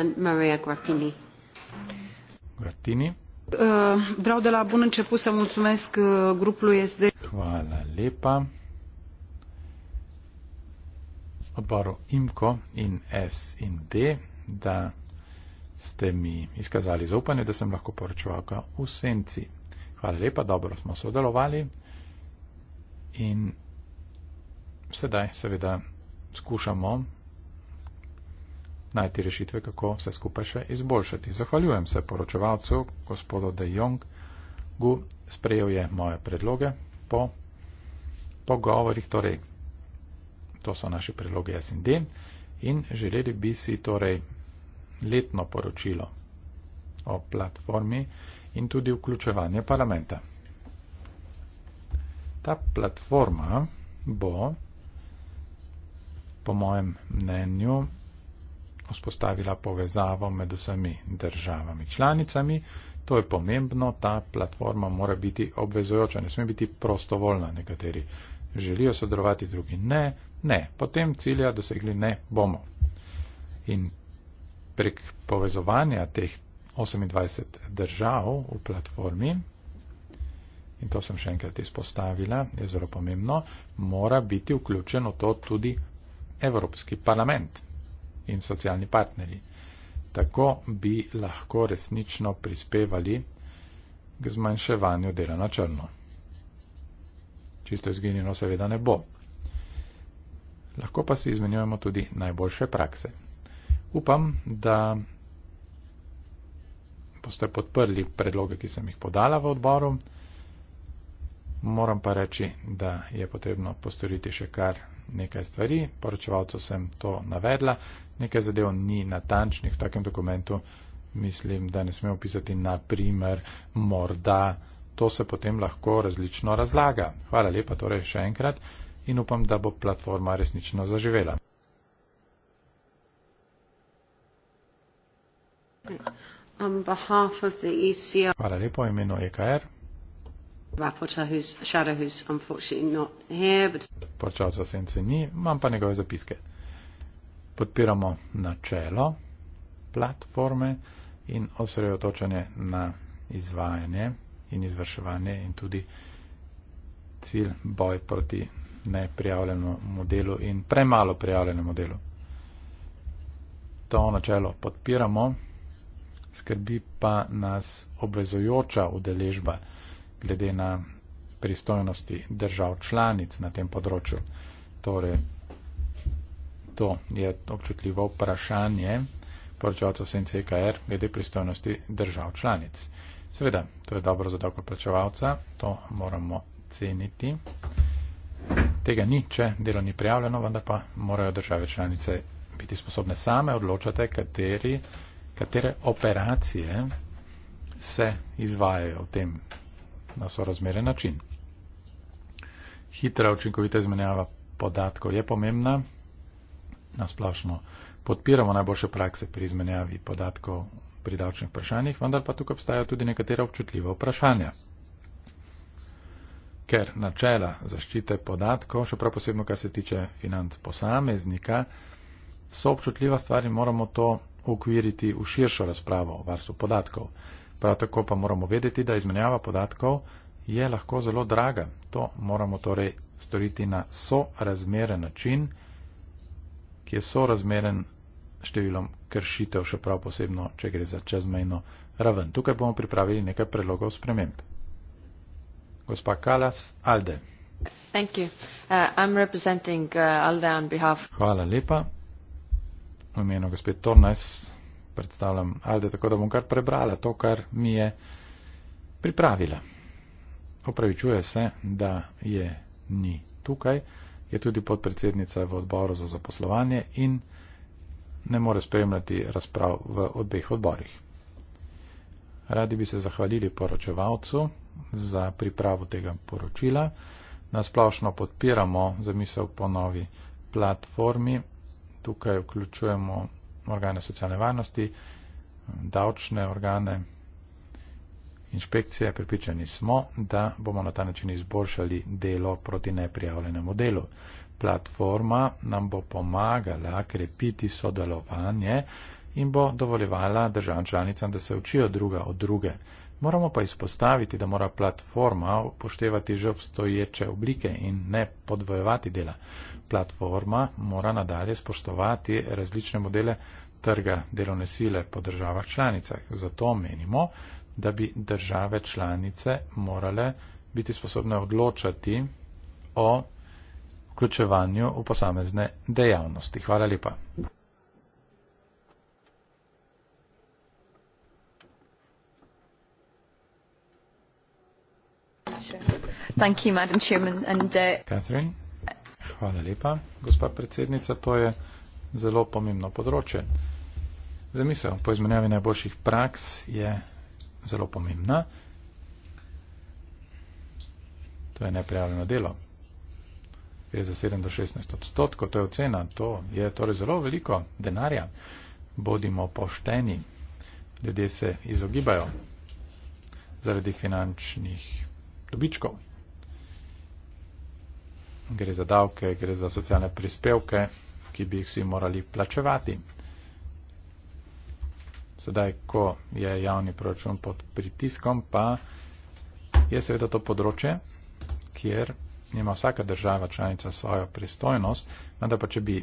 Speaker 3: In Marija Guartini. Guartini. Eh, vreau de la bun început să mulțumesc eh, grupului SD.
Speaker 1: Hvala lepa. Odboru IMCO in S in D da ste mi izkazali zaupanje, da sem lahko poročevalka v senci. Hvala lepa, dobro smo sodelovali in sedaj seveda skušamo najti rešitve, kako vse skupaj še izboljšati. Zahvaljujem se poročevalcu, gospodu De Jong, Gu, sprejel je moje predloge po pogovorih, torej to so naši predloge SND in želeli bi si torej letno poročilo o platformi in tudi vključevanje parlamenta. Ta platforma bo, po mojem mnenju, vzpostavila povezavo med vsemi državami članicami. To je pomembno, ta platforma mora biti obvezojoča, ne sme biti prostovoljna. Nekateri želijo sodelovati, drugi ne. Ne, potem cilja dosegli ne bomo. In prek povezovanja teh 28 držav v platformi, in to sem še enkrat izpostavila, je zelo pomembno, mora biti vključeno to tudi Evropski parlament in socialni partnerji. Tako bi lahko resnično prispevali k zmanjševanju dela na črno. Čisto izginjeno seveda ne bo. Lahko pa si izmenjujemo tudi najboljše prakse. Upam, da boste podprli predloge, ki sem jih podala v odboru. Moram pa reči, da je potrebno postoriti še kar nekaj stvari. Poročevalcu sem to navedla. Nekaj zadev ni natančnih v takem dokumentu. Mislim, da ne smemo pisati na primer morda. To se potem lahko različno razlaga. Hvala lepa torej še enkrat in upam, da bo platforma resnično zaživela. E Hvala lepo, imeno je KR. Počasa sence ni, imam pa njegove zapiske. Podpiramo načelo platforme in osredotočanje na izvajanje in izvrševanje in tudi cilj boj proti neprijavljenemu delu in premalo prijavljenemu delu. To načelo podpiramo skrbi pa nas obvezojoča udeležba glede na pristojnosti držav članic na tem področju. Torej, to je občutljivo vprašanje poročevalcev SNCKR glede pristojnosti držav članic. Seveda, to je dobro za davkoplačevalca, to moramo ceniti. Tega ni, če delo ni prijavljeno, vendar pa morajo države članice biti sposobne same odločati, kateri katere operacije se izvajajo v tem na sorazmeren način. Hitra, učinkovita izmenjava podatkov je pomembna. Nasplošno podpiramo najboljše prakse pri izmenjavi podatkov pri davčnih vprašanjih, vendar pa tukaj obstajajo tudi nekatera občutljiva vprašanja. Ker načela zaščite podatkov, še prav posebno, kar se tiče financ posameznika, so občutljiva stvar in moramo to ukviriti v širšo razpravo o varstvu podatkov. Prav tako pa moramo vedeti, da izmenjava podatkov je lahko zelo draga. To moramo torej storiti na sorazmeren način, ki je sorazmeren številom kršitev, še prav posebno, če gre za čezmejno raven. Tukaj bomo pripravili nekaj predlogov sprememb. Gospa Kalas Alde. Uh, uh Hvala lepa v imenu gospe Tornes predstavljam Alde, tako da bom kar prebrala to, kar mi je pripravila. Opravičuje se, da je ni tukaj, je tudi podpredsednica v odboru za zaposlovanje in ne more spremljati razprav v obeh odborih. Radi bi se zahvalili poročevalcu za pripravo tega poročila. Nasplošno podpiramo zamisel po novi platformi tukaj vključujemo organe socialne varnosti, davčne organe, inšpekcije. Pripričani smo, da bomo na ta način izboljšali delo proti neprijavljenemu delu. Platforma nam bo pomagala krepiti sodelovanje in bo dovoljevala državam članicam, da se učijo druga od druge. Moramo pa izpostaviti, da mora platforma upoštevati že obstoječe oblike in ne podvojevati dela. Platforma mora nadalje spoštovati različne modele trga delovne sile po državah članicah. Zato menimo, da bi države članice morale biti sposobne odločati o vključevanju v posamezne dejavnosti. Hvala lepa. Madam and, uh, Catherine, hvala lepa, gospa predsednica, to je zelo pomembno področje. Zamisel po izmenjavi najboljših praks je zelo pomembna. To je neprijavljeno delo. Je za 7 do 16 odstotkov, to je ocena, to je torej zelo veliko denarja. Bodimo pošteni, ljudje se izogibajo zaradi finančnih dobičkov gre za davke, gre za socialne prispevke, ki bi jih vsi morali plačevati. Sedaj, ko je javni proračun pod pritiskom, pa je seveda to področje, kjer ima vsaka država članica svojo pristojnost, vendar pa če bi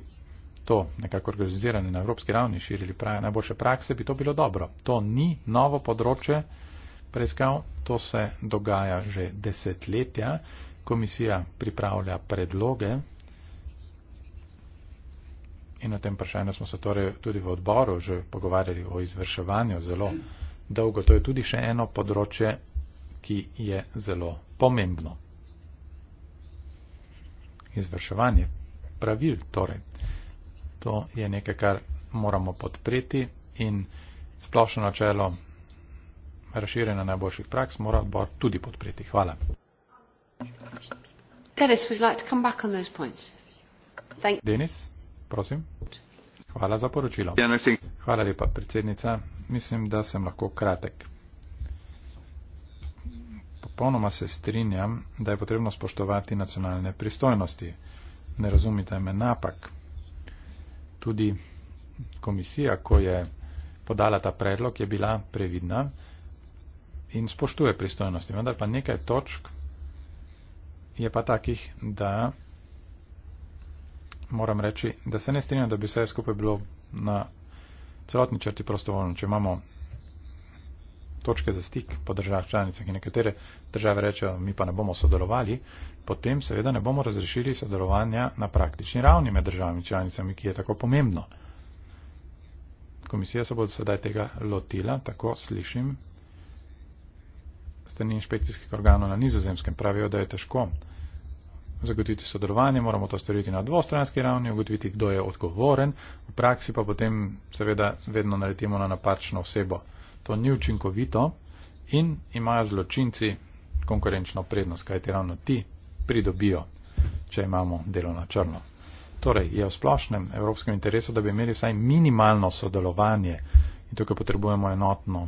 Speaker 1: to nekako organizirano na evropski ravni širili pra najboljše prakse, bi to bilo dobro. To ni novo področje preiskav, to se dogaja že desetletja komisija pripravlja predloge in o tem vprašanju smo se torej tudi v odboru že pogovarjali o izvrševanju zelo dolgo. To je tudi še eno področje, ki je zelo pomembno. Izvrševanje pravil torej. To je nekaj, kar moramo podpreti in splošno načelo razširjena najboljših praks mora odbor tudi podpreti. Hvala.
Speaker 3: Denis, would you like to come back on those points? Thank
Speaker 1: Denis, prosim. Hvala za poročilo. Ja, Hvala lepa, predsednica. Mislim, da sem lahko kratek. Popolnoma se strinjam, da je potrebno spoštovati nacionalne pristojnosti. Ne razumite me napak. Tudi komisija, ko je podala ta predlog, je bila previdna in spoštuje pristojnosti. Vendar pa nekaj točk je pa takih, da moram reči, da se ne strinjam, da bi vse skupaj bilo na celotni črti prostovoljno. Če imamo točke za stik po državah članicah in nekatere države rečejo, mi pa ne bomo sodelovali, potem seveda ne bomo razrešili sodelovanja na praktični ravni med državami članicami, ki je tako pomembno. Komisija se bo sedaj tega lotila, tako slišim, strani inšpekcijskih organov na nizozemskem pravijo, da je težko zagotoviti sodelovanje, moramo to storiti na dvostranski ravni, ugotoviti, kdo je odgovoren, v praksi pa potem seveda vedno naletimo na napačno osebo. To ni učinkovito in imajo zločinci konkurenčno prednost, kajti ravno ti pridobijo, če imamo delo na črno. Torej je v splošnem evropskem interesu, da bi imeli vsaj minimalno sodelovanje in tukaj potrebujemo enotno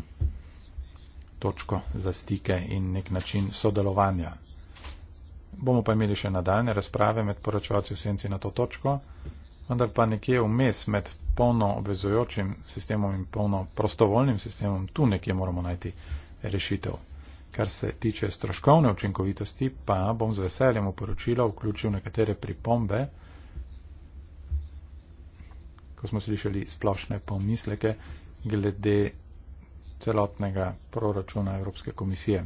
Speaker 1: točko za stike in nek način sodelovanja. Bomo pa imeli še nadaljne razprave med poročevalci v senci na to točko, vendar pa nekje vmes med polno obvezujočim sistemom in polno prostovoljnim sistemom, tu nekje moramo najti rešitev. Kar se tiče stroškovne učinkovitosti, pa bom z veseljem v poročilo vključil nekatere pripombe, ko smo slišali splošne pomisleke glede celotnega proračuna Evropske komisije.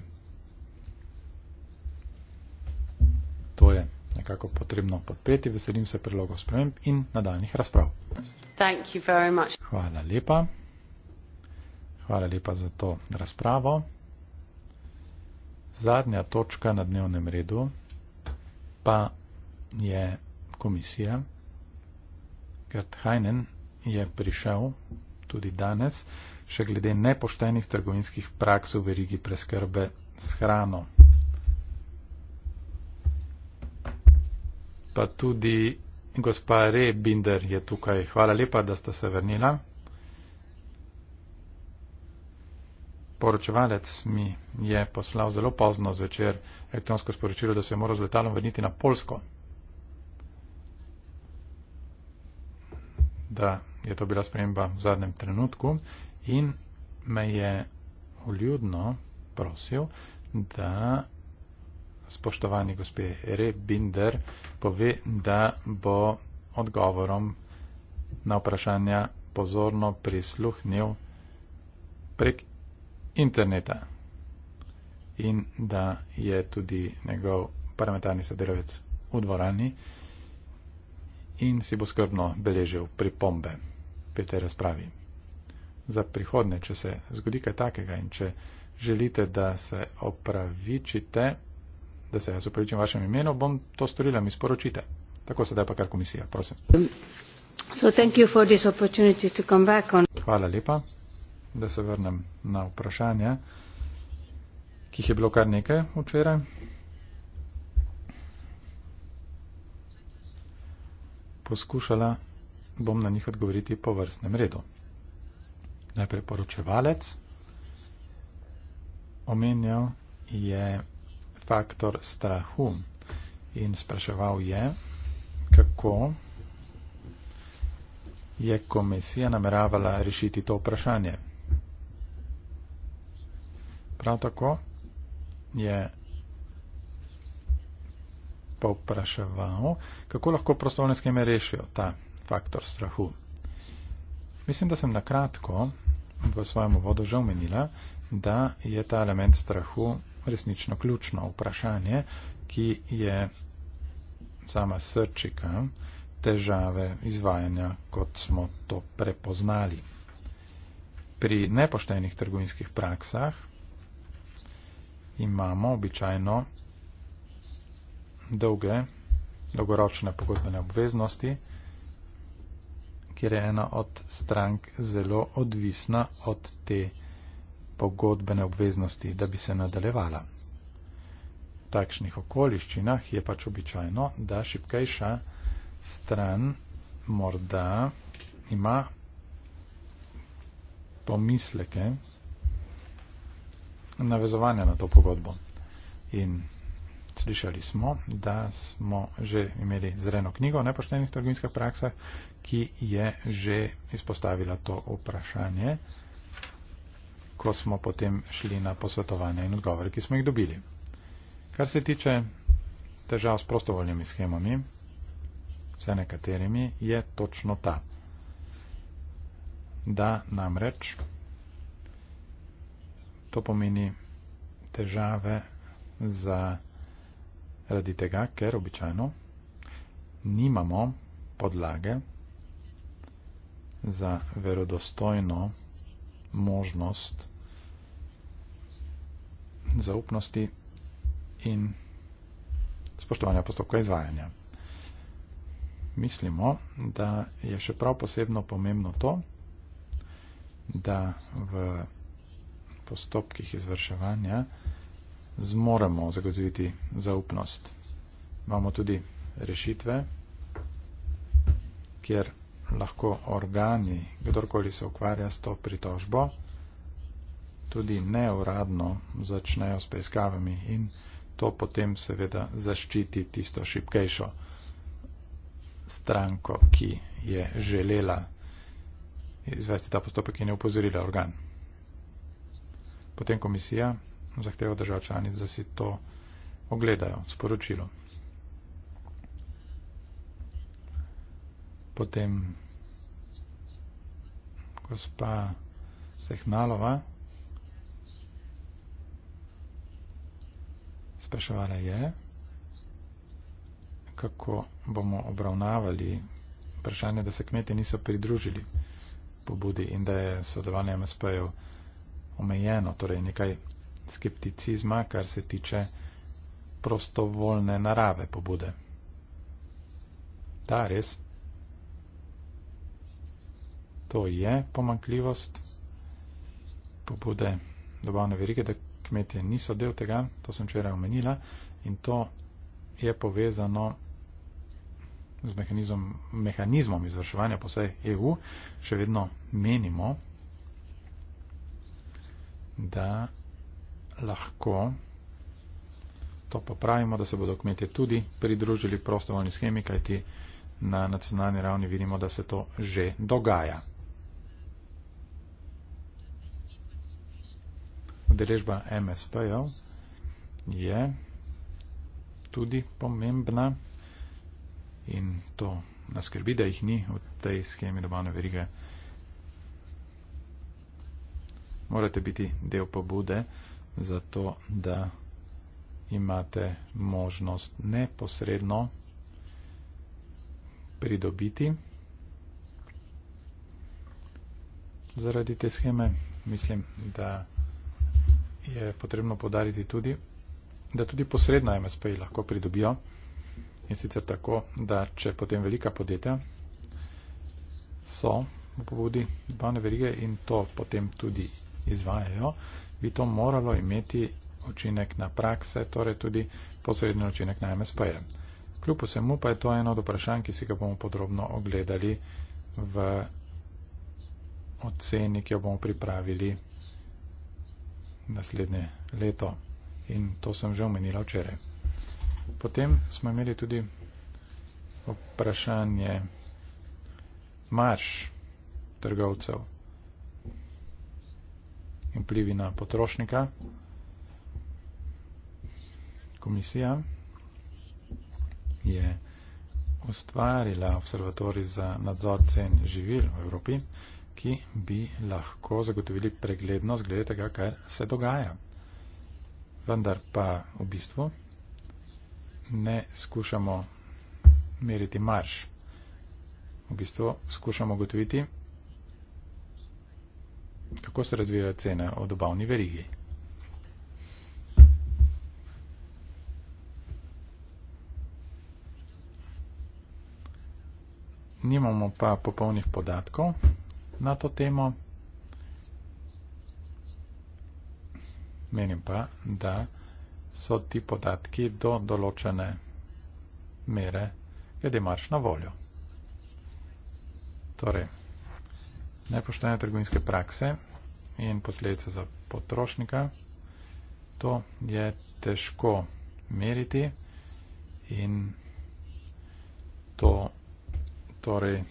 Speaker 1: To je nekako potrebno podpreti. Veselim se predlogov sprememb in nadaljnih razprav. Hvala lepa. Hvala lepa za to razpravo. Zadnja točka na dnevnem redu pa je komisija. Gert Heinen je prišel tudi danes še glede nepoštenih trgovinskih praks v verigi preskrbe s hrano. Pa tudi gospa Rebinder je tukaj. Hvala lepa, da ste se vrnila. Poročevalec mi je poslal zelo pozno zvečer elektronsko sporočilo, da se mora z letalom vrniti na Polsko. Da je to bila sprememba v zadnjem trenutku in me je uljudno prosil, da spoštovani gospe Rebinder pove, da bo odgovorom na vprašanja pozorno prisluhnil prek interneta in da je tudi njegov parlamentarni sodelovec v dvorani in si bo skrbno beležil pripombe pri tej razpravi za prihodne, če se zgodi kaj takega in če želite, da se opravičite, da se jaz opravičim vašem imenu, bom to storila, mi sporočite. Tako sedaj pa kar komisija, prosim. So, Hvala lepa, da se vrnem na vprašanje, ki jih je bilo kar nekaj včeraj. Poskušala bom na njih odgovoriti po vrstnem redu najprej poročevalec, omenjal je faktor strahu in spraševal je, kako je komisija nameravala rešiti to vprašanje. Prav tako je povpraševal, kako lahko prostovne skeme rešijo ta faktor strahu. Mislim, da sem na kratko v svojem uvodu že omenila, da je ta element strahu resnično ključno vprašanje, ki je sama srčika težave izvajanja, kot smo to prepoznali. Pri nepoštenih trgovinskih praksah imamo običajno dolge, dolgoročne pogodbene obveznosti, kjer je ena od strank zelo odvisna od te pogodbene obveznosti, da bi se nadaljevala. V takšnih okoliščinah je pač običajno, da šipkejša stran morda ima pomisleke navezovanja na to pogodbo. In slišali smo, da smo že imeli zreno knjigo o nepoštenih trgovinskih praksah, ki je že izpostavila to vprašanje, ko smo potem šli na posvetovanje in odgovore, ki smo jih dobili. Kar se tiče težav s prostovoljnimi schemami, vse nekaterimi, je točno ta. Da namreč to pomeni težave za radi tega, ker običajno nimamo podlage za verodostojno možnost zaupnosti in spoštovanja postopka izvajanja. Mislimo, da je še prav posebno pomembno to, da v postopkih izvrševanja zmoremo zagotoviti zaupnost. Imamo tudi rešitve, kjer lahko organi, kdorkoli se ukvarja s to pritožbo, tudi neuradno začnejo s preiskavami in to potem seveda zaščiti tisto šipkejšo stranko, ki je želela izvesti ta postopek in je upozorila organ. Potem komisija zahteva držav članic, da si to ogledajo, sporočilo. Potem gospa Sehnalova spraševala je, kako bomo obravnavali vprašanje, da se kmete niso pridružili pobudi in da je sodelovanje MSP-jev omejeno, torej nekaj skepticizma, kar se tiče prostovoljne narave pobude. Da, res. To je pomankljivost pobude dobavne verige, da kmetje niso del tega, to sem včeraj omenila in to je povezano z mehanizom, mehanizmom izvrševanja po vsej EU, še vedno menimo, da lahko. To popravimo, da se bodo kmetje tudi pridružili prostovoljni schemi, kajti na nacionalni ravni vidimo, da se to že dogaja. Udeležba MSP-jev je tudi pomembna in to nas skrbi, da jih ni v tej schemi dobavne verige. Morate biti del pobude zato da imate možnost neposredno pridobiti zaradi te scheme. Mislim, da je potrebno podariti tudi, da tudi posredno MSP lahko pridobijo in sicer tako, da če potem velika podjetja so v pobudi bane verige in to potem tudi izvajajo, bi to moralo imeti učinek na prakse, torej tudi posredni učinek na MSP-je. Kljub vsemu pa je to eno od vprašanj, ki si ga bomo podrobno ogledali v oceni, ki jo bomo pripravili naslednje leto. In to sem že omenila včeraj. Potem smo imeli tudi vprašanje marš trgovcev vplivi na potrošnika. Komisija je ustvarila observatori za nadzor cen živil v Evropi, ki bi lahko zagotovili preglednost glede tega, kaj se dogaja. Vendar pa v bistvu ne skušamo meriti marš. V bistvu skušamo ugotoviti, kako se razvijajo cene v dobavni verigi. Nimamo pa popolnih podatkov na to temo. Menim pa, da so ti podatki do določene mere glede marš na voljo. Torej, nepoštene trgovinske prakse in posledice za potrošnika. To je težko meriti in to torej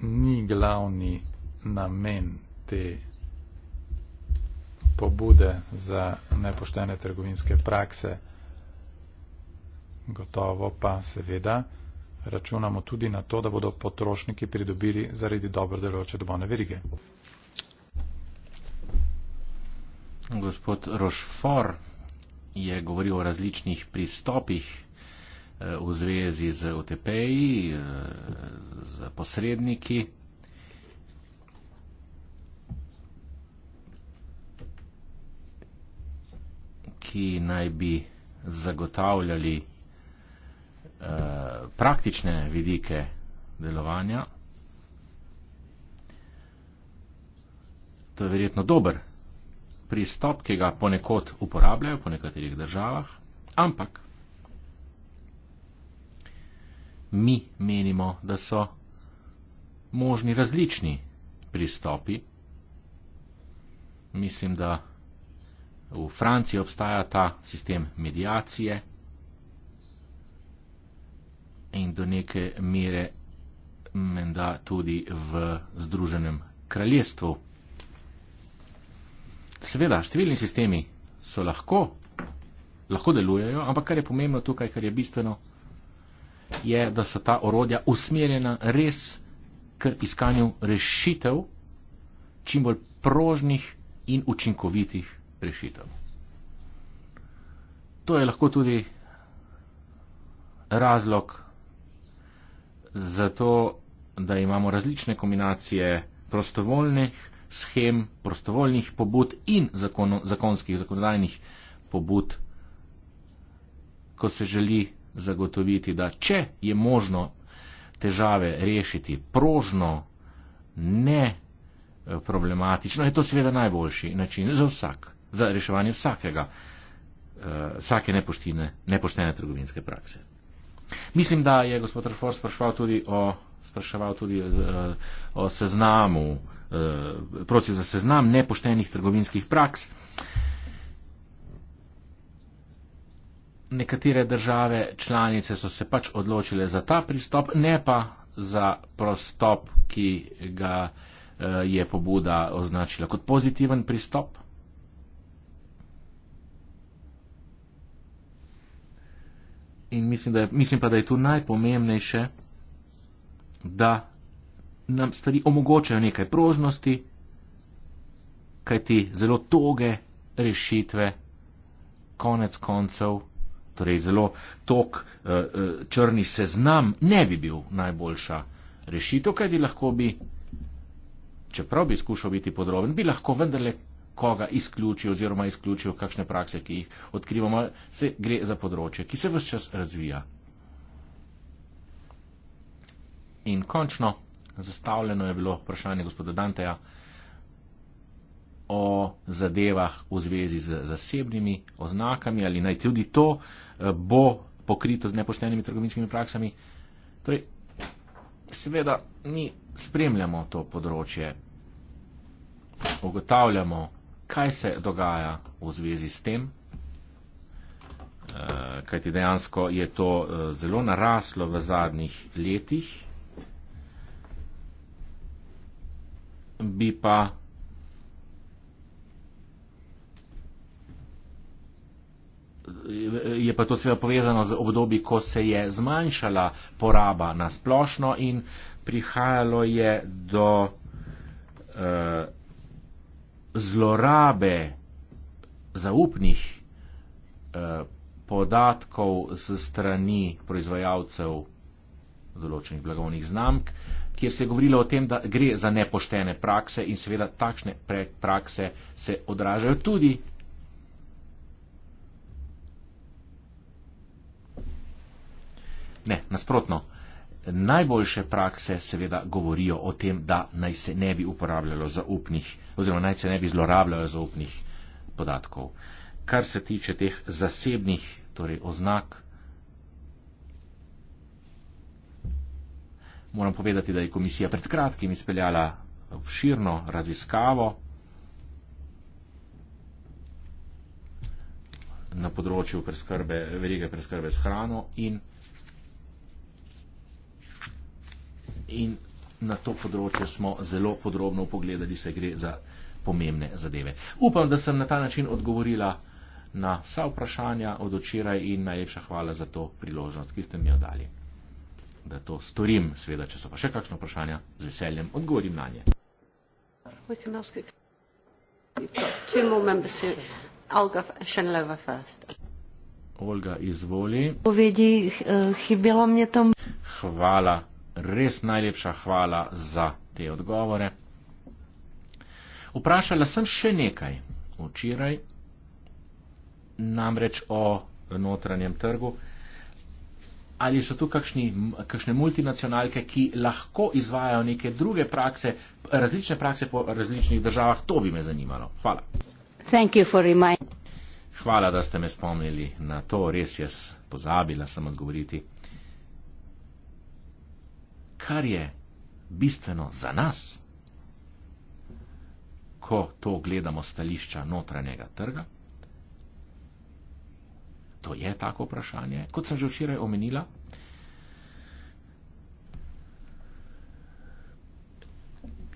Speaker 1: ni glavni namen te pobude za nepoštene trgovinske prakse. Gotovo pa seveda računamo tudi na to, da bodo potrošniki pridobili zaradi dobro delujoče dobone verige.
Speaker 2: Gospod Rošfor je govoril o različnih pristopih eh, v zvezi z OTP-ji, eh, z posredniki. ki naj bi zagotavljali eh, praktične vidike delovanja. To je verjetno dober pristop, ki ga ponekod uporabljajo po nekaterih državah, ampak mi menimo, da so možni različni pristopi. Mislim, da v Franciji obstaja ta sistem medijacije in do neke mere menda tudi v Združenem kraljestvu. Seveda, številni sistemi so lahko, lahko delujejo, ampak kar je pomembno tukaj, kar je bistveno, je, da so ta orodja usmerjena res k iskanju rešitev, čim bolj prožnih in učinkovitih rešitev. To je lahko tudi razlog za to, da imamo različne kombinacije prostovoljnih schem prostovoljnih pobud in zakon, zakonskih zakonodajnih pobud, ko se želi zagotoviti, da če je možno težave rešiti prožno, ne eh, problematično, je to seveda najboljši način za vsak, za reševanje vsakega, eh, vsake nepoštine, nepoštene trgovinske prakse. Mislim, da je gospod Rafors spraševal tudi o spraševal tudi eh, o seznamu, eh, prosil za seznam nepoštenih trgovinskih praks. Nekatere države članice so se pač odločile za ta pristop, ne pa za prostop, ki ga eh, je pobuda označila kot pozitiven pristop. In mislim, da je, mislim pa, da je tu najpomembnejše, da nam stvari omogočajo nekaj prožnosti, kajti zelo toge rešitve, konec koncev, torej zelo tok eh, eh, črni seznam ne bi bil najboljša rešitev, kajti lahko bi, čeprav bi skušal biti podroben, bi lahko vendarle koga izključil oziroma izključil kakšne prakse, ki jih odkrivamo, se gre za področje, ki se vse čas razvija. In končno, zastavljeno je bilo vprašanje gospoda Danteja o zadevah v zvezi z zasebnimi oznakami, ali naj tudi to eh, bo pokrito z nepoštenimi trgovinskimi praksami. Torej, seveda, mi spremljamo to področje, ugotavljamo, kaj se dogaja v zvezi s tem, eh, kajti dejansko je to eh, zelo naraslo v zadnjih letih. bi pa je pa to seveda povezano z obdobji, ko se je zmanjšala poraba na splošno in prihajalo je do eh, zlorabe zaupnih eh, podatkov z strani proizvajalcev določenih blagovnih znamk, kjer se je govorilo o tem, da gre za nepoštene prakse in seveda takšne prakse se odražajo tudi. Ne, nasprotno, najboljše prakse seveda govorijo o tem, da naj se ne bi uporabljalo zaupnih oziroma naj se ne bi zlorabljalo zaupnih podatkov. Kar se tiče teh zasebnih torej oznak, Moram povedati, da je komisija pred kratkim izpeljala obširno raziskavo na področju preskrbe, verige preskrbe s hrano in, in na to področje smo zelo podrobno pogledali, se gre za pomembne zadeve. Upam, da sem na ta način odgovorila na vsa vprašanja od očiraj in najlepša hvala za to priložnost, ki ste mi jo dali da to storim. Sveda, če so pa še kakšno vprašanja, z veseljem odgovorim na nje. Olga, izvoli. Povedi, eh, hibilo mi je tam. Hvala, res najlepša hvala za te odgovore. Vprašala sem še nekaj včeraj, namreč o notranjem trgu ali so tu kakšni, kakšne multinacionalke, ki lahko izvajajo neke druge prakse, različne prakse po različnih državah. To bi me zanimalo. Hvala. Hvala, da ste me spomnili na to. Res jaz pozabila sem odgovoriti. Kar je bistveno za nas, ko to gledamo stališča notranjega trga. To je tako vprašanje, kot sem že včeraj omenila.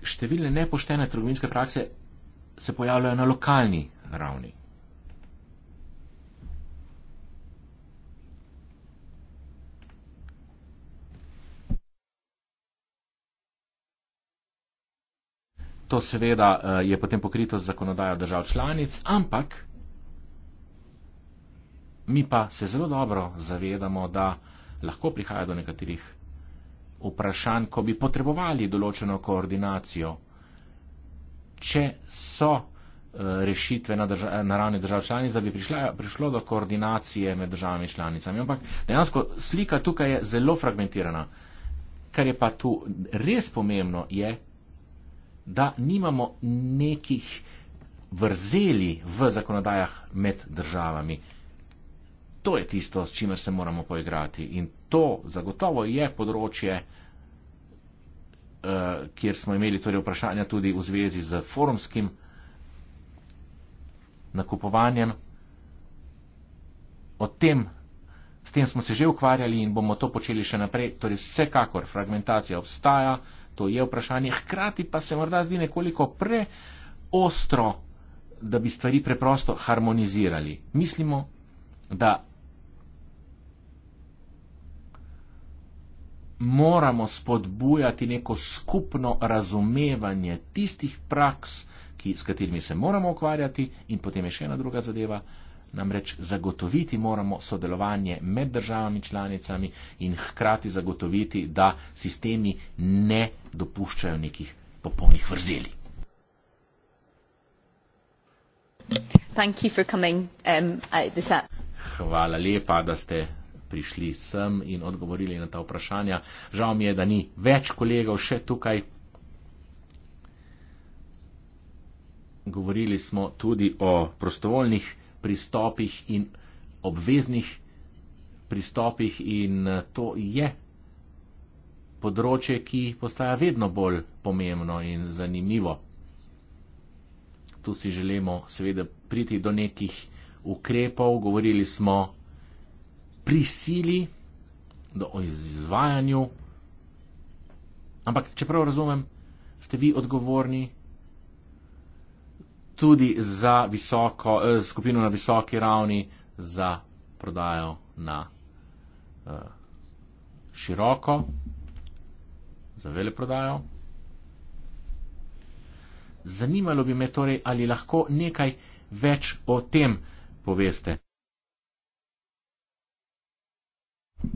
Speaker 2: Številne nepoštene trgovinske prakse se pojavljajo na lokalni ravni. To seveda eh, je potem pokrito z zakonodajo držav članic, ampak mi pa se zelo dobro zavedamo, da lahko prihaja do nekaterih vprašanj, ko bi potrebovali določeno koordinacijo, če so eh, rešitve na, drža, na ravni držav članic, da bi prišla, prišlo do koordinacije med državami članicami. Ampak dejansko slika tukaj je zelo fragmentirana. Kar je pa tu res pomembno, je, da nimamo nekih vrzeli v zakonodajah med državami to je tisto, s čimer se moramo poigrati. In to zagotovo je področje, eh, kjer smo imeli torej vprašanja tudi v zvezi z forumskim nakupovanjem. O tem, s tem smo se že ukvarjali in bomo to počeli še naprej. Torej vsekakor fragmentacija obstaja, to je vprašanje. Hkrati pa se morda zdi nekoliko preostro, da bi stvari preprosto harmonizirali. Mislimo, da moramo spodbujati neko skupno razumevanje tistih praks, ki, s katerimi se moramo ukvarjati, in potem je še ena druga zadeva, namreč zagotoviti moramo sodelovanje med državami članicami in hkrati zagotoviti, da sistemi ne dopuščajo nekih popolnih vrzeli.
Speaker 1: Um,
Speaker 2: Hvala lepa, da ste prišli sem in odgovorili na ta vprašanja. Žal mi je, da ni več kolegov še tukaj. Govorili smo tudi o prostovoljnih pristopih in obveznih pristopih in eh, to je področje, ki postaja vedno bolj pomembno in zanimivo. Tu si želimo seveda priti do nekih ukrepov. Govorili smo prisili do izvajanja. Ampak, če prav razumem, ste vi odgovorni tudi za visoko, eh, skupino na visoki ravni, za prodajo na eh, široko, za veleprodajo. Zanimalo bi me torej, ali lahko nekaj več o tem poveste.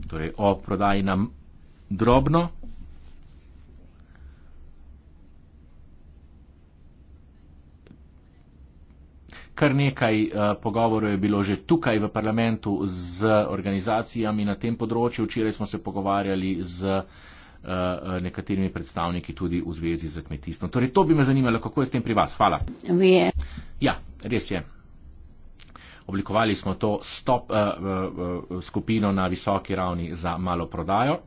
Speaker 2: torej o prodaji nam drobno. Kar nekaj eh, pogovorov je bilo že tukaj v parlamentu z organizacijami na tem področju. Včeraj smo se pogovarjali z eh, nekaterimi predstavniki tudi v zvezi z kmetijstvom. Torej, to bi me zanimalo, kako je s tem pri vas. Hvala. Ja, res je oblikovali smo to stop uh, uh, uh, skupino na visoki ravni za malo prodajo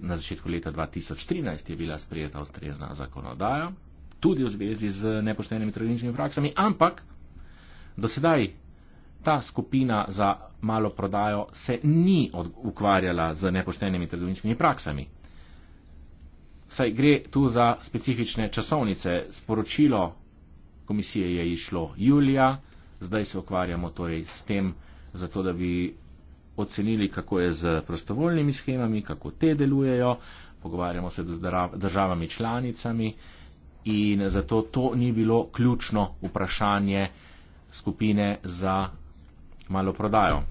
Speaker 2: na začetku leta 2013 je bila sprejeta ustrezna zakonodaja, tudi v zvezi z nepoštenimi trgovinskimi praksami, ampak do sedaj ta skupina za malo prodajo se ni ukvarjala z nepoštenimi trgovinskimi praksami. Saj gre tu za specifične časovnice, sporočilo komisije je išlo julija, zdaj se ukvarjamo torej s tem, zato da bi ocenili, kako je z prostovoljnimi schemami, kako te delujejo, pogovarjamo se z državami članicami in zato to ni bilo ključno vprašanje skupine za malo prodajo.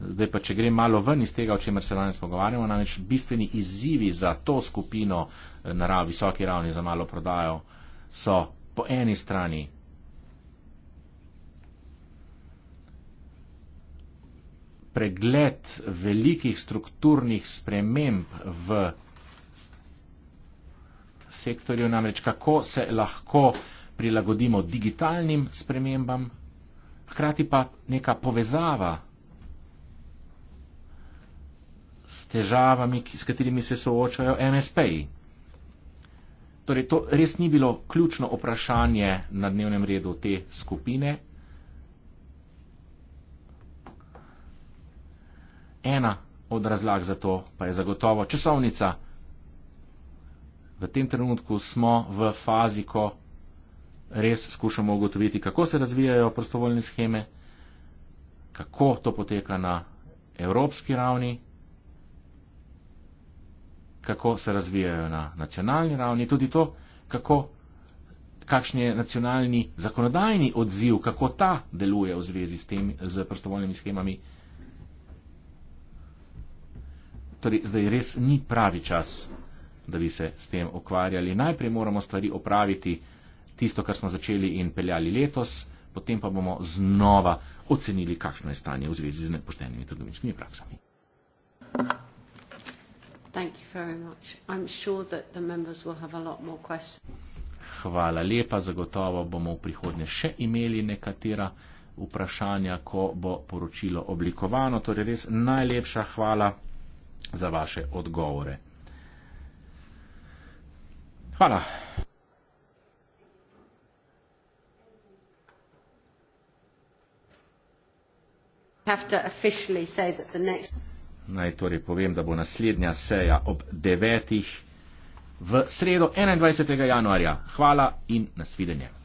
Speaker 2: Zdaj pa, če grem malo ven iz tega, o čemer se danes pogovarjamo, namreč bistveni izzivi za to skupino eh, na visoki ravni za malo prodajo uh, so po eni strani pregled velikih strukturnih sprememb v sektorju, namreč kako se lahko prilagodimo digitalnim spremembam, hkrati pa neka povezava s težavami, s katerimi se soočajo MSP-ji. Torej, to res ni bilo ključno vprašanje na dnevnem redu te skupine. Ena od razlag za to pa je zagotovo časovnica. V tem trenutku smo v fazi, ko res skušamo ugotoviti, kako se razvijajo prostovoljne scheme, kako to poteka na evropski ravni kako se razvijajo na nacionalni ravni, tudi to, kako, kakšen je nacionalni zakonodajni odziv, kako ta deluje v zvezi s, tem, z prostovoljnimi schemami. Torej, zdaj res ni pravi čas, da bi se s tem ukvarjali. Najprej moramo stvari opraviti tisto, kar smo začeli in peljali letos, potem pa bomo znova ocenili, kakšno je stanje v zvezi z nepoštenimi trgovinskimi praksami. Thank you.
Speaker 3: Thank you very much. I'm sure that the members will have a lot more questions.
Speaker 2: Hvala lepa, zagotovo bomo v prihodnje še imeli nekatera vprašanja, ko bo poročilo oblikovano. Torej res najlepša hvala za vaše odgovore. Hvala. have to officially say that the next Naj torej povem, da bo naslednja seja ob 9. v sredo 21. januarja. Hvala in nasvidenje.